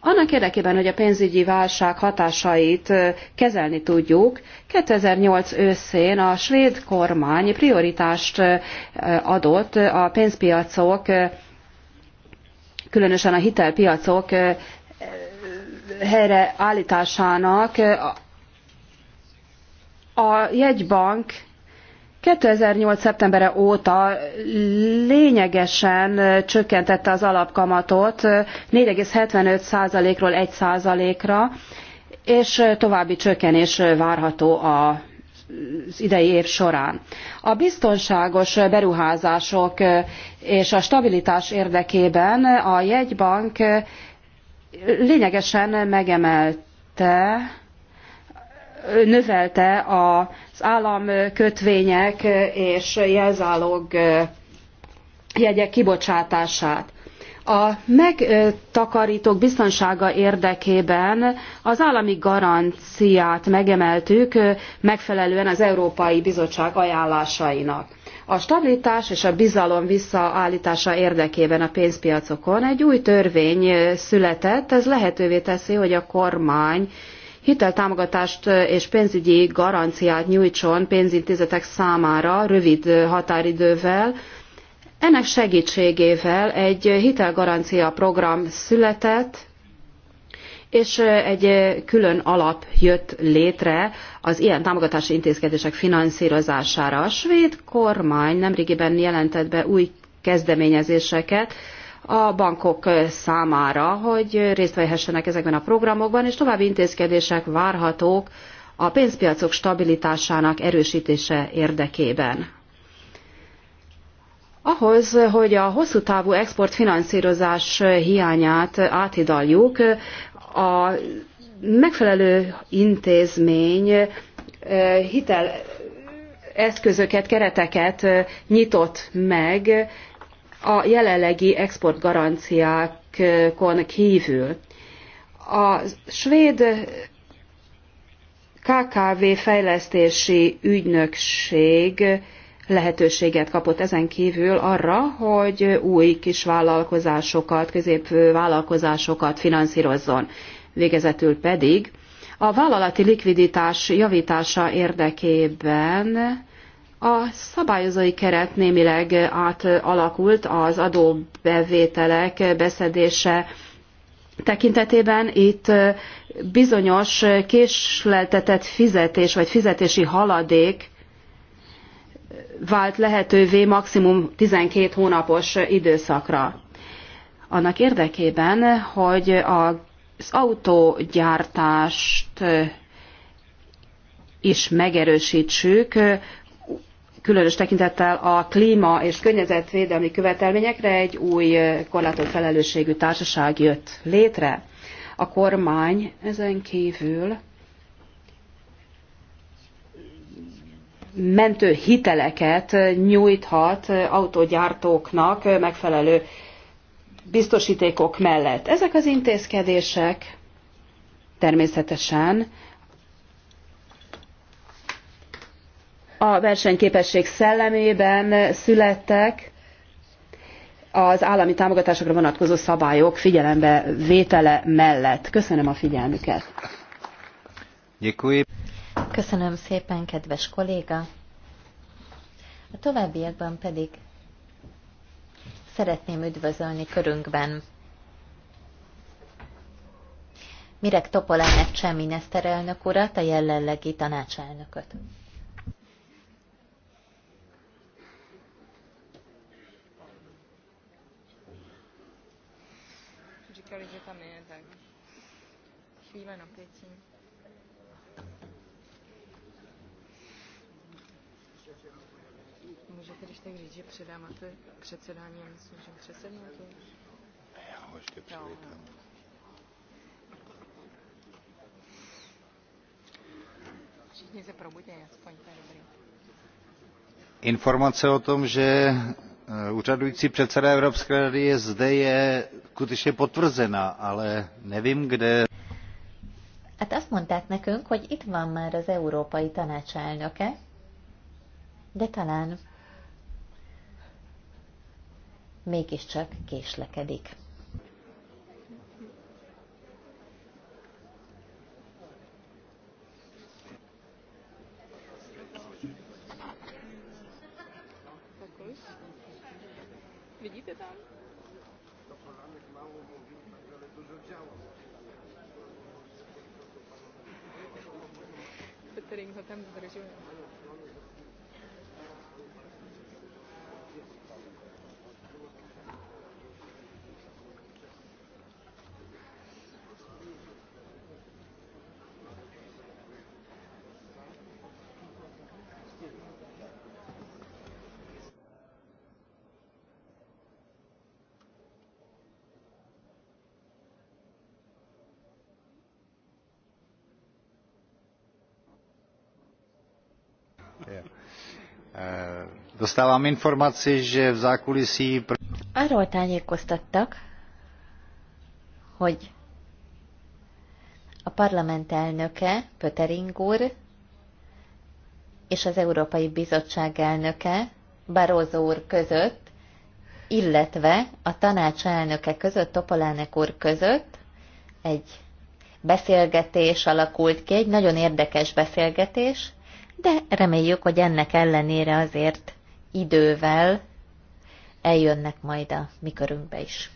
Annak érdekében, hogy a pénzügyi válság hatásait kezelni tudjuk, 2008 őszén a svéd kormány prioritást adott a pénzpiacok, különösen a hitelpiacok helyreállításának. A jegybank 2008. szeptembere óta lényegesen csökkentette az alapkamatot 4,75%-ról 1%-ra, és további csökkenés várható a az idei év során. A biztonságos beruházások és a stabilitás érdekében a jegybank lényegesen megemelte, növelte a az államkötvények eh, és jelzálog eh, jegyek kibocsátását. A megtakarítók biztonsága érdekében az állami garanciát megemeltük eh, megfelelően az Európai Bizottság ajánlásainak. A stabilitás és a bizalom visszaállítása érdekében a pénzpiacokon egy új törvény született, ez lehetővé teszi, hogy a kormány hiteltámogatást és pénzügyi garanciát nyújtson pénzintézetek számára rövid határidővel. Ennek segítségével egy hitelgarancia program született, és egy külön alap jött létre az ilyen támogatási intézkedések finanszírozására. A svéd kormány nemrégiben jelentett be új kezdeményezéseket, a bankok számára, hogy részt vehessenek ezekben a programokban, és további intézkedések várhatók a pénzpiacok stabilitásának erősítése érdekében. Ahhoz, hogy a hosszú távú exportfinanszírozás hiányát áthidaljuk, a megfelelő intézmény eh, hitel eszközöket, kereteket eh, nyitott meg a jelenlegi exportgaranciákon kívül. A svéd KKV fejlesztési ügynökség lehetőséget kapott ezen kívül arra, hogy új kisvállalkozásokat, középvállalkozásokat finanszírozzon. Végezetül pedig a vállalati likviditás javítása érdekében a szabályozói keret némileg átalakult az adóbevételek beszedése tekintetében. Itt bizonyos késleltetett fizetés vagy fizetési haladék vált lehetővé maximum 12 hónapos időszakra. Annak érdekében, hogy az autógyártást is megerősítsük, különös tekintettel a klíma és környezetvédelmi követelményekre egy új korlátozott felelősségű társaság jött létre. A kormány ezen kívül mentő hiteleket nyújthat autógyártóknak megfelelő biztosítékok mellett. Ezek az intézkedések természetesen a versenyképesség szellemében születtek az állami támogatásokra vonatkozó szabályok figyelembe vétele mellett. Köszönöm a figyelmüket. Köszönöm szépen, kedves kolléga. A továbbiakban pedig szeretném üdvözölni körünkben Mirek Topolánek elnök urat, a jelenlegi tanácselnököt. kívánok egy Może kiedyś tej widzi przelamy przecelanie z dużym Já ho ještě přivítám. Všichni se probudí, aspoň to je dobrý. Informace o tom, že eh, úřadující předseda Evropské rady je zde, je skutečně potvrzena, ale nevím, kde Hát azt mondták nekünk, hogy itt van már az Európai Tanács elnöke, de talán mégiscsak késlekedik. Vidíte tam? там за дорожжевым. Dostávám informaci, že v zákulisí... Arról tájékoztattak, hogy a parlament elnöke, Pöttering úr, és az Európai Bizottság elnöke, Barroso úr között, illetve a tanács elnöke között, Topolánek úr között egy beszélgetés alakult ki, egy nagyon érdekes beszélgetés, de reméljük, hogy ennek ellenére azért idővel eljönnek majd a mi körünkbe is.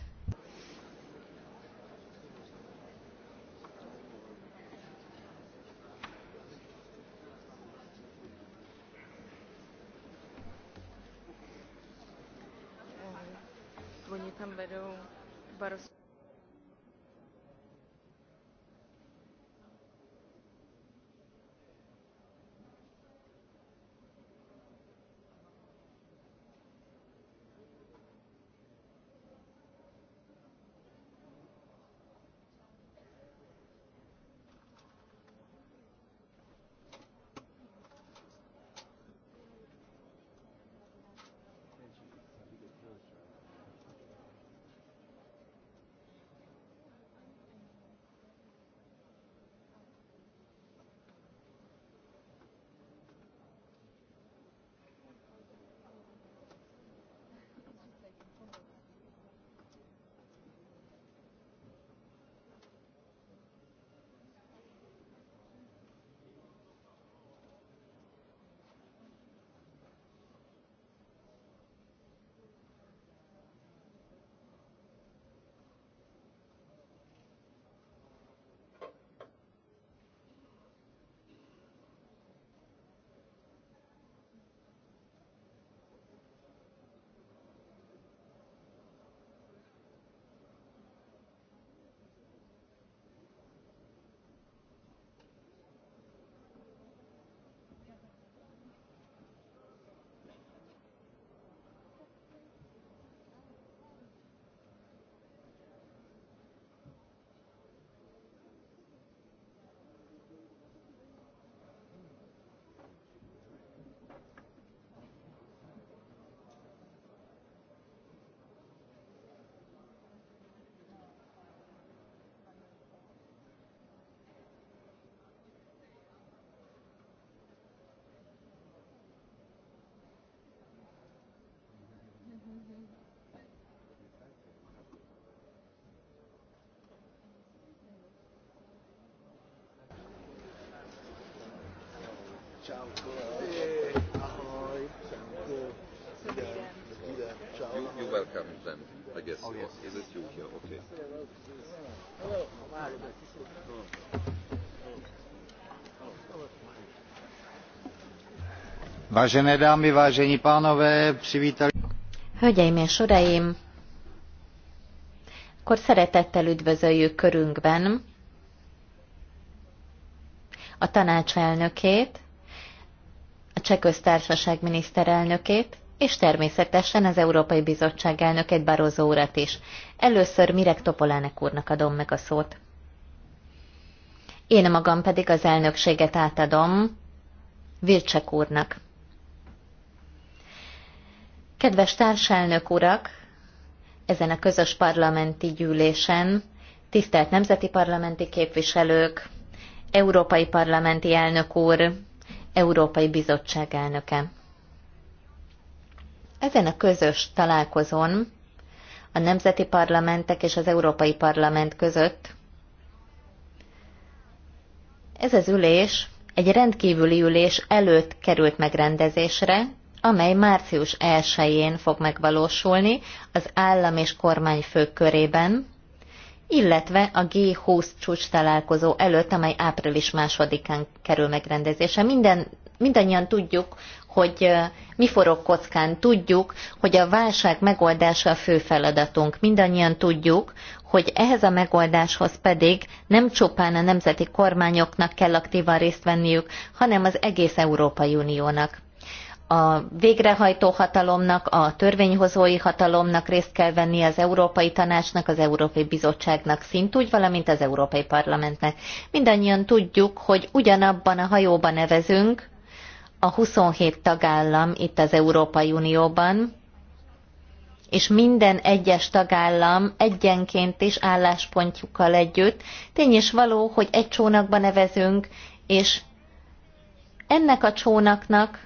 guess. Oh, yes. Is it you here? Okay. Hello. Vážené dámy, vážení pánové, přivítali... Hölgyeim és uraim, akkor szeretettel üdvözöljük körünkben a tanácselnökét, a Cseh Köztársaság miniszterelnökét, és természetesen az Európai Bizottság elnökét Barozó urat is. Először Mirek Topolánek úrnak adom meg a szót. Én magam pedig az elnökséget átadom Vilcsek úrnak. Kedves társelnök urak, ezen a közös parlamenti gyűlésen, tisztelt nemzeti parlamenti képviselők, európai parlamenti elnök úr, európai bizottság elnöke. Ezen a közös találkozón a nemzeti parlamentek és az Európai Parlament között ez az ülés egy rendkívüli ülés előtt került megrendezésre, amely március 1-én fog megvalósulni az állam és kormányfők körében, illetve a G20 csúcs találkozó előtt, amely április másodikán kerül megrendezése. Minden, mindannyian tudjuk, hogy mi forog kockán. Tudjuk, hogy a válság megoldása a fő feladatunk. Mindannyian tudjuk, hogy ehhez a megoldáshoz pedig nem csupán a nemzeti kormányoknak kell aktívan részt venniük, hanem az egész Európai Uniónak a végrehajtó hatalomnak, a törvényhozói hatalomnak részt kell venni az Európai Tanácsnak, az Európai Bizottságnak szintúgy, valamint az Európai Parlamentnek. Mindannyian tudjuk, hogy ugyanabban a hajóban nevezünk, a 27 tagállam itt az Európai Unióban, és minden egyes tagállam egyenként is álláspontjukkal együtt. Tény és való, hogy egy csónakba nevezünk, és ennek a csónaknak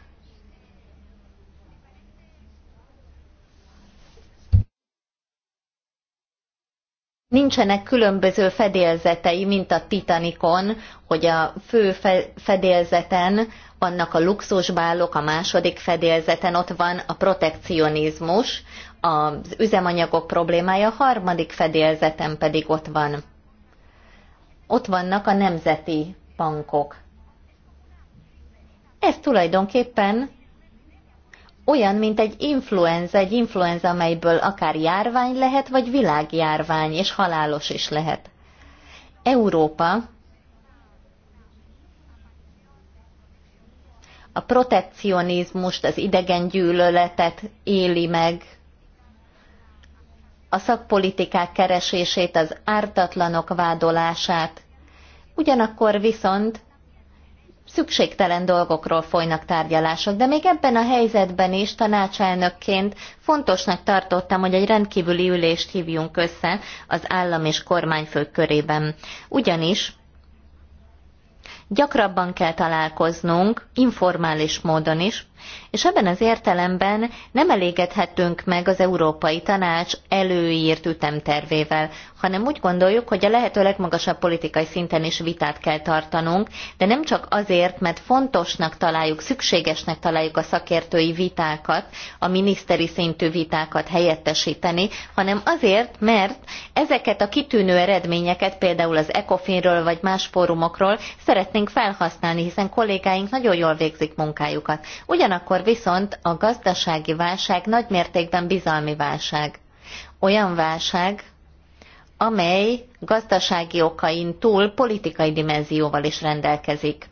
nincsenek különböző fedélzetei, mint a Titanikon, hogy a fő fedélzeten annak a luxusbálok a második fedélzeten ott van a protekcionizmus, az üzemanyagok problémája, a harmadik fedélzeten pedig ott van. Ott vannak a nemzeti bankok. Ez tulajdonképpen olyan, mint egy influenza, egy influenza, amelyből akár járvány lehet, vagy világjárvány, és halálos is lehet. Európa a protekcionizmust, az gyűlöletet éli meg, a szakpolitikák keresését, az ártatlanok vádolását. Ugyanakkor viszont szükségtelen dolgokról folynak tárgyalások, de még ebben a helyzetben is tanácselnökként fontosnak tartottam, hogy egy rendkívüli ülést hívjunk össze az állam és kormányfők körében. Ugyanis Gyakrabban kell találkoznunk, informális módon is, és ebben az értelemben nem elégedhetünk meg az Európai Tanács előírt ütemtervével, hanem úgy gondoljuk, hogy a lehető legmagasabb politikai szinten is vitát kell tartanunk, de nem csak azért, mert fontosnak találjuk, szükségesnek találjuk a szakértői vitákat, a miniszteri szintű vitákat helyettesíteni, hanem azért, mert ezeket a kitűnő eredményeket például az ECOFIN-ről vagy más fórumokról szeretnénk felhasználni, hiszen kollégáink nagyon jól végzik munkájukat. Ugyan Ugyanakkor viszont a gazdasági válság nagymértékben bizalmi válság. Olyan válság, amely gazdasági okain túl politikai dimenzióval is rendelkezik.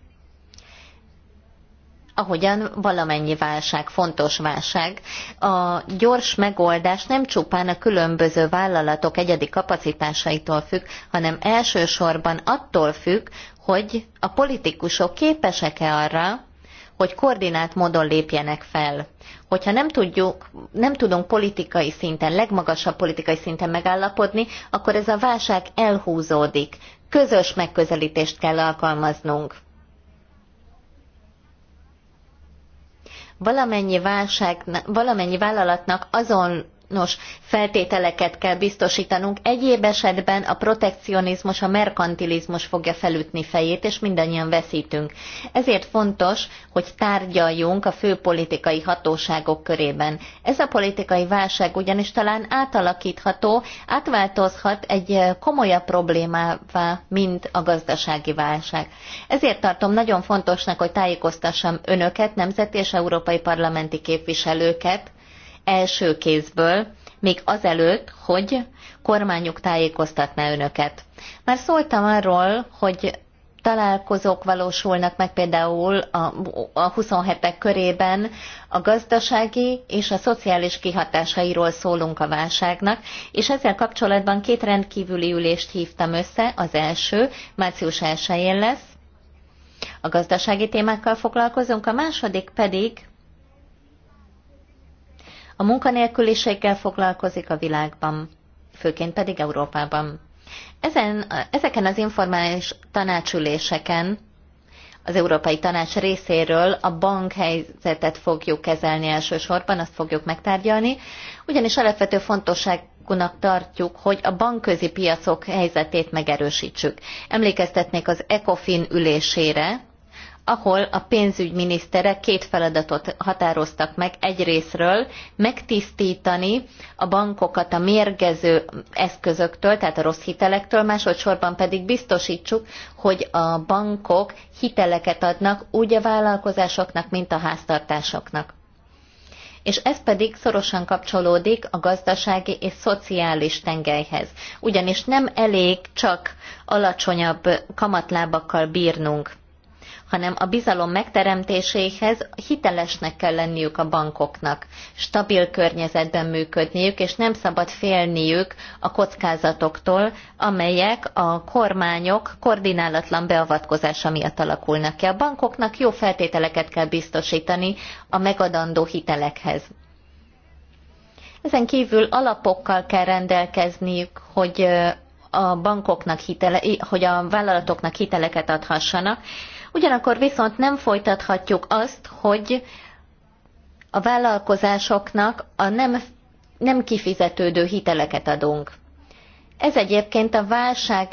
Ahogyan valamennyi válság, fontos válság, a gyors megoldás nem csupán a különböző vállalatok egyedi kapacitásaitól függ, hanem elsősorban attól függ, hogy a politikusok képesek-e arra, hogy koordinált módon lépjenek fel. Hogyha nem, tudjuk, nem tudunk politikai szinten, legmagasabb politikai szinten megállapodni, akkor ez a válság elhúzódik. Közös megközelítést kell alkalmaznunk. Valamennyi, válság, valamennyi vállalatnak azon nos feltételeket kell biztosítanunk. Egyéb esetben a protekcionizmus, a merkantilizmus fogja felütni fejét, és mindannyian veszítünk. Ezért fontos, hogy tárgyaljunk a fő politikai hatóságok körében. Ez a politikai válság ugyanis talán átalakítható, átváltozhat egy komolyabb problémává, mint a gazdasági válság. Ezért tartom nagyon fontosnak, hogy tájékoztassam önöket, nemzeti és európai parlamenti képviselőket, első kézből, még azelőtt, hogy kormányuk tájékoztatná önöket. Már szóltam arról, hogy találkozók valósulnak meg például a, a 27-ek körében a gazdasági és a szociális kihatásairól szólunk a válságnak, és ezzel kapcsolatban két rendkívüli ülést hívtam össze, az első március 1-én lesz, a gazdasági témákkal foglalkozunk, a második pedig a munkanélküliséggel foglalkozik a világban, főként pedig Európában. Ezen, ezeken az informális tanácsüléseken az Európai Tanács részéről a bankhelyzetet fogjuk kezelni elsősorban, azt fogjuk megtárgyalni, ugyanis alapvető fontosságúnak tartjuk, hogy a bankközi piacok helyzetét megerősítsük. Emlékeztetnék az ECOFIN ülésére, ahol a pénzügyminiszterek két feladatot határoztak meg egyrésztről, megtisztítani a bankokat a mérgező eszközöktől, tehát a rossz hitelektől, másodszorban pedig biztosítsuk, hogy a bankok hiteleket adnak úgy a vállalkozásoknak, mint a háztartásoknak. És ez pedig szorosan kapcsolódik a gazdasági és szociális tengelyhez. Ugyanis nem elég csak alacsonyabb kamatlábakkal bírnunk hanem a bizalom megteremtéséhez hitelesnek kell lenniük a bankoknak, stabil környezetben működniük, és nem szabad félniük a kockázatoktól, amelyek a kormányok koordinálatlan beavatkozása miatt alakulnak ki. A bankoknak jó feltételeket kell biztosítani a megadandó hitelekhez. Ezen kívül alapokkal kell rendelkezniük, hogy a bankoknak hitele, hogy a vállalatoknak hiteleket adhassanak, Ugyanakkor viszont nem folytathatjuk azt, hogy a vállalkozásoknak a nem, nem kifizetődő hiteleket adunk. Ez egyébként a válság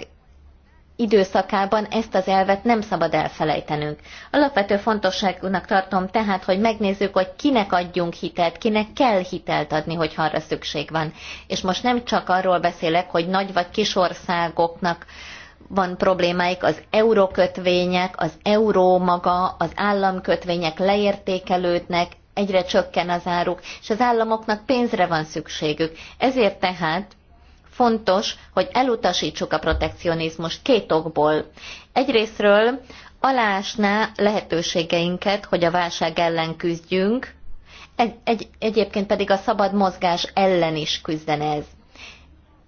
időszakában ezt az elvet nem szabad elfelejtenünk. Alapvető fontosságúnak tartom tehát, hogy megnézzük, hogy kinek adjunk hitelt, kinek kell hitelt adni, hogy arra szükség van. És most nem csak arról beszélek, hogy nagy vagy kis országoknak van problémáik az eurókötvények, az euró maga, az államkötvények leértékelődnek, egyre csökken az áruk, és az államoknak pénzre van szükségük. Ezért tehát fontos, hogy elutasítsuk a protekcionizmust két okból. Egyrésztről alásná lehetőségeinket, hogy a válság ellen küzdjünk, egy, egy, egyébként pedig a szabad mozgás ellen is küzden ez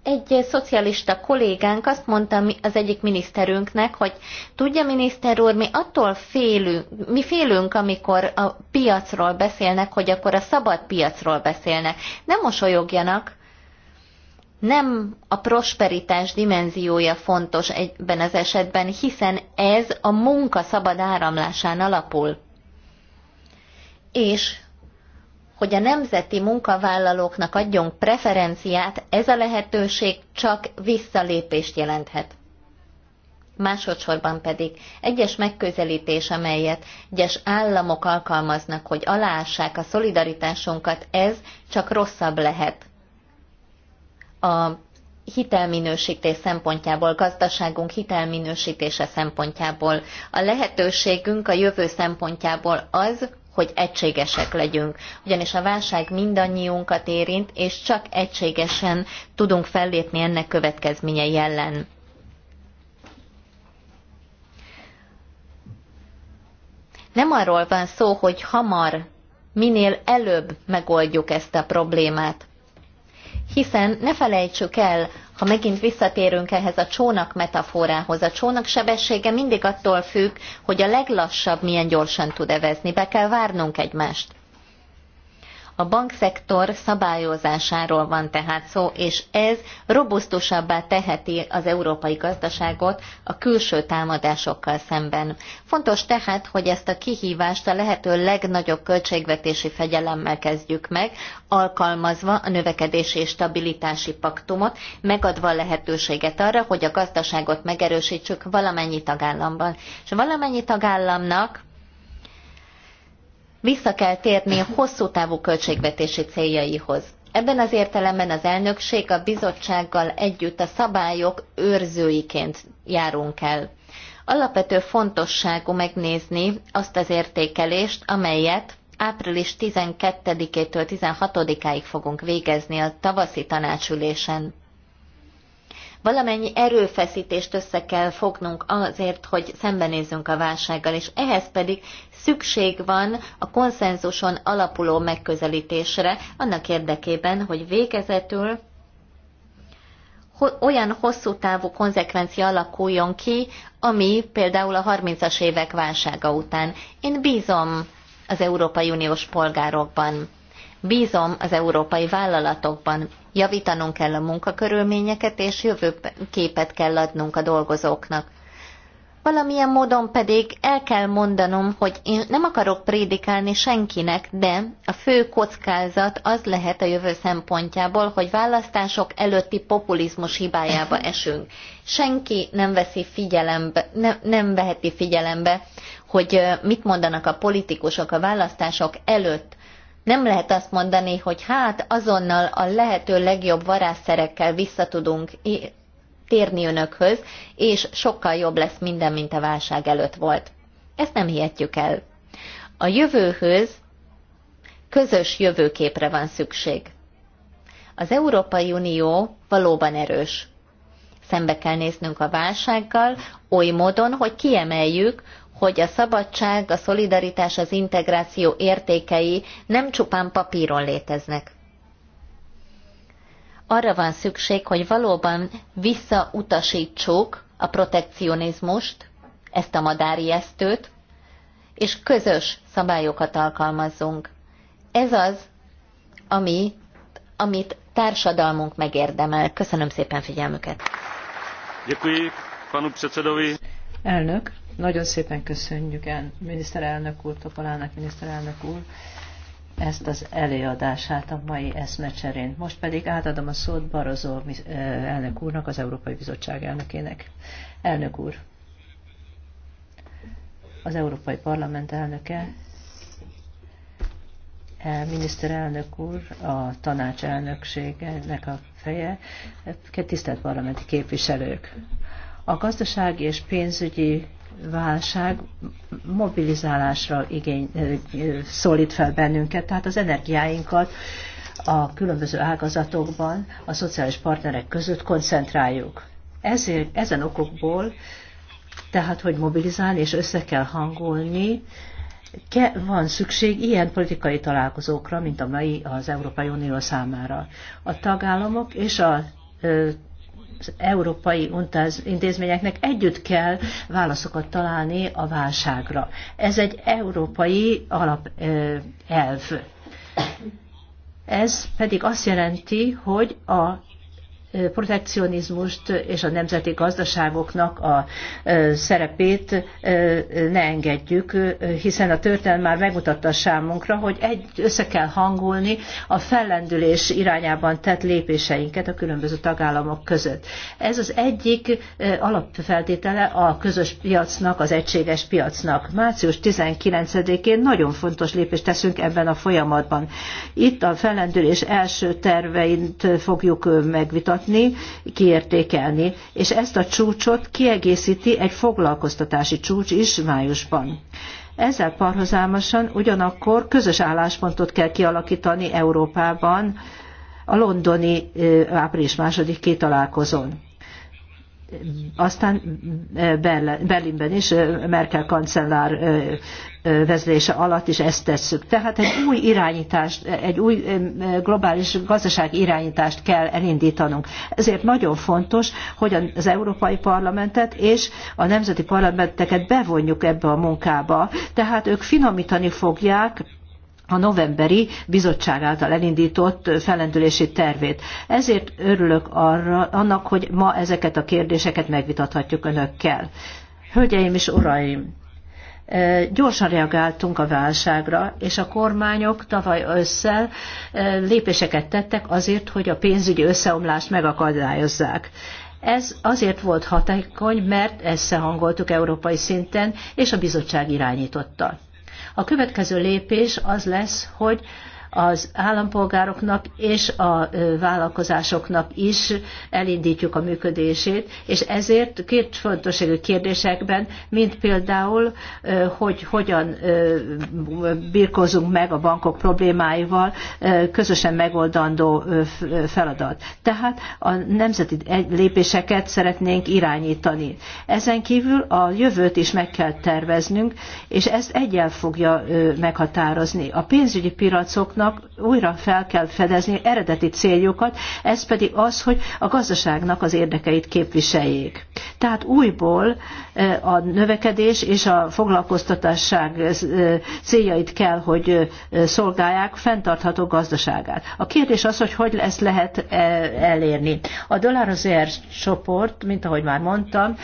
egy szocialista kollégánk azt mondta az egyik miniszterünknek, hogy tudja miniszter úr, mi attól félünk, mi félünk, amikor a piacról beszélnek, hogy akkor a szabad piacról beszélnek. Nem mosolyogjanak, nem a prosperitás dimenziója fontos egyben az esetben, hiszen ez a munka szabad áramlásán alapul. És hogy a nemzeti munkavállalóknak adjon preferenciát, ez a lehetőség csak visszalépést jelenthet. Másodszorban pedig egyes megközelítés, amelyet egyes államok alkalmaznak, hogy aláássák a szolidaritásunkat, ez csak rosszabb lehet. A hitelminősítés szempontjából, gazdaságunk hitelminősítése szempontjából. A lehetőségünk a jövő szempontjából az, hogy egységesek legyünk. Ugyanis a válság mindannyiunkat érint, és csak egységesen tudunk fellépni ennek következményei ellen. Nem arról van szó, hogy hamar, minél előbb megoldjuk ezt a problémát. Hiszen ne felejtsük el, ha megint visszatérünk ehhez a csónak metaforához, a csónak sebessége mindig attól függ, hogy a leglassabb milyen gyorsan tud evezni. Be kell várnunk egymást. A bankszektor szabályozásáról van tehát szó, és ez robusztusabbá teheti az európai gazdaságot a külső támadásokkal szemben. Fontos tehát, hogy ezt a kihívást a lehető legnagyobb költségvetési fegyelemmel kezdjük meg, alkalmazva a növekedési és stabilitási paktumot, megadva a lehetőséget arra, hogy a gazdaságot megerősítsük valamennyi tagállamban. És valamennyi tagállamnak vissza kell térni a hosszú távú költségvetési céljaihoz. Ebben az értelemben az elnökség a bizottsággal együtt a szabályok őrzőiként járunk el. Alapvető fontosságú megnézni azt az értékelést, amelyet április 12-től 16-áig fogunk végezni a tavaszi tanácsülésen. Valamennyi erőfeszítést össze kell fognunk azért, hogy szembenézzünk a válsággal, és ehhez pedig szükség van a konszenzuson alapuló megközelítésre, annak érdekében, hogy végezetül olyan hosszú távú konzekvencia alakuljon ki, ami például a 30-as évek válsága után. Én bízom az Európai Uniós polgárokban, bízom az európai vállalatokban, javítanunk kell a munkakörülményeket, és jövőképet kell adnunk a dolgozóknak. Valamilyen módon pedig el kell mondanom, hogy én nem akarok prédikálni senkinek, de a fő kockázat az lehet a jövő szempontjából, hogy választások előtti populizmus hibájába esünk. Senki nem veszi figyelembe, ne, nem veheti figyelembe, hogy mit mondanak a politikusok a választások előtt nem lehet azt mondani, hogy hát azonnal a lehető legjobb varázszerekkel vissza tudunk térni önökhöz, és sokkal jobb lesz minden, mint a válság előtt volt. Ezt nem hihetjük el. A jövőhöz közös jövőképre van szükség. Az Európai Unió valóban erős. Szembe kell néznünk a válsággal oly módon, hogy kiemeljük, hogy a szabadság, a szolidaritás, az integráció értékei nem csupán papíron léteznek. Arra van szükség, hogy valóban visszautasítsuk a protekcionizmust, ezt a madári esztőt, és közös szabályokat alkalmazzunk. Ez az, ami, amit társadalmunk megérdemel. Köszönöm szépen figyelmüket. Děkuji panu předsedovi. Elnök. Nagyon szépen köszönjük el miniszterelnök úr, Topolának miniszterelnök úr ezt az előadását a mai eszmecserén. Most pedig átadom a szót Barozó eh, elnök úrnak, az Európai Bizottság elnökének. Elnök úr, az Európai Parlament elnöke, eh, miniszterelnök úr, a tanács elnökségnek a feje, eh, tisztelt parlamenti képviselők. A gazdasági és pénzügyi válság mobilizálásra igény, szólít fel bennünket, tehát az energiáinkat a különböző ágazatokban, a szociális partnerek között koncentráljuk. Ezért, ezen okokból, tehát hogy mobilizálni és össze kell hangolni, van szükség ilyen politikai találkozókra, mint a mai az Európai Unió számára. A tagállamok és a az európai intézményeknek együtt kell válaszokat találni a válságra. Ez egy európai alapelv. Ez pedig azt jelenti, hogy a protekcionizmust és a nemzeti gazdaságoknak a szerepét ne engedjük, hiszen a történelem már megmutatta számunkra, hogy egy, össze kell hangolni a fellendülés irányában tett lépéseinket a különböző tagállamok között. Ez az egyik alapfeltétele a közös piacnak, az egységes piacnak. Március 19-én nagyon fontos lépést teszünk ebben a folyamatban. Itt a fellendülés első terveit fogjuk megvitatni, kutatni, kiértékelni, és ezt a csúcsot kiegészíti egy foglalkoztatási csúcs is májusban. Ezzel parhozámosan ugyanakkor közös álláspontot kell kialakítani Európában a londoni április második találkozón. Aztán eh, Berlinben is eh, Merkel kancellár eh, vezlése alatt is ezt tesszük. Tehát egy új irányítást, egy új globális gazdaság irányítást kell elindítanunk. Ezért nagyon fontos, hogy az Európai Parlamentet és a nemzeti parlamenteket bevonjuk ebbe a munkába. Tehát ők finomítani fogják a novemberi bizottság által elindított fellendülési tervét. Ezért örülök arra, annak, hogy ma ezeket a kérdéseket megvitathatjuk önökkel. Hölgyeim és uraim! E, gyorsan reagáltunk a válságra, és a kormányok tavaly ősszel e, lépéseket tettek azért, hogy a pénzügyi összeomlást megakadályozzák. Ez azért volt hatékony, mert hangoltuk európai szinten, és a bizottság irányította. A következő lépés az lesz, hogy az állampolgároknak és a vállalkozásoknak is elindítjuk a működését, és ezért két fontosságú kérdésekben, mint például, hogy hogyan birkózunk meg a bankok problémáival, közösen megoldandó feladat. Tehát a nemzeti lépéseket szeretnénk irányítani. Ezen kívül a jövőt is meg kell terveznünk, és ezt egyel fogja meghatározni. A pénzügyi piacoknak uniónak újra fel kell fedezni eredeti céljukat, ez pedig az, hogy a gazdaságnak az érdekeit képviseljék. Tehát újból eh, a növekedés és a foglalkoztatásság eh, céljait kell, hogy eh, szolgálják fenntartható gazdaságát. A kérdés az, hogy hogy ezt lehet elérni. A azért csoport, mint ahogy már mondtam,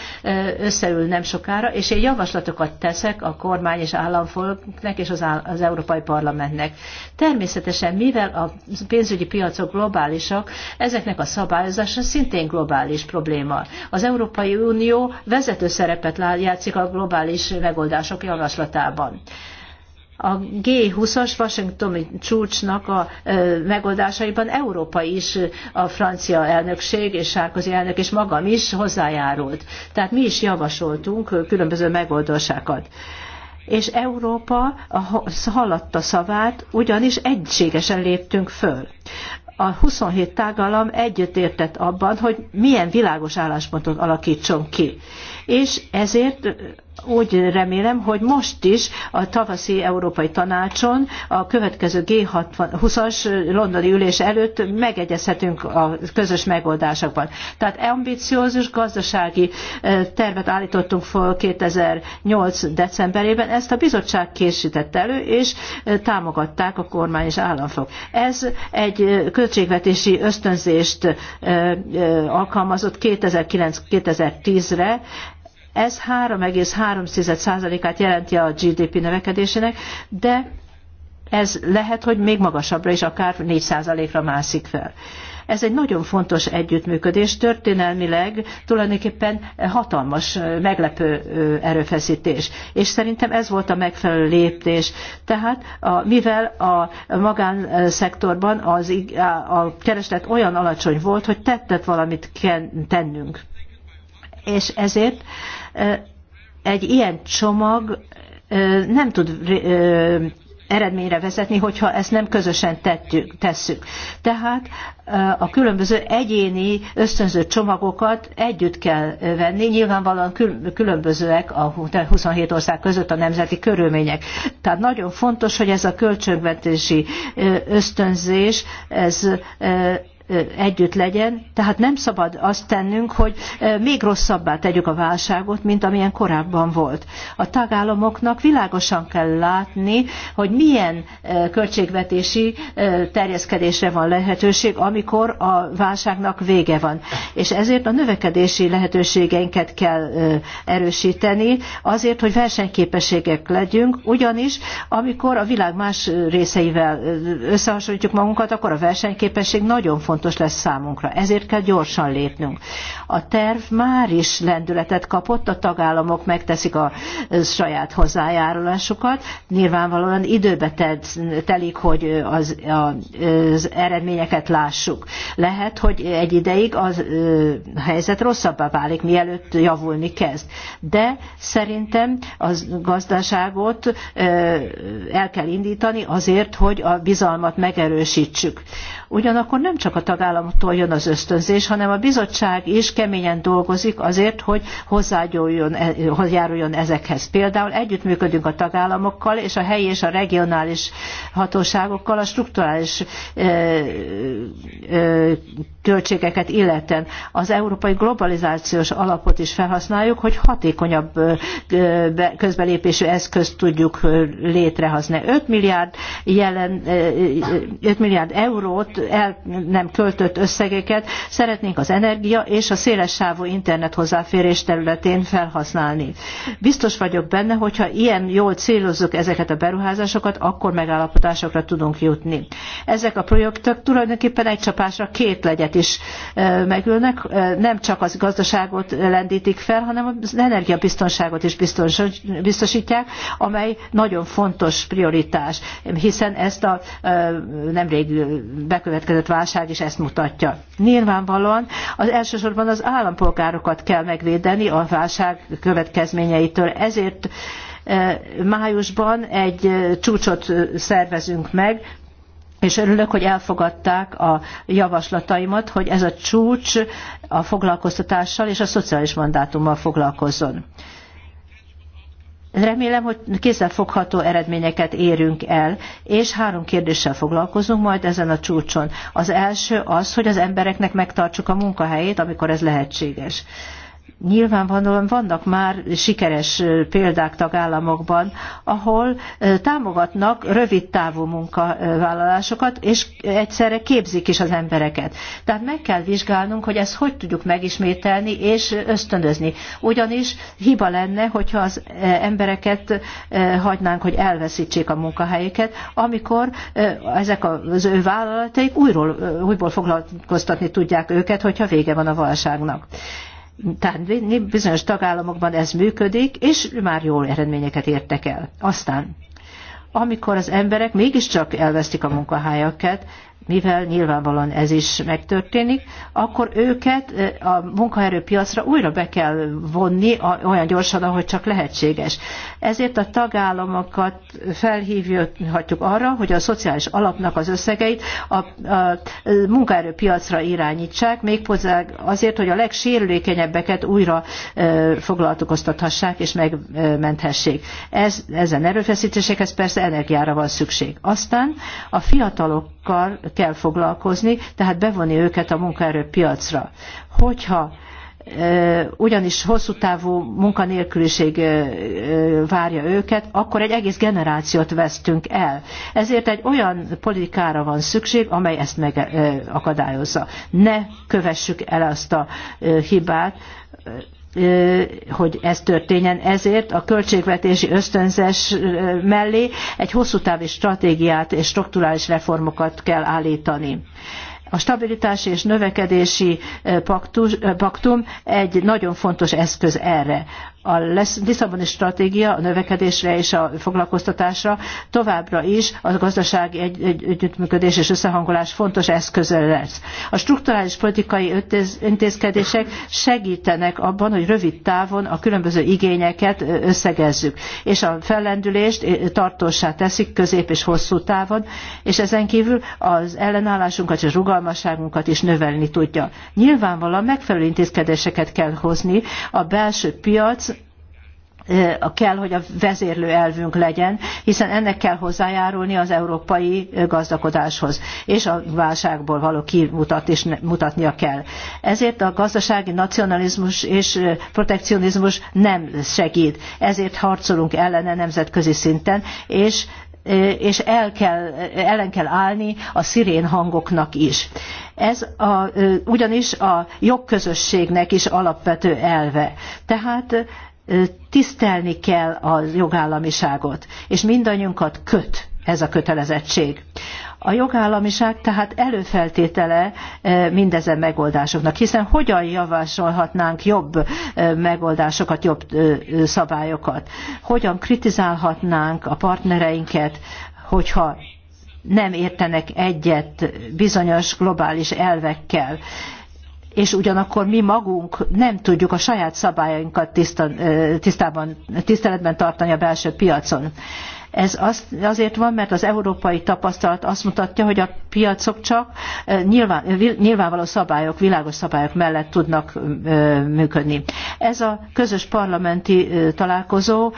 összeül nem sokára, és én javaslatokat teszek a kormány és államfolknek és az, az Európai Parlamentnek. Természetesen természetesen, mivel a pénzügyi piacok globálisak, ezeknek a szabályozása szintén globális probléma. Az Európai Unió vezető szerepet játszik a globális megoldások javaslatában a G20-as Washingtoni csúcsnak a megoldásaiban Európa is, a francia elnökség és Sárkozi elnök és magam is hozzájárult. Tehát mi is javasoltunk különböző megoldásokat és Európa haladta szavát, ugyanis egységesen léptünk föl. A 27 tagállam egyetértett abban, hogy milyen világos álláspontot alakítson ki. És ezért úgy remélem, hogy most is a tavaszi Európai Tanácson a következő G20-as londoni ülés előtt megegyezhetünk a közös megoldásokban. Tehát ambiciózus gazdasági eh, tervet állítottunk fel 2008. decemberében, ezt a bizottság készített elő, és eh, támogatták a kormány és államfok. Ez egy eh, költségvetési ösztönzést alkalmazott 2009-2010-re, ez 3,3%-át jelenti a GDP növekedésének, de ez lehet, hogy még magasabbra is, akár 4%-ra mászik fel. Ez egy nagyon fontos együttműködés, történelmileg tulajdonképpen hatalmas, meglepő erőfeszítés. És szerintem ez volt a megfelelő lépés. Tehát a, mivel a magánszektorban az, a kereslet olyan alacsony volt, hogy tettet valamit kell tennünk. És ezért egy ilyen csomag nem tud eredményre vezetni, hogyha ezt nem közösen tettük, tesszük. Tehát a különböző egyéni ösztönző csomagokat együtt kell venni, nyilvánvalóan különbözőek a 27 ország között a nemzeti körülmények. Tehát nagyon fontos, hogy ez a kölcsönvetési ösztönzés, ez együtt legyen, tehát nem szabad azt tennünk, hogy még rosszabbá tegyük a válságot, mint amilyen korábban volt. A tagállamoknak világosan kell látni, hogy milyen költségvetési terjeszkedésre van lehetőség, amikor a válságnak vége van. És ezért a növekedési lehetőségeinket kell erősíteni, azért, hogy versenyképességek legyünk, ugyanis amikor a világ más részeivel összehasonlítjuk magunkat, akkor a versenyképesség nagyon fontos fontos lesz számunkra. Ezért kell gyorsan lépnünk. A terv már is lendületet kapott, a tagállamok megteszik a saját hozzájárulásukat. Nyilvánvalóan időbe telik, hogy az, az eredményeket lássuk. Lehet, hogy egy ideig a helyzet rosszabbá válik, mielőtt javulni kezd. De szerintem a gazdaságot el kell indítani azért, hogy a bizalmat megerősítsük. Ugyanakkor nem csak a a tagállamoktól jön az ösztönzés, hanem a bizottság is keményen dolgozik azért, hogy e- hozzájáruljon ezekhez. Például együttműködünk a tagállamokkal és a helyi és a regionális hatóságokkal a strukturális költségeket illeten. Az európai globalizációs alapot is felhasználjuk, hogy hatékonyabb közbelépésű eszközt tudjuk létrehozni. 5 milliárd, jelen, 5 milliárd eurót el nem költött összegeket szeretnénk az energia és a széles sávú internet hozzáférés területén felhasználni. Biztos vagyok benne, hogyha ilyen jól célozzuk ezeket a beruházásokat, akkor megállapodásokra tudunk jutni. Ezek a projektek tulajdonképpen egy csapásra két legyet embereket is megölnek, nem csak az gazdaságot lendítik fel, hanem az energiabiztonságot is biztosítják, amely nagyon fontos prioritás, hiszen ezt a nemrég bekövetkezett válság is ezt mutatja. Nyilvánvalóan az elsősorban az állampolgárokat kell megvédeni a válság következményeitől, ezért májusban egy csúcsot szervezünk meg, és örülök, hogy elfogadták a javaslataimat, hogy ez a csúcs a foglalkoztatással és a szociális mandátummal foglalkozzon. Remélem, hogy kézzelfogható eredményeket érünk el, és három kérdéssel foglalkozunk majd ezen a csúcson. Az első az, hogy az embereknek megtartsuk a munkahelyét, amikor ez lehetséges. Nyilvánvalóan vannak már sikeres példák tagállamokban, ahol támogatnak rövid távú munkavállalásokat, és egyszerre képzik is az embereket. Tehát meg kell vizsgálnunk, hogy ezt hogy tudjuk megismételni és ösztönözni. Ugyanis hiba lenne, hogyha az embereket hagynánk, hogy elveszítsék a munkahelyüket, amikor ezek az ő vállalataik újról, újból foglalkoztatni tudják őket, hogyha vége van a válságnak. Tehát bizonyos tagállamokban ez működik, és már jól eredményeket értek el. Aztán amikor az emberek mégiscsak elvesztik a munkahelyeket, mivel nyilvánvalóan ez is megtörténik, akkor őket a munkaerőpiacra újra be kell vonni olyan gyorsan, ahogy csak lehetséges. Ezért a tagállamokat felhívhatjuk arra, hogy a szociális alapnak az összegeit a, a munkaerőpiacra irányítsák, méghozzá azért, hogy a legsérülékenyebbeket újra e, foglalkoztathassák és megmenthessék. Ez, ezen erőfeszítésekhez persze energiára van szükség. Aztán a fiatalok kal kell foglalkozni, tehát bevonni őket a munkaerőpiacra. Hogyha ugyanis hosszú távú munkanélküliség várja őket, akkor egy egész generációt vesztünk el. Ezért egy olyan politikára van szükség, amely ezt megakadályozza. Ne kövessük el azt a hibát, hogy ez történjen. Ezért a költségvetési ösztönzés mellé egy hosszú távú stratégiát és strukturális reformokat kell állítani. A stabilitási és növekedési eh, paktus, eh, paktum egy nagyon fontos eszköz erre. A Lisszaboni stratégia a növekedésre és a foglalkoztatásra továbbra is a gazdasági egy, egy, együttműködés és összehangolás fontos eszköze lesz. A strukturális politikai intézkedések segítenek abban, hogy rövid távon a különböző igényeket eh, összegezzük, és a fellendülést tartósá teszik közép és hosszú távon, és ezen kívül az ellenállásunkat és rugalmat rugalmasságunkat is növelni tudja. Nyilvánvalóan megfelelő intézkedéseket kell hozni, a belső piac kell, hogy a vezérlő elvünk legyen, hiszen ennek kell hozzájárulni az európai gazdakodáshoz, és a válságból való kimutat és mutatnia kell. Ezért a gazdasági nacionalizmus és protekcionizmus nem segít, ezért harcolunk ellene nemzetközi szinten, és és el kell, ellen kell állni a szirén hangoknak is. Ez a, ugyanis a jogközösségnek is alapvető elve. Tehát tisztelni kell a jogállamiságot, és mindannyiunkat köt ez a kötelezettség. A jogállamiság tehát előfeltétele eh, mindezen megoldásoknak, hiszen hogyan javasolhatnánk jobb eh, megoldásokat, jobb eh, szabályokat? Hogyan kritizálhatnánk a partnereinket, hogyha nem értenek egyet bizonyos globális elvekkel? és ugyanakkor mi magunk nem tudjuk a saját szabályainkat tisztában, tiszteletben tartani a belső piacon. Ez azért van, mert az európai tapasztalat azt mutatja, hogy a piacok csak eh, nyilván, nyilvánvaló szabályok, világos szabályok mellett tudnak eh, működni. Ez a közös parlamenti eh, találkozó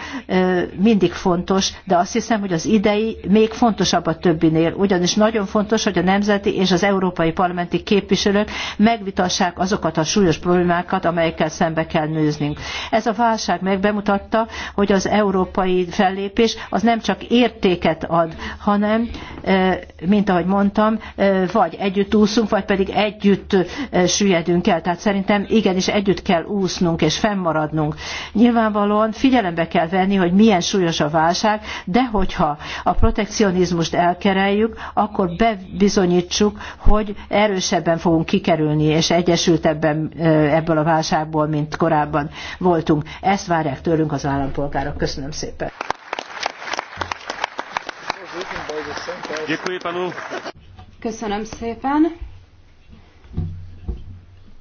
mindig fontos, de azt hiszem, hogy az idei még fontosabb a többinél, ugyanis nagyon fontos, hogy a nemzeti és az európai parlamenti képviselők megvitassák azokat a súlyos problémákat, amelyekkel szembe kell nőznünk. Ez a válság meg bemutatta, hogy az európai fellépés az nem csak értéket ad, hanem, mint ahogy mondtam, vagy együtt úszunk, vagy pedig együtt süllyedünk el. Tehát szerintem igenis együtt kell úsznunk és fennmaradnunk. Nyilvánvalóan figyelembe kell venni, hogy milyen súlyos a válság, de hogyha a protekcionizmust elkereljük, akkor bebizonyítsuk, hogy erősebben fogunk kikerülni, és ebben, ebből a válságból, mint korábban voltunk. Ezt várják tőlünk az állampolgárok. Köszönöm szépen. Köszönöm szépen.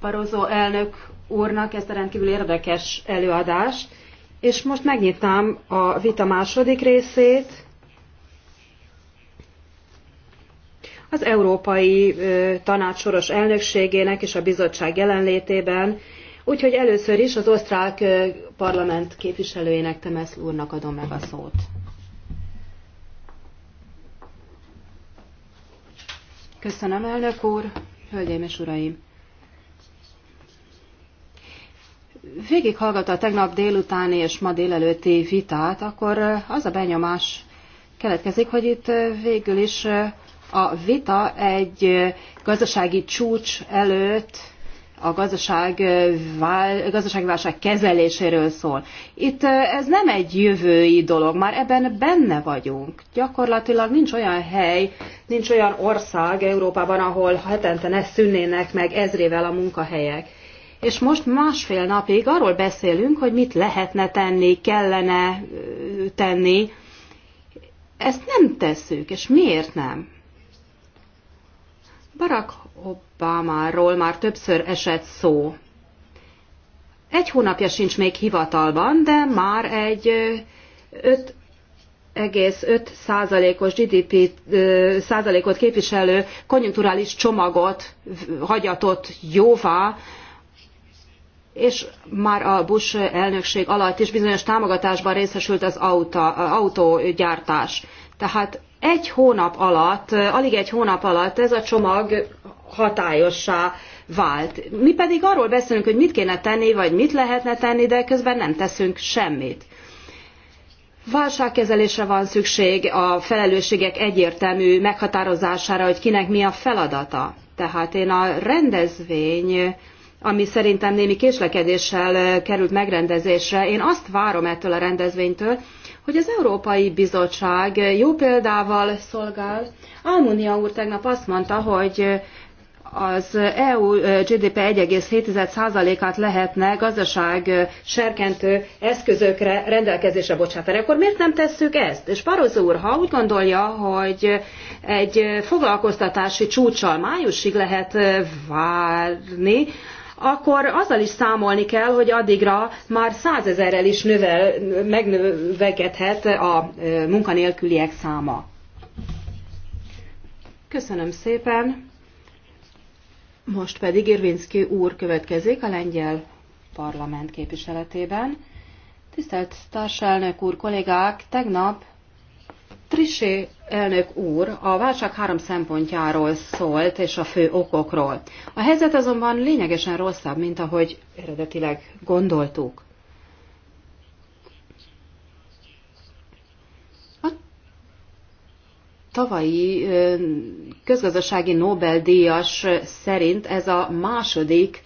Barozó elnök úrnak ezt a rendkívül érdekes előadást, és most megnyitnám a vita második részét. Az Európai Tanács soros elnökségének és a bizottság jelenlétében, úgyhogy először is az osztrák parlament képviselőjének Temesz úrnak adom meg a szót. Köszönöm, elnök úr, hölgyeim és uraim! Végighallgatta a tegnap délutáni és ma délelőtti vitát, akkor eh, az a benyomás keletkezik, hogy itt eh, végül is eh, a vita egy gazdasági csúcs előtt a gazdaság, vál, gazdasági válság kezeléséről szól. Itt ez nem egy jövői dolog, már ebben benne vagyunk. Gyakorlatilag nincs olyan hely, nincs olyan ország Európában, ahol hetente ne szűnnének meg ezrével a munkahelyek. És most másfél napig arról beszélünk, hogy mit lehetne tenni, kellene tenni. Ezt nem tesszük, és miért nem? Barack Obamáról már többször esett szó. Egy hónapja sincs még hivatalban, de már egy 5,5 százalékos GDP százalékot képviselő konjunkturális csomagot hagyatott jóvá, és már a Bush elnökség alatt is bizonyos támogatásban részesült az auta, autógyártás. Tehát egy hónap alatt, alig egy hónap alatt ez a csomag hatályossá vált. Mi pedig arról beszélünk, hogy mit kéne tenni, vagy mit lehetne tenni, de közben nem teszünk semmit. Válságkezelésre van szükség, a felelősségek egyértelmű meghatározására, hogy kinek mi a feladata. Tehát én a rendezvény, ami szerintem némi késlekedéssel került megrendezésre, én azt várom ettől a rendezvénytől, hogy az Európai Bizottság jó példával szolgál. Almunia úr tegnap azt mondta, hogy az EU GDP 1,7%-át lehetne gazdaság eh, serkentő eszközökre rendelkezésre bocsátani. Akkor miért nem tesszük ezt? És Barozó úr, ha úgy gondolja, hogy egy foglalkoztatási csúcsal májusig lehet eh, várni, akkor azzal is számolni kell, hogy addigra már százezerrel is növel, megnövekedhet a eh, munkanélküliek száma. Köszönöm szépen! Most pedig Irvinszki úr következik a lengyel parlament képviseletében. Tisztelt társelnök úr, kollégák, tegnap Trisé elnök úr a válság három szempontjáról szólt, és a fő okokról. A helyzet azonban lényegesen rosszabb, mint ahogy eredetileg gondoltuk. A tavalyi közgazdasági Nobel-díjas szerint ez a második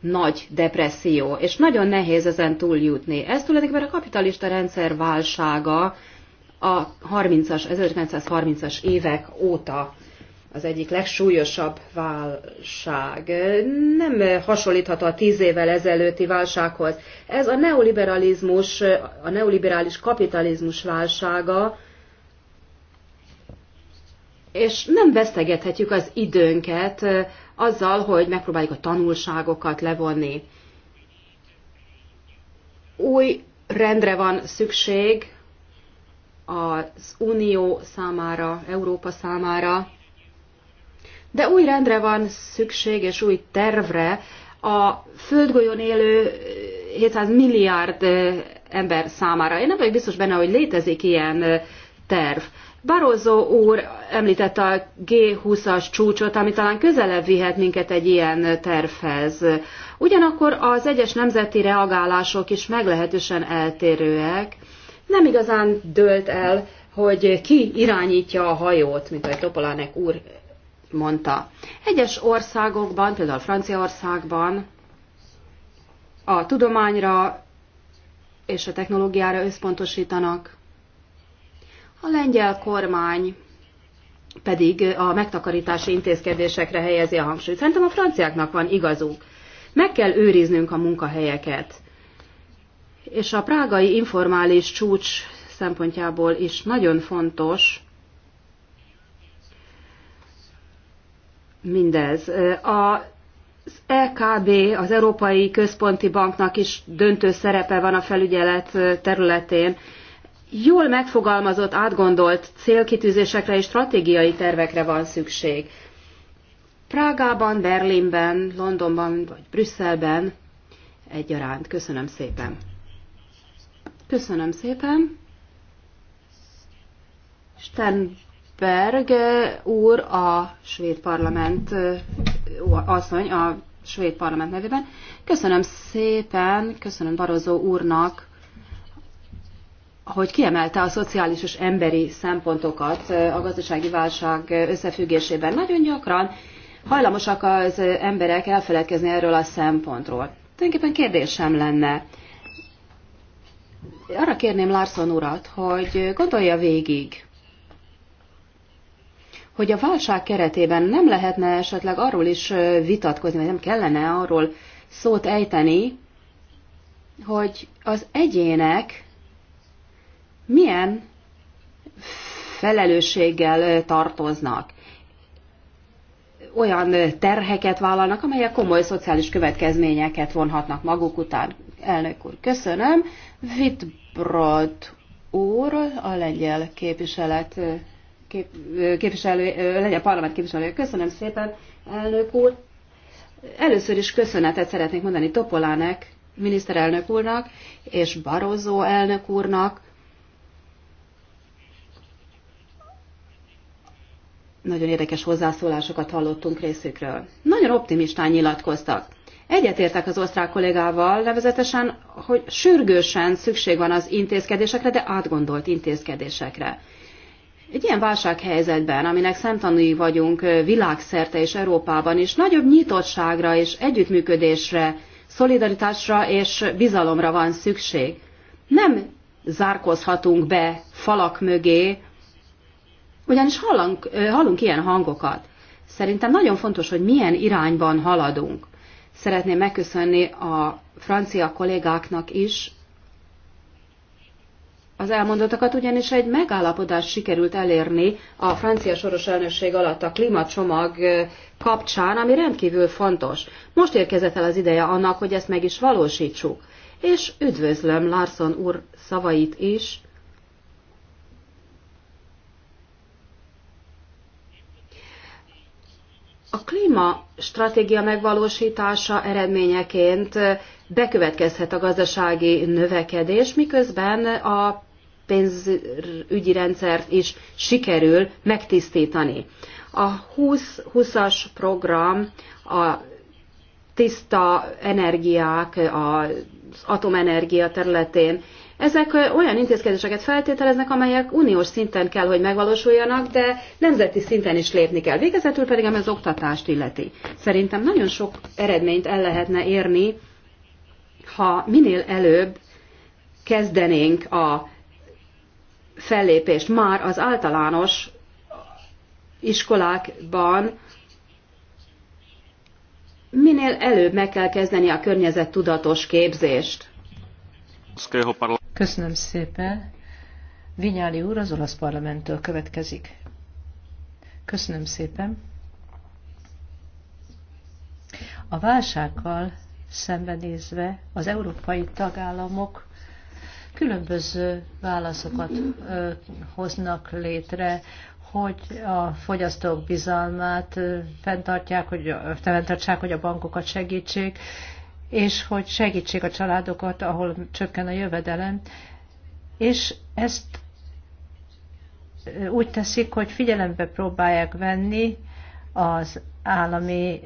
nagy depresszió, és nagyon nehéz ezen túljutni. Ez tulajdonképpen a kapitalista rendszer válsága a 30-as, 1930-as évek óta az egyik legsúlyosabb válság. Nem hasonlítható a tíz évvel ezelőtti válsághoz. Ez a neoliberalizmus, a neoliberális kapitalizmus válsága, és nem vesztegethetjük az időnket azzal, hogy megpróbáljuk a tanulságokat levonni. Új rendre van szükség az Unió számára, Európa számára, de új rendre van szükség és új tervre a földgolyón élő 700 milliárd ember számára. Én nem vagyok biztos benne, hogy létezik ilyen terv. Barozó úr említette a G20-as csúcsot, ami talán közelebb vihet minket egy ilyen tervhez. Ugyanakkor az egyes nemzeti reagálások is meglehetősen eltérőek. Nem igazán dölt el, hogy ki irányítja a hajót, mint ahogy Topolánek úr mondta. Egyes országokban, például Franciaországban a tudományra és a technológiára összpontosítanak, a lengyel kormány pedig a megtakarítási intézkedésekre helyezi a hangsúlyt. Szerintem a franciáknak van igazuk. Meg kell őriznünk a munkahelyeket. És a prágai informális csúcs szempontjából is nagyon fontos mindez. A az EKB, az Európai Központi Banknak is döntő szerepe van a felügyelet területén, jól megfogalmazott, átgondolt célkitűzésekre és stratégiai tervekre van szükség. Prágában, Berlinben, Londonban vagy Brüsszelben egyaránt. Köszönöm szépen. Köszönöm szépen. Stenberg eh, úr a svéd parlament, eh, asszony a svéd parlament nevében. Köszönöm szépen, köszönöm Barozó úrnak hogy kiemelte a szociális és emberi szempontokat a gazdasági válság összefüggésében. Nagyon gyakran hajlamosak az emberek elfeledkezni erről a szempontról. Tulajdonképpen kérdésem lenne. Arra kérném Larson urat, hogy gondolja végig, hogy a válság keretében nem lehetne esetleg arról is vitatkozni, vagy nem kellene arról szót ejteni, hogy az egyének milyen felelősséggel tartoznak. Olyan terheket vállalnak, amelyek komoly szociális következményeket vonhatnak maguk után. Elnök úr, köszönöm. Vitbrod úr, a lengyel képviselet kép, képviselő, lengyel parlament képviselője. Köszönöm szépen, elnök úr. Először is köszönetet szeretnék mondani Topolánek, miniszterelnök úrnak és Barozó elnök úrnak, nagyon érdekes hozzászólásokat hallottunk részükről. Nagyon optimistán nyilatkoztak. Egyetértek az osztrák kollégával, nevezetesen, hogy sürgősen szükség van az intézkedésekre, de átgondolt intézkedésekre. Egy ilyen válsághelyzetben, aminek szemtanúi vagyunk világszerte és Európában is, nagyobb nyitottságra és együttműködésre, szolidaritásra és bizalomra van szükség. Nem zárkozhatunk be falak mögé, ugyanis hallunk, hallunk ilyen hangokat. Szerintem nagyon fontos, hogy milyen irányban haladunk. Szeretném megköszönni a francia kollégáknak is az elmondottakat, ugyanis egy megállapodás sikerült elérni a francia soros elnökség alatt a klímacsomag kapcsán, ami rendkívül fontos. Most érkezett el az ideje annak, hogy ezt meg is valósítsuk. És üdvözlöm Larson úr szavait is, A klíma stratégia megvalósítása eredményeként bekövetkezhet a gazdasági növekedés, miközben a pénzügyi rendszert is sikerül megtisztítani. A 20-20-as program a tiszta energiák, az atomenergia területén ezek olyan intézkedéseket feltételeznek, amelyek uniós szinten kell, hogy megvalósuljanak, de nemzeti szinten is lépni kell. Végezetül pedig, ez oktatást illeti. Szerintem nagyon sok eredményt el lehetne érni, ha minél előbb kezdenénk a fellépést már az általános iskolákban, minél előbb meg kell kezdeni a környezettudatos képzést. Köszönöm szépen. Vinyáli úr az olasz parlamenttől következik. Köszönöm szépen. A válsággal szembenézve az európai tagállamok különböző válaszokat hoznak létre, hogy a fogyasztók bizalmát fenntartják, hogy, fenntartsák, hogy a bankokat segítsék, és hogy segítsék a családokat, ahol csökken a jövedelem, és ezt úgy teszik, hogy figyelembe próbálják venni az állami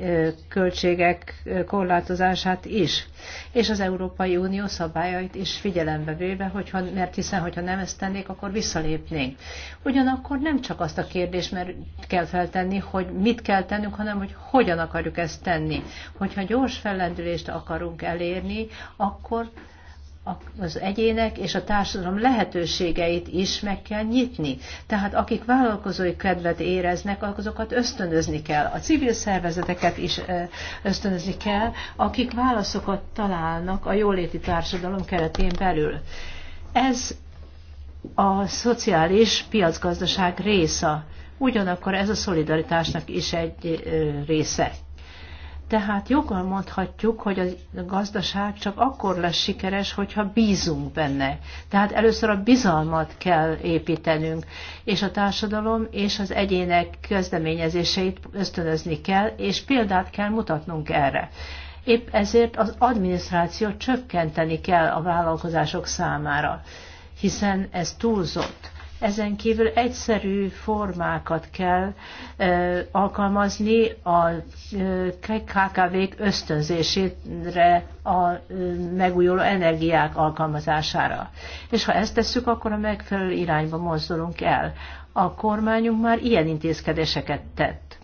költségek korlátozását is, és az Európai Unió szabályait is figyelembe véve, hogyha, mert hiszen, hogyha nem ezt tennék, akkor visszalépnénk. Ugyanakkor nem csak azt a kérdést mert kell feltenni, hogy mit kell tennünk, hanem hogy hogyan akarjuk ezt tenni. Hogyha gyors fellendülést akarunk elérni, akkor az egyének és a társadalom lehetőségeit is meg kell nyitni. Tehát akik vállalkozói kedvet éreznek, azokat ösztönözni kell. A civil szervezeteket is ösztönözni kell, akik válaszokat találnak a jóléti társadalom keretén belül. Ez a szociális piacgazdaság része. Ugyanakkor ez a szolidaritásnak is egy része. Tehát joggal mondhatjuk, hogy a gazdaság csak akkor lesz sikeres, hogyha bízunk benne. Tehát először a bizalmat kell építenünk, és a társadalom és az egyének kezdeményezéseit ösztönözni kell, és példát kell mutatnunk erre. Épp ezért az adminisztrációt csökkenteni kell a vállalkozások számára, hiszen ez túlzott ezen kívül egyszerű formákat kell alkalmazni a KKV-k ösztönzésére a megújuló energiák alkalmazására. És ha ezt tesszük, akkor a megfelelő irányba mozdulunk el. A kormányunk már ilyen intézkedéseket tett.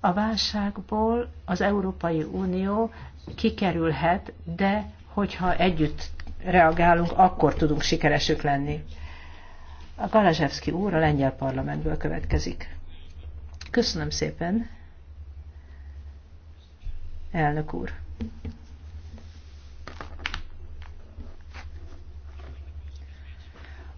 A válságból az Európai Unió kikerülhet, de hogyha együtt reagálunk, akkor tudunk sikeresük lenni. A Galazsevszki úr a lengyel parlamentből következik. Köszönöm szépen, elnök úr.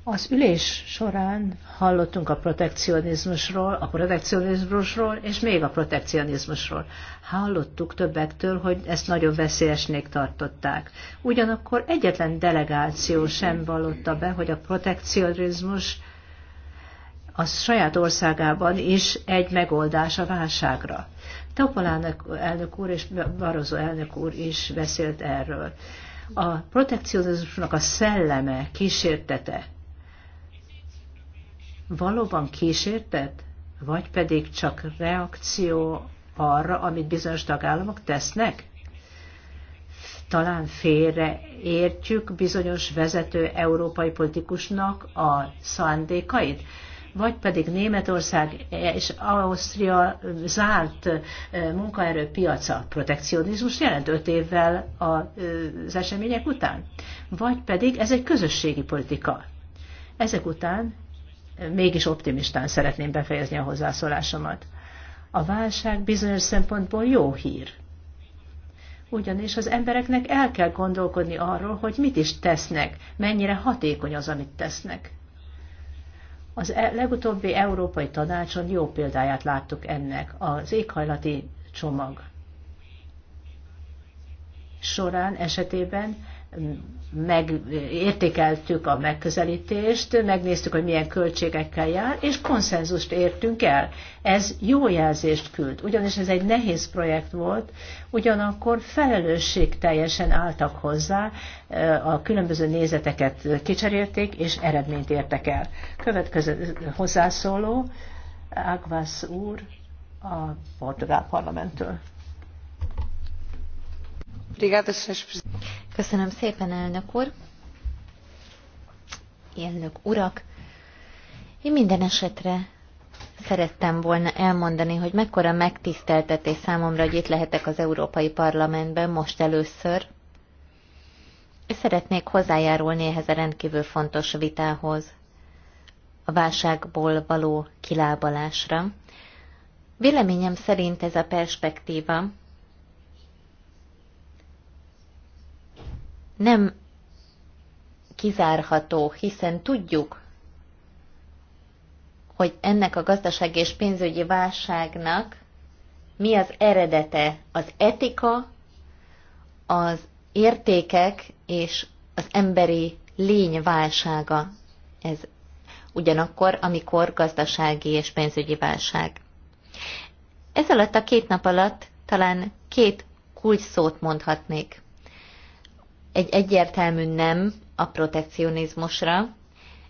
Az ülés során hallottunk a protekcionizmusról, a protekcionizmusról, és még a protekcionizmusról. Hallottuk többektől, hogy ezt nagyon veszélyesnek tartották. Ugyanakkor egyetlen delegáció sem vallotta be, hogy a protekcionizmus a saját országában is egy megoldás a válságra. Topolának elnök úr és Barozó elnök úr is beszélt erről. A protekcionizmusnak a szelleme kísértete valóban kísértet, vagy pedig csak reakció arra, amit bizonyos tagállamok tesznek? Talán félre értjük bizonyos vezető európai politikusnak a szándékait, vagy pedig Németország és Ausztria zárt munkaerőpiaca protekcionizmus jelent öt évvel az események után, vagy pedig ez egy közösségi politika. Ezek után mégis optimistán szeretném befejezni a hozzászólásomat. A válság bizonyos szempontból jó hír. Ugyanis az embereknek el kell gondolkodni arról, hogy mit is tesznek, mennyire hatékony az, amit tesznek. Az e- legutóbbi Európai Tanácson jó példáját láttuk ennek, az éghajlati csomag során esetében megértékeltük a megközelítést, megnéztük, hogy milyen költségekkel jár, és konszenzust értünk el. Ez jó jelzést küld, ugyanis ez egy nehéz projekt volt, ugyanakkor felelősség teljesen álltak hozzá, a különböző nézeteket kicserélték, és eredményt értek el. Következő hozzászóló, Ágvász úr a portugál parlamenttől. Köszönöm szépen, elnök úr. Elnök urak. Én minden esetre szerettem volna elmondani, hogy mekkora megtiszteltetés számomra, hogy itt lehetek az Európai Parlamentben most először, és szeretnék hozzájárulni ehhez a rendkívül fontos vitához, a válságból való kilábalásra. Véleményem szerint ez a perspektíva nem kizárható, hiszen tudjuk, hogy ennek a gazdasági és pénzügyi válságnak mi az eredete, az etika, az értékek és az emberi lény válsága. Ez ugyanakkor, amikor gazdasági és pénzügyi válság. Ez alatt a két nap alatt talán két kulcs szót mondhatnék egy egyértelmű nem a protekcionizmusra.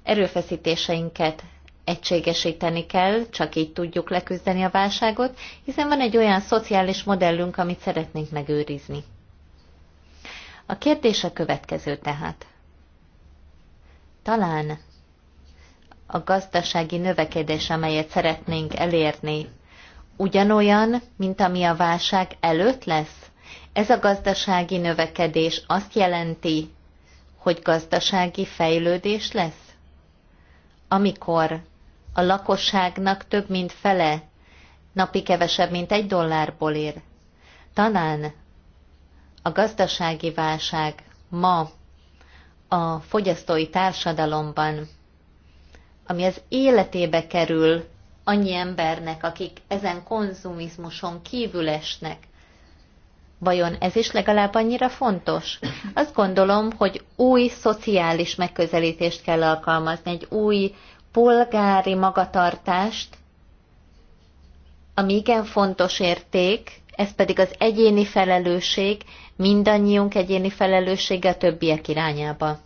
Erőfeszítéseinket egységesíteni kell, csak így tudjuk leküzdeni a válságot, hiszen van egy olyan szociális modellünk, amit szeretnénk megőrizni. A kérdés a következő tehát. Talán a gazdasági növekedés, amelyet szeretnénk elérni, ugyanolyan, mint ami a válság előtt lesz? Ez a gazdasági növekedés azt jelenti, hogy gazdasági fejlődés lesz? Amikor a lakosságnak több mint fele napi kevesebb, mint egy dollárból ér. Talán a gazdasági válság ma a fogyasztói társadalomban, ami az életébe kerül annyi embernek, akik ezen konzumizmuson kívül esnek, Vajon ez is legalább annyira fontos? Azt gondolom, hogy új szociális megközelítést kell alkalmazni, egy új polgári magatartást, ami igen fontos érték, ez pedig az egyéni felelősség, mindannyiunk egyéni felelőssége a többiek irányába.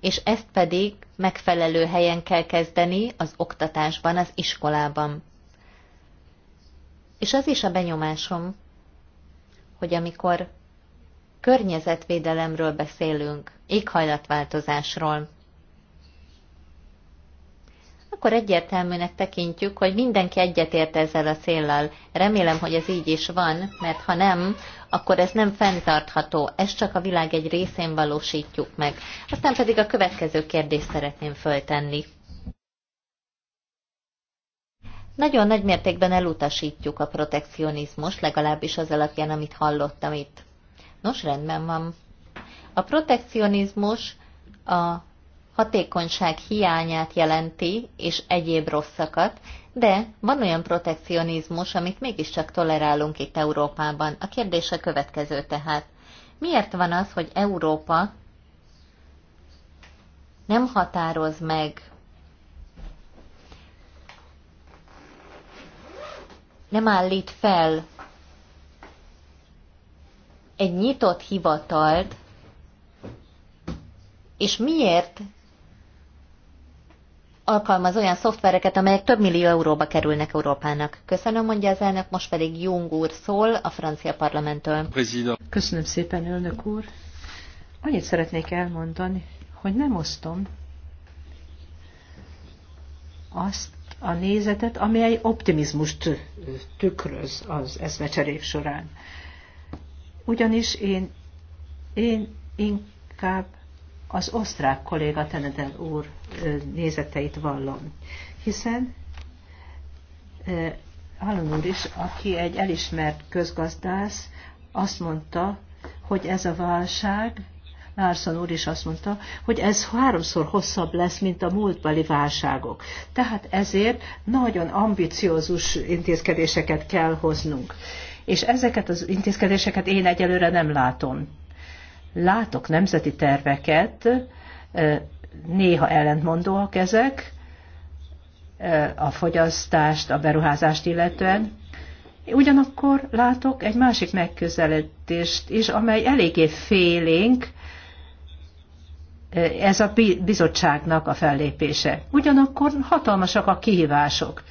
És ezt pedig megfelelő helyen kell kezdeni az oktatásban, az iskolában. És az is a benyomásom, hogy amikor környezetvédelemről beszélünk, éghajlatváltozásról, akkor egyértelműnek tekintjük, hogy mindenki egyetért ezzel a széllal. Remélem, hogy ez így is van, mert ha nem, akkor ez nem fenntartható, ezt csak a világ egy részén valósítjuk meg. Aztán pedig a következő kérdést szeretném föltenni. Nagyon nagy mértékben elutasítjuk a protekcionizmus, legalábbis az alapján, amit hallottam itt. Nos, rendben van. A protekcionizmus a hatékonyság hiányát jelenti, és egyéb rosszakat, de van olyan protekcionizmus, amit mégiscsak tolerálunk itt Európában. A kérdése következő tehát. Miért van az, hogy Európa nem határoz meg nem állít fel egy nyitott hivatalt, és miért alkalmaz olyan szoftvereket, amelyek több millió euróba kerülnek Európának. Köszönöm, mondja az elnök, most pedig Jung úr szól a francia parlamenttől. Köszönöm szépen, elnök úr. Annyit szeretnék elmondani, hogy nem osztom azt a nézetet, amely optimizmust tükröz az eszmecserék során. Ugyanis én, én inkább az osztrák kolléga Tenedel úr nézeteit vallom, hiszen Alan úr is, aki egy elismert közgazdász, azt mondta, hogy ez a válság Larson úr is azt mondta, hogy ez háromszor hosszabb lesz, mint a múltbeli válságok. Tehát ezért nagyon ambiciózus intézkedéseket kell hoznunk. És ezeket az intézkedéseket én egyelőre nem látom. Látok nemzeti terveket, néha ellentmondóak ezek, a fogyasztást, a beruházást illetően. Ugyanakkor látok egy másik megközelítést is, amely eléggé félénk, ez a bizottságnak a fellépése. Ugyanakkor hatalmasak a kihívások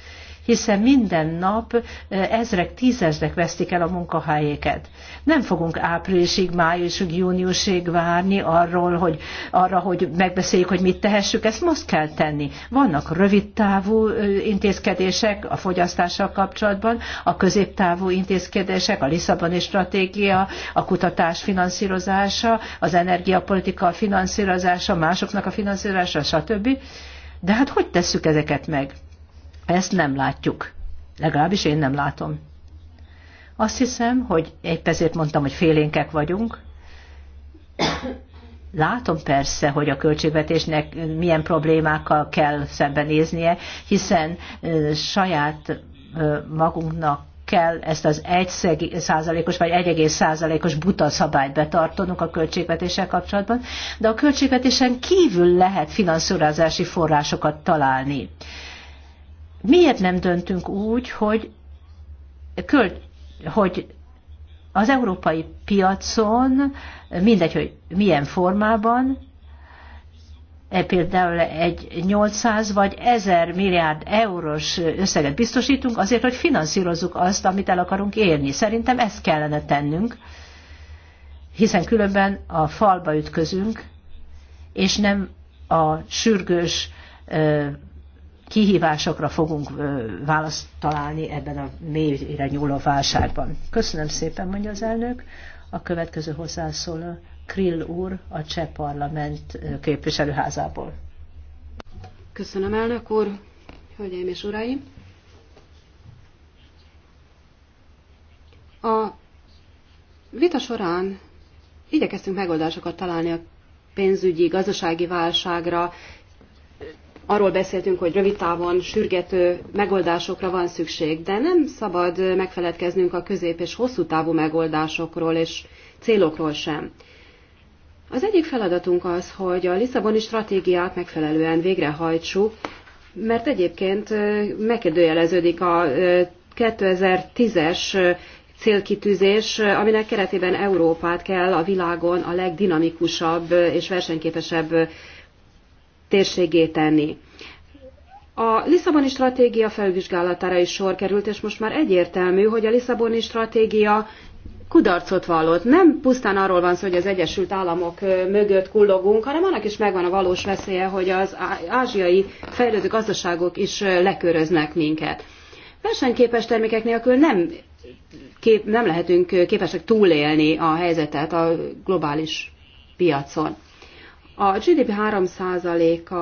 hiszen minden nap ezrek, tízezrek vesztik el a munkahelyéket. Nem fogunk áprilisig, májusig, júniusig várni arról, hogy, arra, hogy megbeszéljük, hogy mit tehessük, ezt most kell tenni. Vannak rövidtávú intézkedések a fogyasztással kapcsolatban, a középtávú intézkedések, a Lisszaboni stratégia, a kutatás finanszírozása, az energiapolitika finanszírozása, másoknak a finanszírozása, stb. De hát hogy tesszük ezeket meg? Ezt nem látjuk. Legalábbis én nem látom. Azt hiszem, hogy épp ezért mondtam, hogy félénkek vagyunk. Látom persze, hogy a költségvetésnek milyen problémákkal kell szembenéznie, hiszen saját magunknak kell ezt az 1 százalékos vagy 1 százalékos buta szabályt betartanunk a költségvetéssel kapcsolatban, de a költségvetésen kívül lehet finanszírozási forrásokat találni. Miért nem döntünk úgy, hogy, költ, hogy az európai piacon, mindegy, hogy milyen formában, e például egy 800 vagy 1000 milliárd eurós összeget biztosítunk azért, hogy finanszírozzuk azt, amit el akarunk érni. Szerintem ezt kellene tennünk, hiszen különben a falba ütközünk, és nem a sürgős kihívásokra fogunk választ találni ebben a mélyre nyúló válságban. Köszönöm szépen, mondja az elnök. A következő hozzászól Krill úr a Cseh Parlament képviselőházából. Köszönöm, elnök úr, hölgyeim és uraim! A vita során igyekeztünk megoldásokat találni a pénzügyi, gazdasági válságra, arról beszéltünk, hogy rövid távon sürgető megoldásokra van szükség, de nem szabad megfeledkeznünk a közép- és hosszú távú megoldásokról és célokról sem. Az egyik feladatunk az, hogy a Lisszaboni stratégiát megfelelően végrehajtsuk, mert egyébként megkérdőjeleződik a 2010-es célkitűzés, aminek keretében Európát kell a világon a legdinamikusabb és versenyképesebb térségé tenni. A Lisszaboni stratégia felvizsgálatára is sor került, és most már egyértelmű, hogy a Lisszaboni stratégia kudarcot vallott. Nem pusztán arról van szó, hogy az Egyesült Államok mögött kullogunk, hanem annak is megvan a valós veszélye, hogy az ázsiai fejlődő gazdaságok is leköröznek minket. Versenyképes termékek nélkül nem, kép, nem lehetünk képesek túlélni a helyzetet a globális piacon. A GDP 3%-a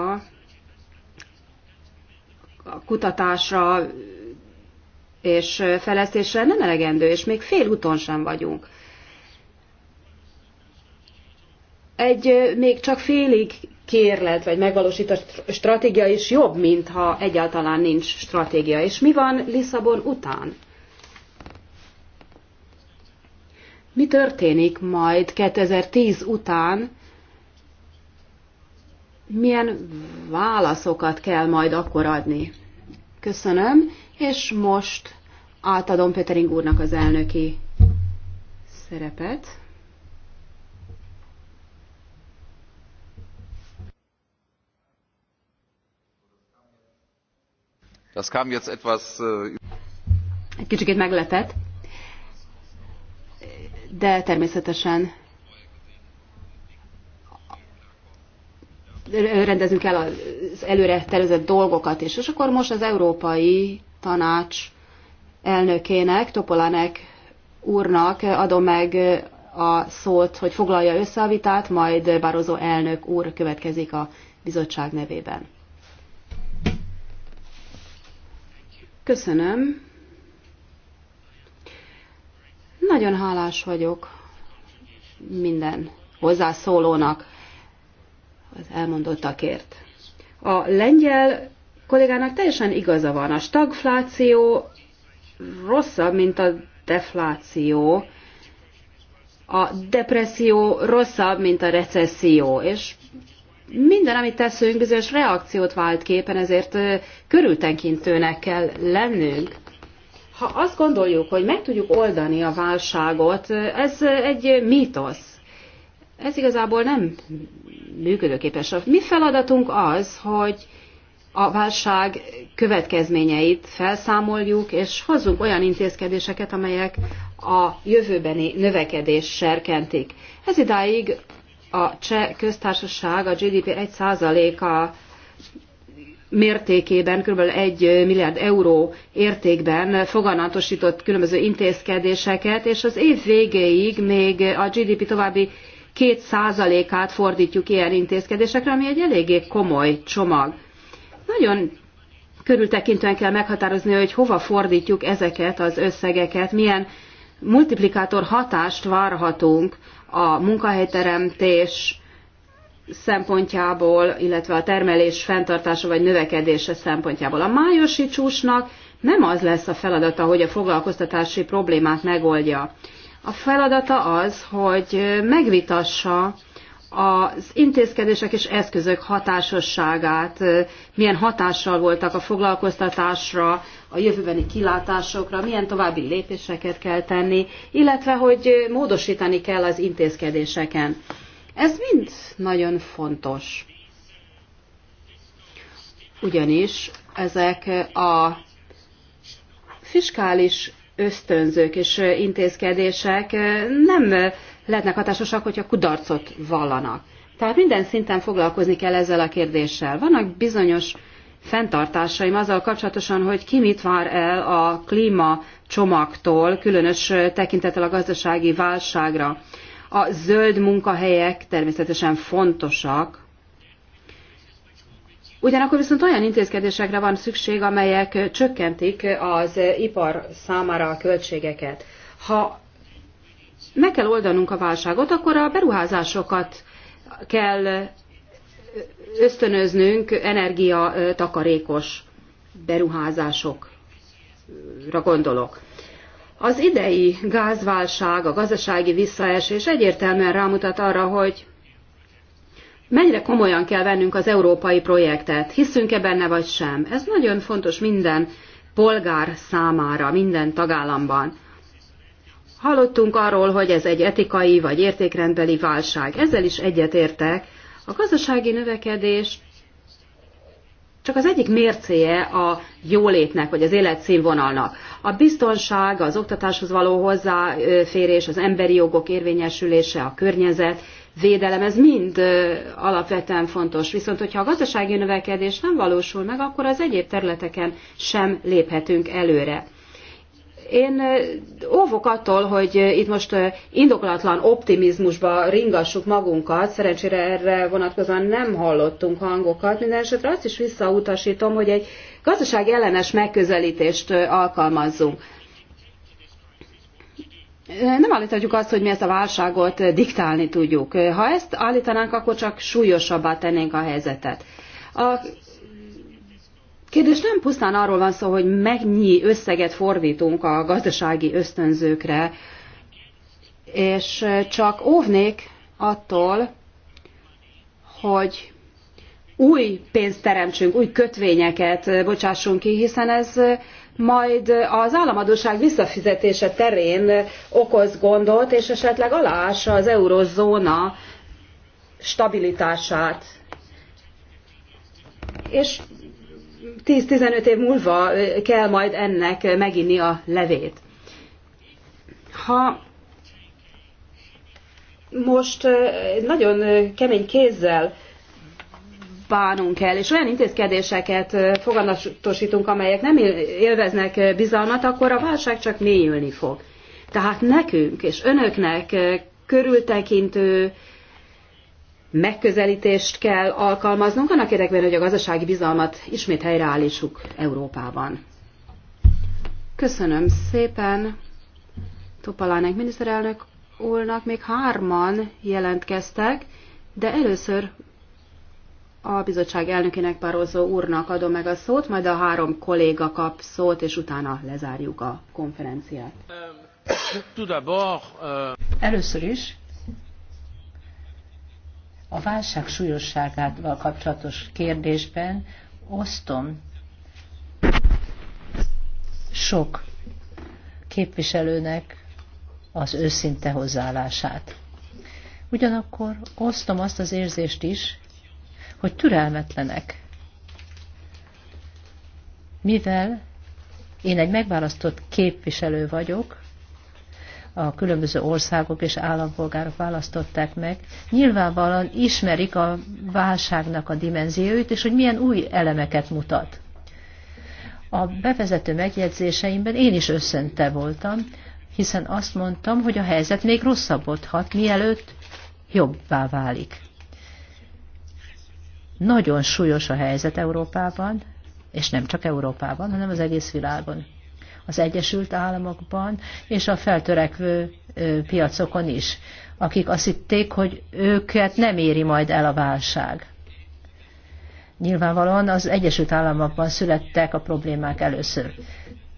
a kutatásra és fejlesztésre nem elegendő, és még fél úton sem vagyunk. Egy még csak félig kérlet, vagy megvalósított stratégia is jobb, mint ha egyáltalán nincs stratégia. És mi van Lisszabon után? Mi történik majd 2010 után, milyen válaszokat kell majd akkor adni. Köszönöm, és most átadom Petering úrnak az elnöki szerepet. Das kam jetzt etwas äh, egy kicsit meglepett, de természetesen rendezünk el az előre tervezett dolgokat is. És akkor most az Európai Tanács elnökének, Topolanek úrnak adom meg a szót, hogy foglalja össze a vitát, majd Barozó elnök úr következik a bizottság nevében. Köszönöm. Nagyon hálás vagyok minden hozzászólónak az elmondottakért. A lengyel kollégának teljesen igaza van. A stagfláció rosszabb, mint a defláció. A depresszió rosszabb, mint a recesszió. És minden, amit teszünk, bizonyos reakciót vált képen, ezért körültenkintőnek kell lennünk. Ha azt gondoljuk, hogy meg tudjuk oldani a válságot, ez egy mítosz. Ez igazából nem működőképes. A mi feladatunk az, hogy a válság következményeit felszámoljuk, és hozzunk olyan intézkedéseket, amelyek a jövőbeni növekedés serkentik. Ez idáig a cseh köztársaság a GDP 1%-a mértékében, kb. 1 milliárd euró értékben foganatosított különböző intézkedéseket, és az év végéig még a GDP további 2%-át fordítjuk ilyen intézkedésekre, ami egy eléggé komoly csomag. Nagyon körültekintően kell meghatározni, hogy hova fordítjuk ezeket az összegeket, milyen multiplikátor hatást várhatunk a munkahelyteremtés szempontjából, illetve a termelés fenntartása vagy növekedése szempontjából. A májusi csúcsnak nem az lesz a feladata, hogy a foglalkoztatási problémát megoldja. A feladata az, hogy megvitassa az intézkedések és eszközök hatásosságát, milyen hatással voltak a foglalkoztatásra, a jövőbeni kilátásokra, milyen további lépéseket kell tenni, illetve hogy módosítani kell az intézkedéseken. Ez mind nagyon fontos. Ugyanis ezek a fiskális ösztönzők és intézkedések nem lehetnek hatásosak, hogyha kudarcot vallanak. Tehát minden szinten foglalkozni kell ezzel a kérdéssel. Vannak bizonyos fenntartásaim azzal kapcsolatosan, hogy ki mit vár el a klíma csomagtól, különös tekintettel a gazdasági válságra. A zöld munkahelyek természetesen fontosak, Ugyanakkor viszont olyan intézkedésekre van szükség, amelyek csökkentik az ipar számára a költségeket. Ha meg kell oldanunk a válságot, akkor a beruházásokat kell ösztönöznünk energiatakarékos beruházásokra gondolok. Az idei gázválság, a gazdasági visszaesés egyértelműen rámutat arra, hogy mennyire komolyan kell vennünk az európai projektet, hiszünk-e benne vagy sem. Ez nagyon fontos minden polgár számára, minden tagállamban. Hallottunk arról, hogy ez egy etikai vagy értékrendbeli válság. Ezzel is egyetértek. A gazdasági növekedés csak az egyik mércéje a jólétnek, vagy az életszínvonalnak. A biztonság, az oktatáshoz való hozzáférés, az emberi jogok érvényesülése, a környezet, védelem, ez mind alapvetően fontos. Viszont, hogyha a gazdasági növekedés nem valósul meg, akkor az egyéb területeken sem léphetünk előre. Én óvok attól, hogy itt most indokolatlan optimizmusba ringassuk magunkat, szerencsére erre vonatkozóan nem hallottunk hangokat, minden esetre azt is visszautasítom, hogy egy gazdaság ellenes megközelítést alkalmazzunk nem állíthatjuk azt, hogy mi ezt a válságot diktálni tudjuk. Ha ezt állítanánk, akkor csak súlyosabbá tennénk a helyzetet. A kérdés nem pusztán arról van szó, hogy mennyi összeget fordítunk a gazdasági ösztönzőkre, és csak óvnék attól, hogy új pénzt teremtsünk, új kötvényeket bocsássunk ki, hiszen ez majd az államadóság visszafizetése terén okoz gondot, és esetleg aláássa az eurozóna stabilitását. És 10-15 év múlva kell majd ennek meginni a levét. Ha most eh, nagyon eh, kemény kézzel bánunk el, és olyan intézkedéseket foganatosítunk, amelyek nem élveznek bizalmat, akkor a válság csak mélyülni fog. Tehát nekünk és önöknek körültekintő megközelítést kell alkalmaznunk annak érdekében, hogy a gazdasági bizalmat ismét helyreállítsuk Európában. Köszönöm szépen Topalánek miniszterelnök úrnak. Még hárman jelentkeztek, de először a bizottság elnökének Barozó úrnak adom meg a szót, majd a három kolléga kap szót, és utána lezárjuk a konferenciát. Euh, Először is a válság súlyosságával kapcsolatos kérdésben osztom sok képviselőnek az őszinte hozzáállását. Ugyanakkor osztom azt az érzést is, hogy türelmetlenek. Mivel én egy megválasztott képviselő vagyok, a különböző országok és állampolgárok választották meg, nyilvánvalóan ismerik a válságnak a dimenzióit, és hogy milyen új elemeket mutat. A bevezető megjegyzéseimben én is összente voltam, hiszen azt mondtam, hogy a helyzet még rosszabbodhat, mielőtt jobbá válik. Nagyon súlyos a helyzet Európában, és nem csak Európában, hanem az egész világon. Az Egyesült Államokban és a feltörekvő piacokon is, akik azt hitték, hogy őket nem éri majd el a válság. Nyilvánvalóan az Egyesült Államokban születtek a problémák először.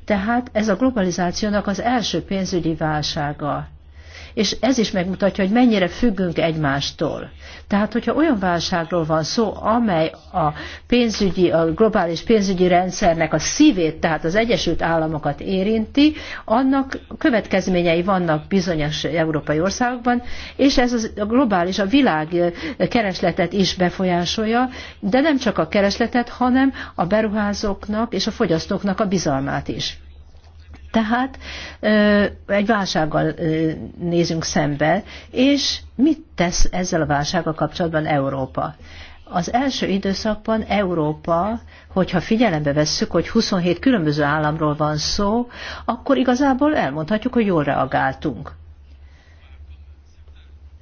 Tehát ez a globalizációnak az első pénzügyi válsága és ez is megmutatja, hogy mennyire függünk egymástól. Tehát, hogyha olyan válságról van szó, amely a pénzügyi, a globális pénzügyi rendszernek a szívét, tehát az Egyesült Államokat érinti, annak következményei vannak bizonyos európai országokban, és ez a globális, a világ keresletet is befolyásolja, de nem csak a keresletet, hanem a beruházóknak és a fogyasztóknak a bizalmát is. Tehát egy válsággal nézünk szembe, és mit tesz ezzel a válsággal kapcsolatban Európa? Az első időszakban Európa, hogyha figyelembe vesszük, hogy 27 különböző államról van szó, akkor igazából elmondhatjuk, hogy jól reagáltunk.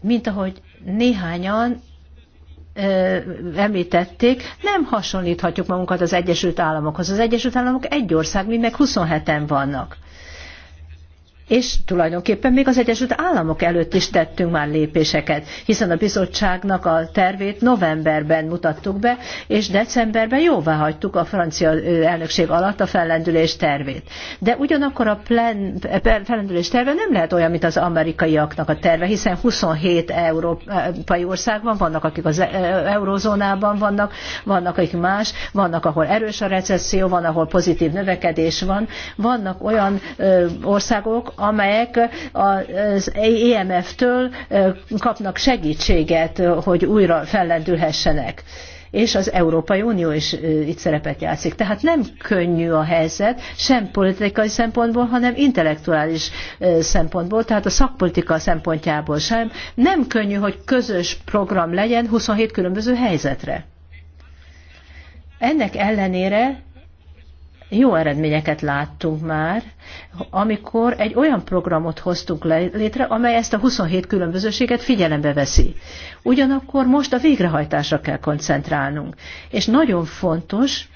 Mint ahogy néhányan említették, nem hasonlíthatjuk magunkat az Egyesült Államokhoz. Az Egyesült Államok egy ország, mindnek 27-en vannak és tulajdonképpen még az Egyesült Államok előtt is tettünk már lépéseket, hiszen a bizottságnak a tervét novemberben mutattuk be, és decemberben jóvá hagytuk a francia elnökség alatt a fellendülés tervét. De ugyanakkor a plen, fellendülés terve nem lehet olyan, mint az amerikaiaknak a terve, hiszen 27 európai országban vannak, akik az eurozónában vannak, vannak, akik más, vannak, ahol erős a recesszió, van, ahol pozitív növekedés van, vannak olyan országok, amelyek az EMF-től kapnak segítséget, hogy újra fellendülhessenek és az Európai Unió is itt szerepet játszik. Tehát nem könnyű a helyzet, sem politikai szempontból, hanem intellektuális szempontból, tehát a szakpolitika szempontjából sem. Nem könnyű, hogy közös program legyen 27 különböző helyzetre. Ennek ellenére jó eredményeket láttunk már, amikor egy olyan programot hoztunk létre, amely ezt a 27 különbözőséget figyelembe veszi. Ugyanakkor most a végrehajtásra kell koncentrálnunk. És nagyon fontos,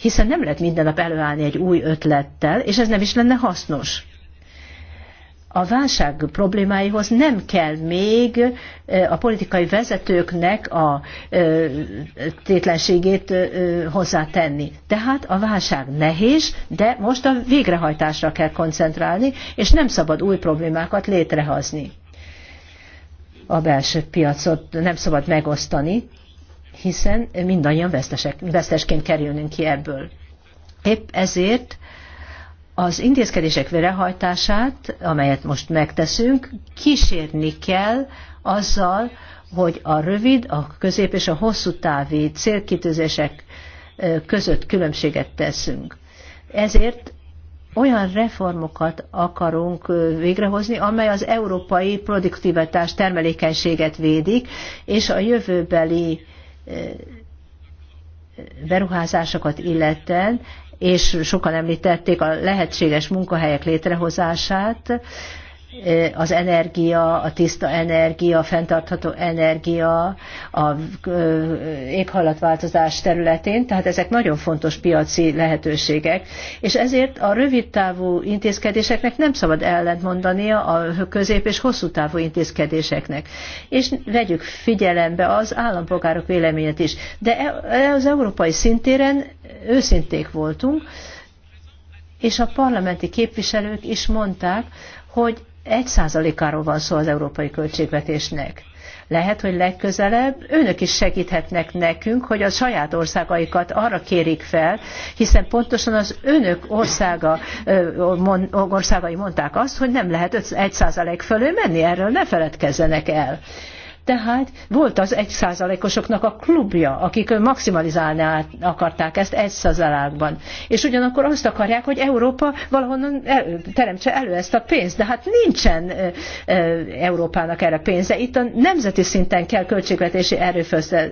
hiszen nem lehet minden nap előállni egy új ötlettel, és ez nem is lenne hasznos a válság problémáihoz nem kell még a politikai vezetőknek a tétlenségét hozzátenni. Tehát a válság nehéz, de most a végrehajtásra kell koncentrálni, és nem szabad új problémákat létrehozni. A belső piacot nem szabad megosztani, hiszen mindannyian vesztesek, vesztesként kerülnünk ki ebből. Épp ezért az intézkedések végrehajtását, amelyet most megteszünk, kísérni kell azzal, hogy a rövid, a közép és a hosszú távi célkitűzések között különbséget teszünk. Ezért olyan reformokat akarunk végrehozni, amely az európai produktivitás termelékenységet védik, és a jövőbeli beruházásokat illeten és sokan említették a lehetséges munkahelyek létrehozását, Eh, az energia, a tiszta energia, a fenntartható energia, a eh, éghajlatváltozás területén, tehát ezek nagyon fontos piaci lehetőségek, és ezért a rövid távú intézkedéseknek nem szabad ellentmondania a közép és hosszú távú intézkedéseknek. És vegyük figyelembe az állampolgárok véleményét is. De e, e, az európai szintéren őszinték voltunk, és a parlamenti képviselők is mondták, hogy egy százalékáról van szó az európai költségvetésnek. Lehet, hogy legközelebb önök is segíthetnek nekünk, hogy a saját országaikat arra kérik fel, hiszen pontosan az önök országa, országai mondták azt, hogy nem lehet 1% fölé menni, erről ne feledkezzenek el. Tehát volt az egyszázalékosoknak a klubja, akik maximalizálni akarták ezt egy százalákban. És ugyanakkor azt akarják, hogy Európa valahonnan el, teremtse elő ezt a pénzt. De hát nincsen e, e, Európának erre pénze. Itt a nemzeti szinten kell költségvetési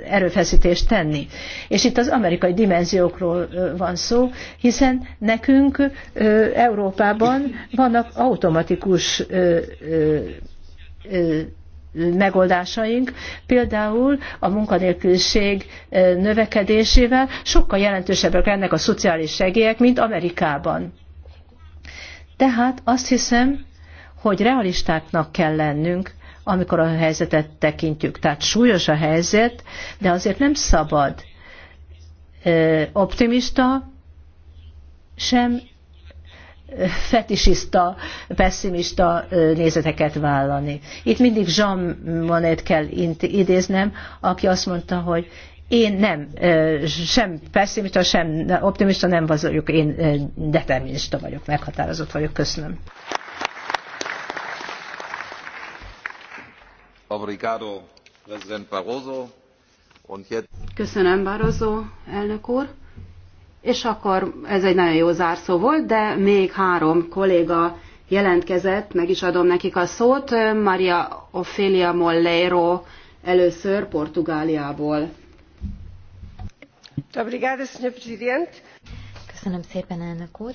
erőfeszítést tenni. És itt az amerikai dimenziókról van szó, hiszen nekünk e, Európában vannak automatikus e, e, megoldásaink, például a munkanélküliség növekedésével sokkal jelentősebbek lennek a szociális segélyek, mint Amerikában. Tehát azt hiszem, hogy realistáknak kell lennünk, amikor a helyzetet tekintjük. Tehát súlyos a helyzet, de azért nem szabad optimista, sem fetisista, pessimista nézeteket vállalni. Itt mindig Jean Monnet kell idéznem, aki azt mondta, hogy én nem, sem pessimista, sem optimista nem vagyok, én determinista vagyok, meghatározott vagyok. Köszönöm. Köszönöm, Barroso elnök úr. És akkor ez egy nagyon jó zárszó volt, de még három kolléga jelentkezett, meg is adom nekik a szót. Maria Ofélia Molleiro először Portugáliából. Köszönöm szépen, elnök úr.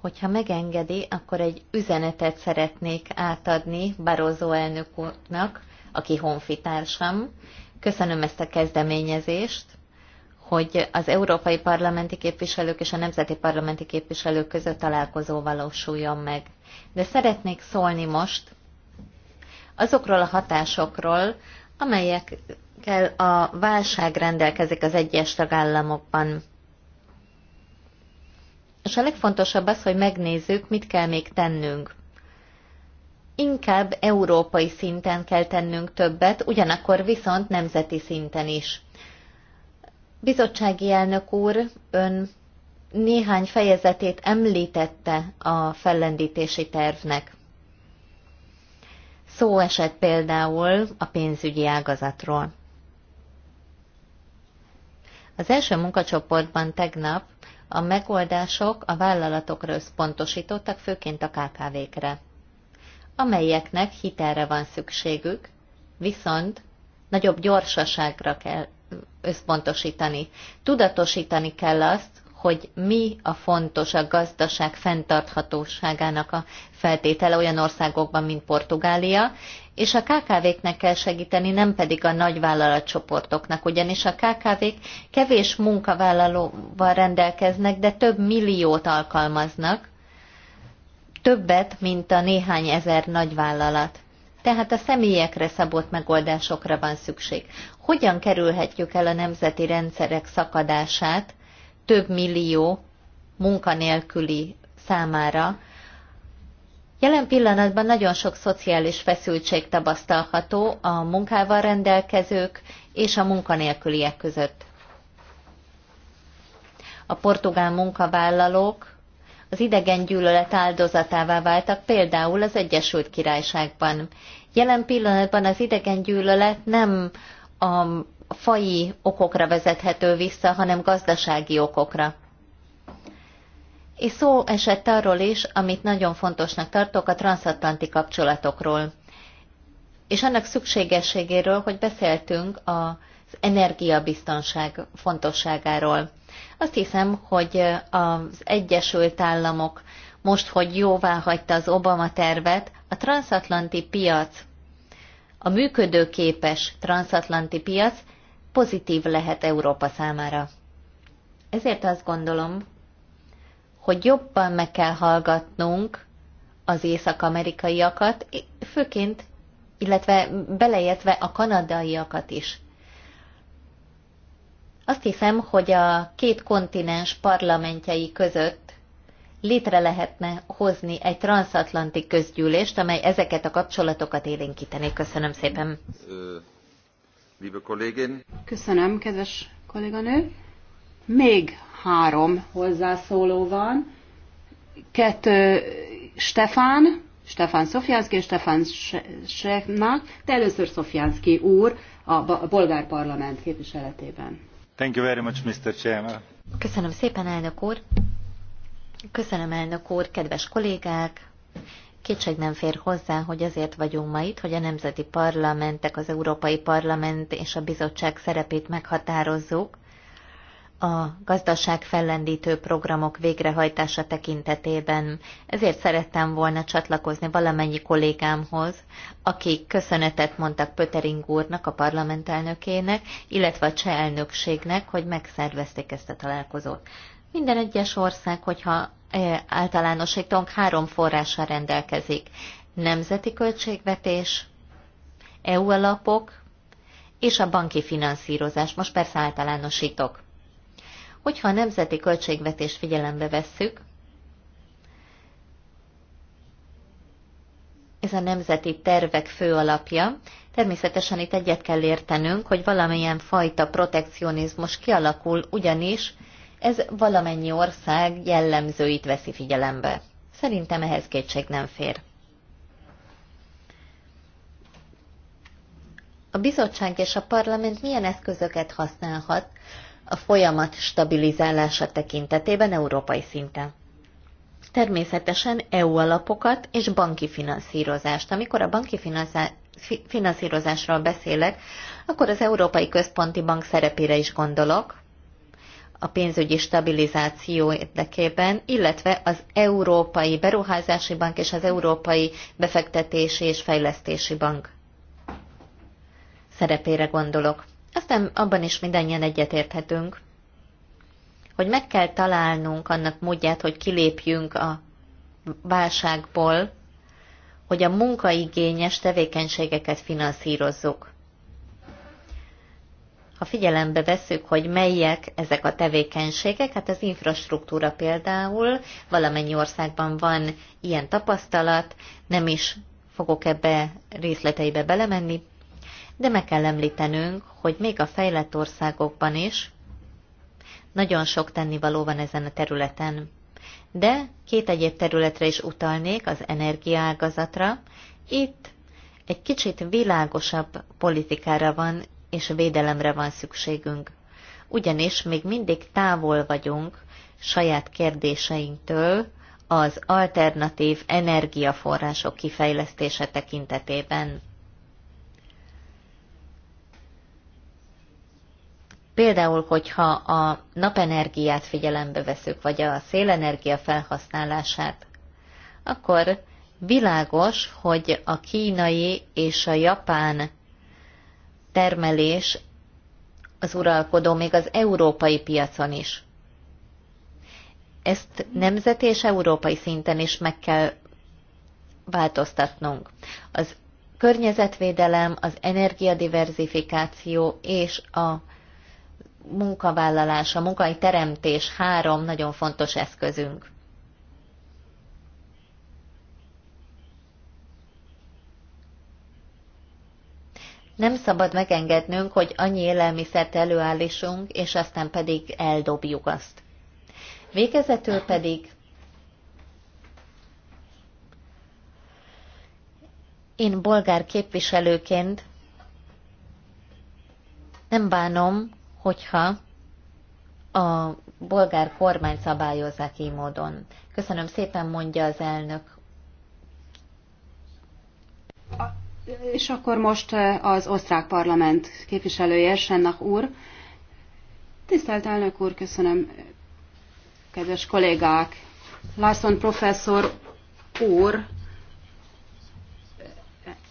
Hogyha megengedi, akkor egy üzenetet szeretnék átadni Barozó elnök úrnak, aki honfitársam. Köszönöm ezt a kezdeményezést hogy az európai parlamenti képviselők és a nemzeti parlamenti képviselők között találkozó valósuljon meg. De szeretnék szólni most azokról a hatásokról, amelyekkel a válság rendelkezik az egyes tagállamokban. És a legfontosabb az, hogy megnézzük, mit kell még tennünk. Inkább európai szinten kell tennünk többet, ugyanakkor viszont nemzeti szinten is. Bizottsági elnök úr, ön néhány fejezetét említette a fellendítési tervnek. Szó esett például a pénzügyi ágazatról. Az első munkacsoportban tegnap a megoldások a vállalatokra összpontosítottak, főként a KKV-kre, amelyeknek hitelre van szükségük, viszont nagyobb gyorsaságra kell összpontosítani. Tudatosítani kell azt, hogy mi a fontos a gazdaság fenntarthatóságának a feltétele olyan országokban, mint Portugália, és a KKV-knek kell segíteni, nem pedig a nagyvállalatcsoportoknak, ugyanis a KKV-k kevés munkavállalóval rendelkeznek, de több milliót alkalmaznak, többet, mint a néhány ezer nagyvállalat. Tehát a személyekre szabott megoldásokra van szükség hogyan kerülhetjük el a nemzeti rendszerek szakadását több millió munkanélküli számára. Jelen pillanatban nagyon sok szociális feszültség tapasztalható a munkával rendelkezők és a munkanélküliek között. A portugál munkavállalók az idegen gyűlölet áldozatává váltak például az Egyesült Királyságban. Jelen pillanatban az idegen gyűlölet nem a faji okokra vezethető vissza, hanem gazdasági okokra. És szó esett arról is, amit nagyon fontosnak tartok, a transatlanti kapcsolatokról. És annak szükségességéről, hogy beszéltünk az energiabiztonság fontosságáról. Azt hiszem, hogy az Egyesült Államok most, hogy jóvá hagyta az Obama tervet, a transatlanti piac a működőképes transatlanti piac pozitív lehet Európa számára. Ezért azt gondolom, hogy jobban meg kell hallgatnunk az észak-amerikaiakat, főként, illetve beleértve a kanadaiakat is. Azt hiszem, hogy a két kontinens parlamentjei között létre lehetne hozni egy transatlanti közgyűlést, amely ezeket a kapcsolatokat élénkítené. Köszönöm szépen. Köszönöm, kedves kolléganő. Még három hozzászóló van. Kettő Stefán, Stefán Szofjánszki és Stefán Sehnak, de először Szofjánszki úr a bolgár parlament képviseletében. Thank you very much, Mr. Chairman. Köszönöm szépen, elnök úr. Köszönöm, elnök úr, kedves kollégák! Kétség nem fér hozzá, hogy azért vagyunk ma itt, hogy a nemzeti parlamentek, az Európai Parlament és a bizottság szerepét meghatározzuk a gazdaság fellendítő programok végrehajtása tekintetében. Ezért szerettem volna csatlakozni valamennyi kollégámhoz, akik köszönetet mondtak Pötering úrnak, a parlamentelnökének, illetve a cseh elnökségnek, hogy megszervezték ezt a találkozót. Minden egyes ország, hogyha általánosítunk, három forrással rendelkezik. Nemzeti költségvetés, EU alapok és a banki finanszírozás. Most persze általánosítok. Hogyha a nemzeti költségvetést figyelembe vesszük, ez a nemzeti tervek fő alapja. Természetesen itt egyet kell értenünk, hogy valamilyen fajta protekcionizmus kialakul, ugyanis ez valamennyi ország jellemzőit veszi figyelembe. Szerintem ehhez kétség nem fér. A bizottság és a parlament milyen eszközöket használhat a folyamat stabilizálása tekintetében európai szinten? Természetesen EU alapokat és banki finanszírozást. Amikor a banki finanszírozásról beszélek, akkor az Európai Központi Bank szerepére is gondolok, a pénzügyi stabilizáció érdekében, illetve az Európai Beruházási Bank és az Európai Befektetési és Fejlesztési Bank szerepére gondolok. Aztán abban is mindannyian egyetérthetünk, hogy meg kell találnunk annak módját, hogy kilépjünk a válságból, hogy a munkaigényes tevékenységeket finanszírozzuk. Ha figyelembe veszük, hogy melyek ezek a tevékenységek, hát az infrastruktúra például, valamennyi országban van ilyen tapasztalat, nem is fogok ebbe részleteibe belemenni, de meg kell említenünk, hogy még a fejlett országokban is nagyon sok tennivaló van ezen a területen. De két egyéb területre is utalnék, az energiaágazatra. Itt egy kicsit világosabb politikára van és védelemre van szükségünk. Ugyanis még mindig távol vagyunk saját kérdéseinktől az alternatív energiaforrások kifejlesztése tekintetében. Például, hogyha a napenergiát figyelembe veszük, vagy a szélenergia felhasználását, akkor világos, hogy a kínai és a japán termelés az uralkodó még az európai piacon is. Ezt nemzeti és európai szinten is meg kell változtatnunk. Az környezetvédelem, az energiadiverzifikáció és a munkavállalás, a munkai teremtés három nagyon fontos eszközünk. Nem szabad megengednünk, hogy annyi élelmiszert előállítsunk, és aztán pedig eldobjuk azt. Végezetül pedig én bolgár képviselőként nem bánom, hogyha a bolgár kormány szabályozzák így módon. Köszönöm szépen, mondja az elnök És akkor most az osztrák parlament képviselője, Sennak úr. Tisztelt elnök úr, köszönöm, kedves kollégák. Larson professzor úr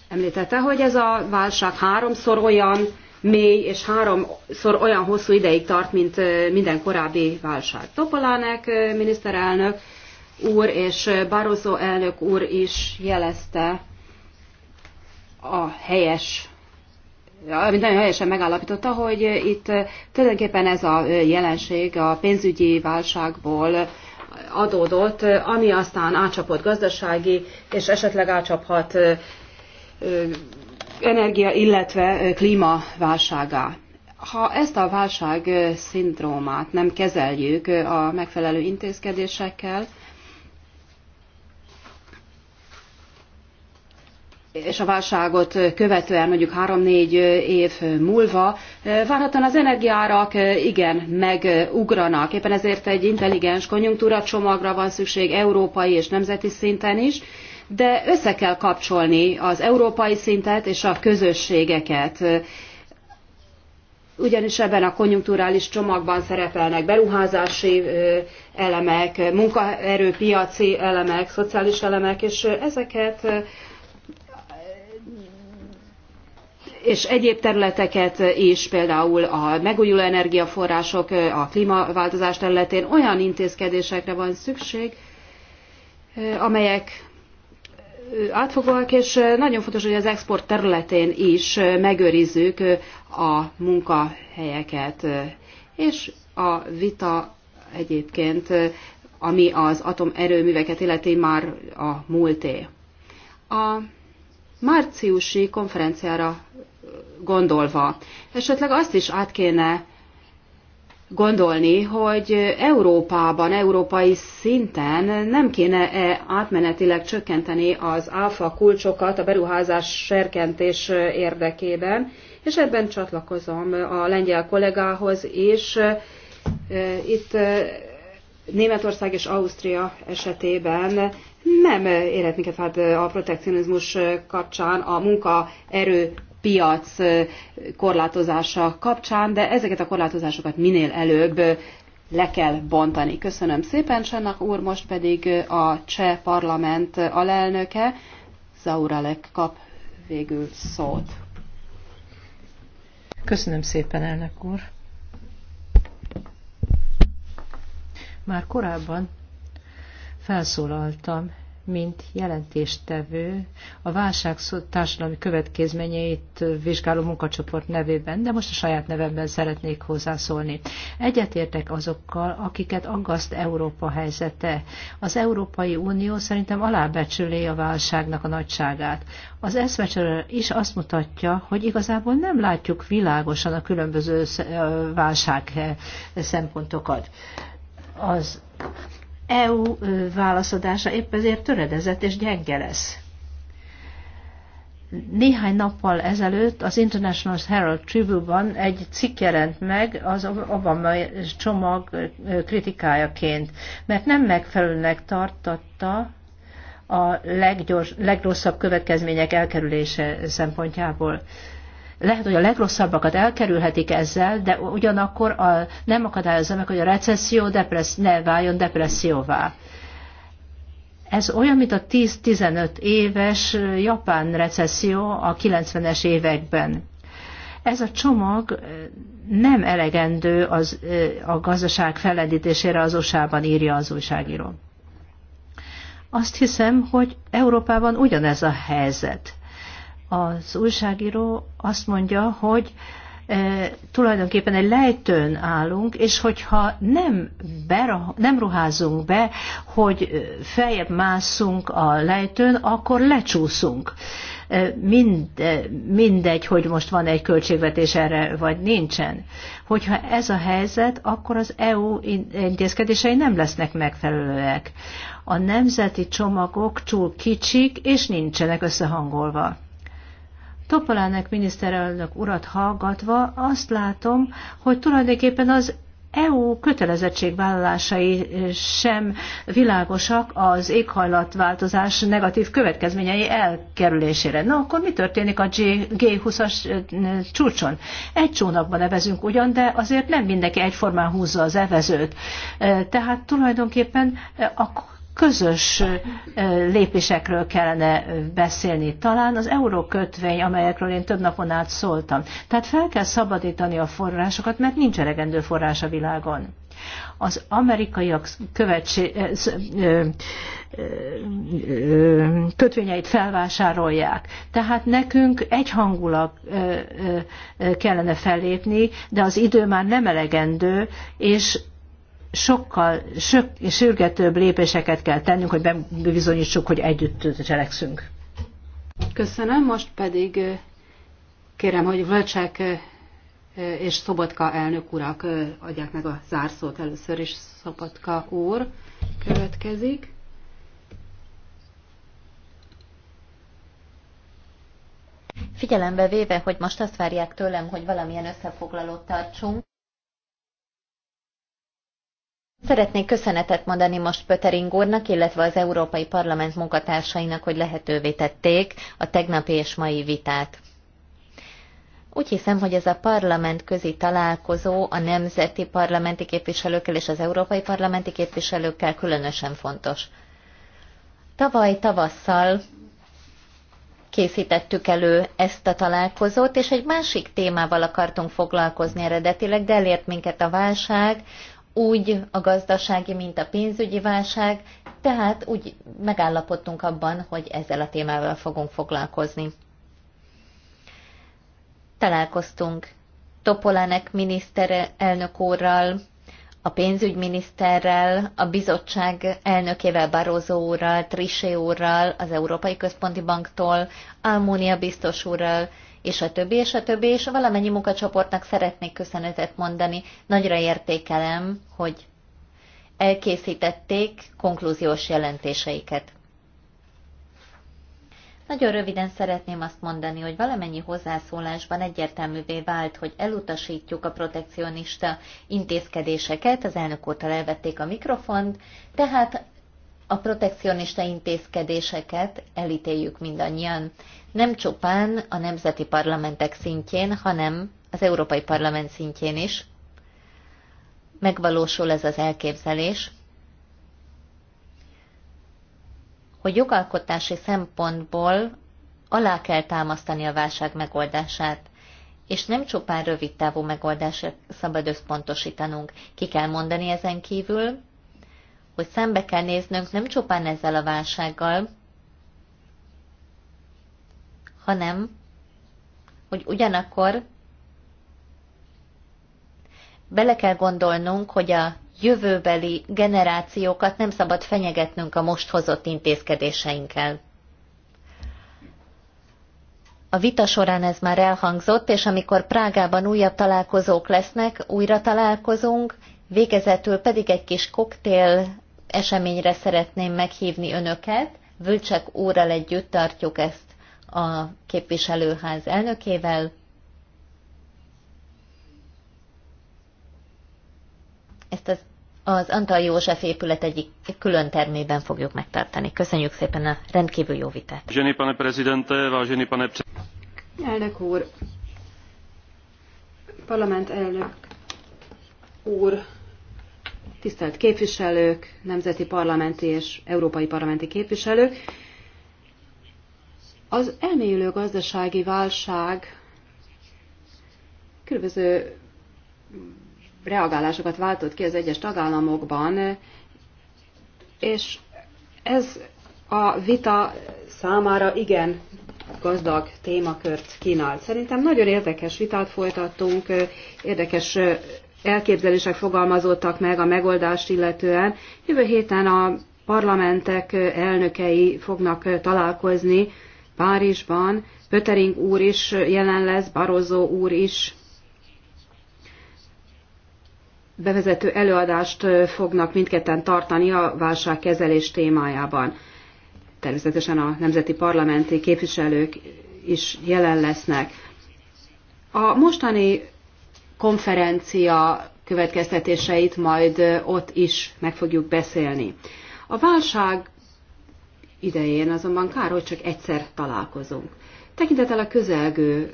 említette, hogy ez a válság háromszor olyan mély és háromszor olyan hosszú ideig tart, mint minden korábbi válság. Topolánek miniszterelnök úr és Barroso elnök úr is jelezte, a helyes amit nagyon helyesen megállapította, hogy itt tulajdonképpen ez a jelenség a pénzügyi válságból adódott, ami aztán átcsapott gazdasági, és esetleg átcsaphat energia, illetve klímaválságá. Ha ezt a válság szindrómát nem kezeljük a megfelelő intézkedésekkel, és a válságot követően mondjuk három-négy év múlva eh, várhatóan az energiárak eh, igen megugranak. Éppen ezért egy intelligens konjunktúra csomagra van szükség európai és nemzeti szinten is, de össze kell kapcsolni az európai szintet és a közösségeket. Ugyanis ebben a konjunkturális csomagban szerepelnek beruházási eh, elemek, munkaerőpiaci elemek, szociális elemek, és ezeket és egyéb területeket is, például a megújuló energiaforrások, a klímaváltozás területén olyan intézkedésekre van szükség, amelyek átfogóak, és nagyon fontos, hogy az export területén is megőrizzük a munkahelyeket. És a vita egyébként, ami az atomerőműveket illeti már a múlté. A márciusi konferenciára gondolva. Esetleg azt is át kéne gondolni, hogy Európában, európai szinten nem kéne -e átmenetileg csökkenteni az áfa kulcsokat a beruházás serkentés érdekében, és ebben csatlakozom a lengyel kollégához is. Itt Németország és Ausztria esetében nem érhet minket hát a protekcionizmus kapcsán a munkaerő piac korlátozása kapcsán, de ezeket a korlátozásokat minél előbb le kell bontani. Köszönöm szépen, Csennak úr, most pedig a cseh parlament alelnöke, Zauralek kap végül szót. Köszönöm szépen, elnök úr. Már korábban felszólaltam mint jelentéstevő a válság társadalmi következményeit vizsgáló munkacsoport nevében, de most a saját nevemben szeretnék hozzászólni. Egyetértek azokkal, akiket aggaszt Európa helyzete. Az Európai Unió szerintem alábecsülé a válságnak a nagyságát. Az eszmecsere is azt mutatja, hogy igazából nem látjuk világosan a különböző válság szempontokat. Az EU válaszadása épp ezért töredezett és gyenge lesz. Néhány nappal ezelőtt az International Herald Tribune-ban egy cikk jelent meg az Obama csomag kritikájaként, mert nem megfelelőnek tartotta a leggyors, legrosszabb következmények elkerülése szempontjából lehet, hogy a legrosszabbakat elkerülhetik ezzel, de ugyanakkor a, nem akadályozza meg, hogy a recesszió depressz, ne váljon depresszióvá. Ez olyan, mint a 10-15 éves japán recesszió a 90-es években. Ez a csomag nem elegendő az, a gazdaság feledítésére az USA-ban írja az újságíró. Azt hiszem, hogy Európában ugyanez a helyzet az újságíró azt mondja, hogy e, tulajdonképpen egy lejtőn állunk, és hogyha nem, berah, nem ruházunk be, hogy e, feljebb mászunk a lejtőn, akkor lecsúszunk. E, mind, mindegy, hogy most van egy költségvetés erre, vagy nincsen. Hogyha ez a helyzet, akkor az EU intézkedései nem lesznek megfelelőek. A nemzeti csomagok túl kicsik, és nincsenek összehangolva Topolának miniszterelnök urat hallgatva azt látom, hogy tulajdonképpen az EU kötelezettségvállalásai sem világosak az éghajlatváltozás negatív következményei elkerülésére. Na akkor mi történik a G20-as csúcson? Egy csónakban nevezünk ugyan, de azért nem mindenki egyformán húzza az evezőt. Tehát tulajdonképpen a közös lépésekről kellene beszélni. Talán az eurókötvény, amelyekről én több napon át szóltam. Tehát fel kell szabadítani a forrásokat, mert nincs elegendő forrás a világon. Az amerikaiak kötvényeit felvásárolják. Tehát nekünk egyhangulag kellene fellépni, de az idő már nem elegendő, és sokkal sök, sürgetőbb lépéseket kell tennünk, hogy bebizonyítsuk, hogy együtt cselekszünk. Köszönöm, most pedig kérem, hogy Völcsek és Szobotka elnök urak adják meg a zárszót először, is. Szobotka úr következik. Figyelembe véve, hogy most azt várják tőlem, hogy valamilyen összefoglalót tartsunk, Szeretnék köszönetet mondani most Pötering úrnak, illetve az Európai Parlament munkatársainak, hogy lehetővé tették a tegnapi és mai vitát. Úgy hiszem, hogy ez a parlament közi találkozó a nemzeti parlamenti képviselőkkel és az európai parlamenti képviselőkkel különösen fontos. Tavaly tavasszal készítettük elő ezt a találkozót, és egy másik témával akartunk foglalkozni eredetileg, de elért minket a válság, úgy a gazdasági, mint a pénzügyi válság, tehát úgy megállapodtunk abban, hogy ezzel a témával fogunk foglalkozni. Találkoztunk Topolánek minisztere elnök úrral, a pénzügyminiszterrel, a bizottság elnökével Barózó úrral, Trisé úrral, az Európai Központi Banktól, Almónia biztos úrral, és a többi, és a többi, és valamennyi munkacsoportnak szeretnék köszönetet mondani. Nagyra értékelem, hogy elkészítették konklúziós jelentéseiket. Nagyon röviden szeretném azt mondani, hogy valamennyi hozzászólásban egyértelművé vált, hogy elutasítjuk a protekcionista intézkedéseket, az elnök óta elvették a mikrofont, tehát a protekcionista intézkedéseket elítéljük mindannyian, nem csupán a nemzeti parlamentek szintjén, hanem az Európai Parlament szintjén is megvalósul ez az elképzelés, hogy jogalkotási szempontból alá kell támasztani a válság megoldását, és nem csupán rövid távú megoldásra szabad összpontosítanunk. Ki kell mondani ezen kívül, hogy szembe kell néznünk nem csupán ezzel a válsággal, hanem hogy ugyanakkor bele kell gondolnunk, hogy a jövőbeli generációkat nem szabad fenyegetnünk a most hozott intézkedéseinkkel. A vita során ez már elhangzott, és amikor Prágában újabb találkozók lesznek, újra találkozunk, végezetül pedig egy kis koktél eseményre szeretném meghívni önöket, Vülcsek úrral együtt tartjuk ezt a képviselőház elnökével. Ezt az, az Antal József épület egyik külön termében fogjuk megtartani. Köszönjük szépen a rendkívül jó vitát. Zseni pane prezidente, vážený pane... Elnök úr, parlament elnök úr, tisztelt képviselők, nemzeti parlamenti és európai parlamenti képviselők, az elmélyülő gazdasági válság különböző reagálásokat váltott ki az egyes tagállamokban, és ez a vita számára igen gazdag témakört kínált. Szerintem nagyon érdekes vitát folytattunk, érdekes elképzelések fogalmazottak meg a megoldást illetően. Jövő héten a parlamentek elnökei fognak találkozni, Párizsban, Pötering úr is jelen lesz, Barozó úr is bevezető előadást fognak mindketten tartani a válságkezelés témájában. Természetesen a nemzeti parlamenti képviselők is jelen lesznek. A mostani konferencia következtetéseit majd ott is meg fogjuk beszélni. A válság idején, azonban kár, hogy csak egyszer találkozunk. Tekintettel a közelgő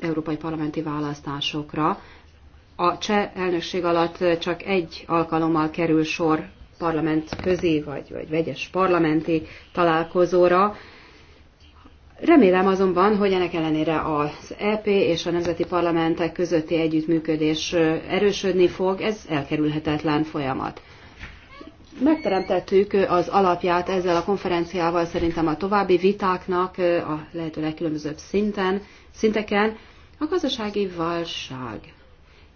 európai parlamenti választásokra, a cseh elnökség alatt csak egy alkalommal kerül sor parlament közé, vagy, vagy vegyes parlamenti találkozóra. Remélem azonban, hogy ennek ellenére az EP és a nemzeti parlamentek közötti együttműködés erősödni fog, ez elkerülhetetlen folyamat megteremtettük az alapját ezzel a konferenciával szerintem a további vitáknak a lehető legkülönbözőbb szinten, szinteken. A gazdasági válság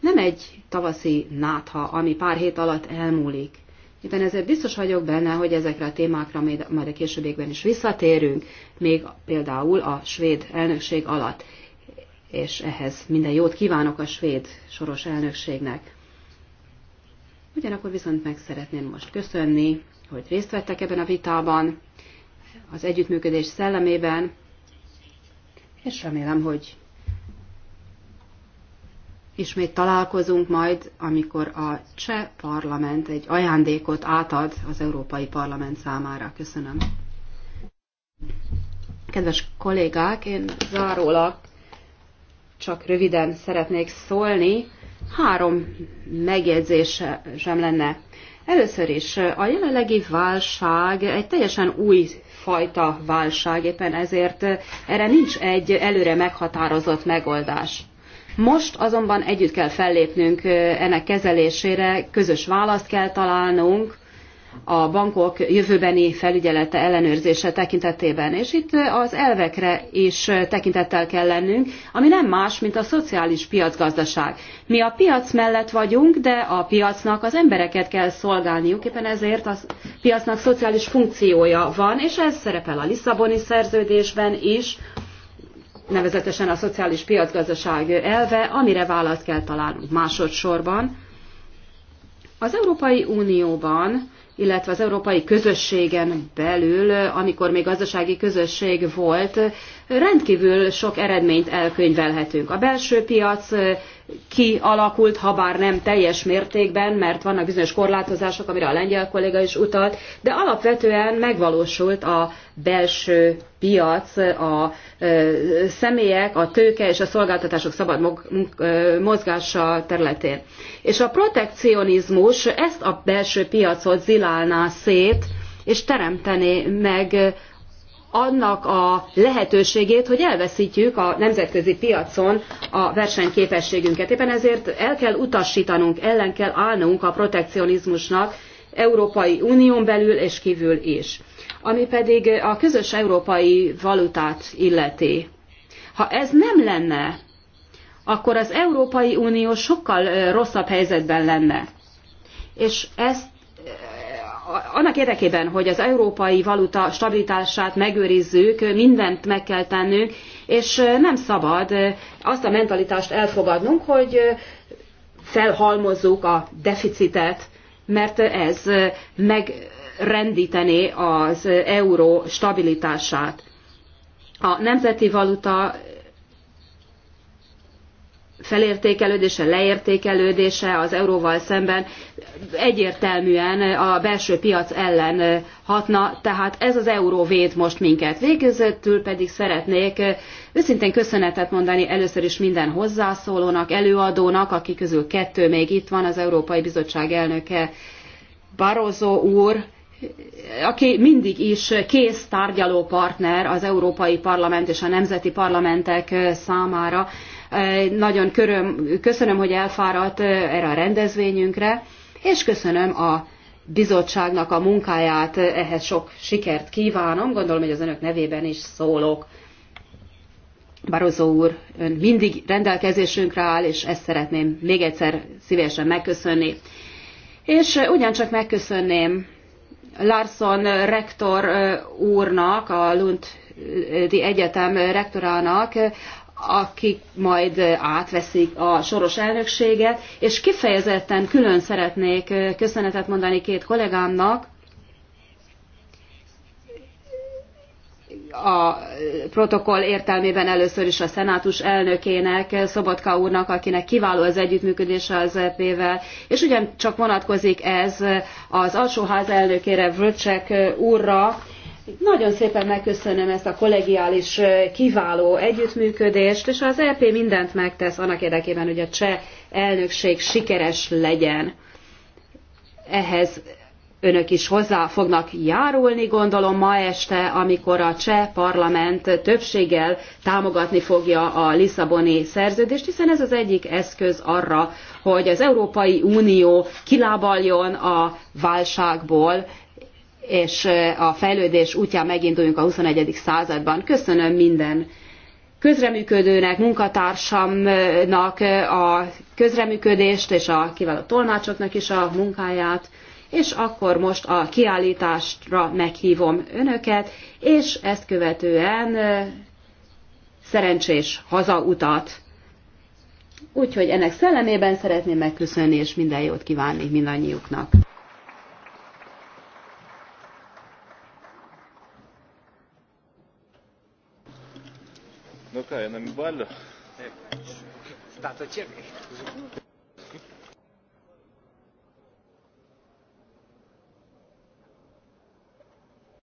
nem egy tavaszi nátha, ami pár hét alatt elmúlik. Éppen ezért biztos vagyok benne, hogy ezekre a témákra majd a későbbiekben is visszatérünk, még például a svéd elnökség alatt. És ehhez minden jót kívánok a svéd soros elnökségnek. Ugyanakkor viszont meg szeretném most köszönni, hogy részt vettek ebben a vitában, az együttműködés szellemében, és remélem, hogy ismét találkozunk majd, amikor a cseh parlament egy ajándékot átad az Európai Parlament számára. Köszönöm. Kedves kollégák, én zárólag csak röviden szeretnék szólni. Három megjegyzésem lenne. Először is a jelenlegi válság egy teljesen új fajta válság, éppen ezért erre nincs egy előre meghatározott megoldás. Most azonban együtt kell fellépnünk ennek kezelésére, közös választ kell találnunk, a bankok jövőbeni felügyelete ellenőrzése tekintetében. És itt az elvekre is tekintettel kell lennünk, ami nem más, mint a szociális piacgazdaság. Mi a piac mellett vagyunk, de a piacnak az embereket kell szolgálniuk, éppen ezért a piacnak szociális funkciója van, és ez szerepel a Lisszaboni szerződésben is, nevezetesen a szociális piacgazdaság elve, amire választ kell találnunk másodszorban. Az Európai Unióban illetve az európai közösségen belül, amikor még gazdasági közösség volt, rendkívül sok eredményt elkönyvelhetünk. A belső piac kialakult, ha bár nem teljes mértékben, mert vannak bizonyos korlátozások, amire a lengyel kolléga is utalt, de alapvetően megvalósult a belső piac, a személyek, a tőke és a szolgáltatások szabad mozgása területén. És a protekcionizmus ezt a belső piacot zilálná szét, és teremtené meg annak a lehetőségét, hogy elveszítjük a nemzetközi piacon a versenyképességünket. Éppen ezért el kell utasítanunk, ellen kell állnunk a protekcionizmusnak Európai Unión belül és kívül is. Ami pedig a közös európai valutát illeti. Ha ez nem lenne, akkor az Európai Unió sokkal rosszabb helyzetben lenne. És ezt annak érdekében, hogy az európai valuta stabilitását megőrizzük, mindent meg kell tennünk, és nem szabad azt a mentalitást elfogadnunk, hogy felhalmozzuk a deficitet, mert ez megrendítené az euró stabilitását. A nemzeti valuta felértékelődése, leértékelődése az euróval szemben egyértelműen a belső piac ellen hatna, tehát ez az euró véd most minket. Végezetül pedig szeretnék őszintén köszönetet mondani először is minden hozzászólónak, előadónak, aki közül kettő még itt van, az Európai Bizottság elnöke Barozó úr, aki mindig is kész tárgyaló partner az Európai Parlament és a nemzeti parlamentek számára. Nagyon köröm, köszönöm, hogy elfáradt eh, erre a rendezvényünkre, és köszönöm a bizottságnak a munkáját, eh, ehhez sok sikert kívánom, gondolom, hogy az önök nevében is szólok. Barozó úr, ön mindig rendelkezésünkre áll, és ezt szeretném még egyszer szívesen megköszönni. És eh, ugyancsak megköszönném Larson rektor úrnak, a Lund Egyetem rektorának akik majd átveszik a soros elnökséget, és kifejezetten külön szeretnék köszönetet mondani két kollégámnak, a protokoll értelmében először is a szenátus elnökének, Szobotka úrnak, akinek kiváló az együttműködése az EP-vel, és ugyancsak vonatkozik ez az alsóház elnökére, Vröcsek úrra, nagyon szépen megköszönöm ezt a kollegiális kiváló együttműködést, és az EP mindent megtesz annak érdekében, hogy a cseh elnökség sikeres legyen. Ehhez önök is hozzá fognak járulni, gondolom ma este, amikor a cseh parlament többséggel támogatni fogja a Lisszaboni szerződést, hiszen ez az egyik eszköz arra, hogy az Európai Unió kilábaljon a válságból, és a fejlődés útján meginduljunk a 21. században. Köszönöm minden közreműködőnek, munkatársamnak a közreműködést, és a kiváló tolmácsoknak is a munkáját, és akkor most a kiállításra meghívom önöket, és ezt követően szerencsés hazautat. Úgyhogy ennek szellemében szeretném megköszönni, és minden jót kívánni mindannyiuknak. Ну-ка, я на мебалю. Тато, чекай.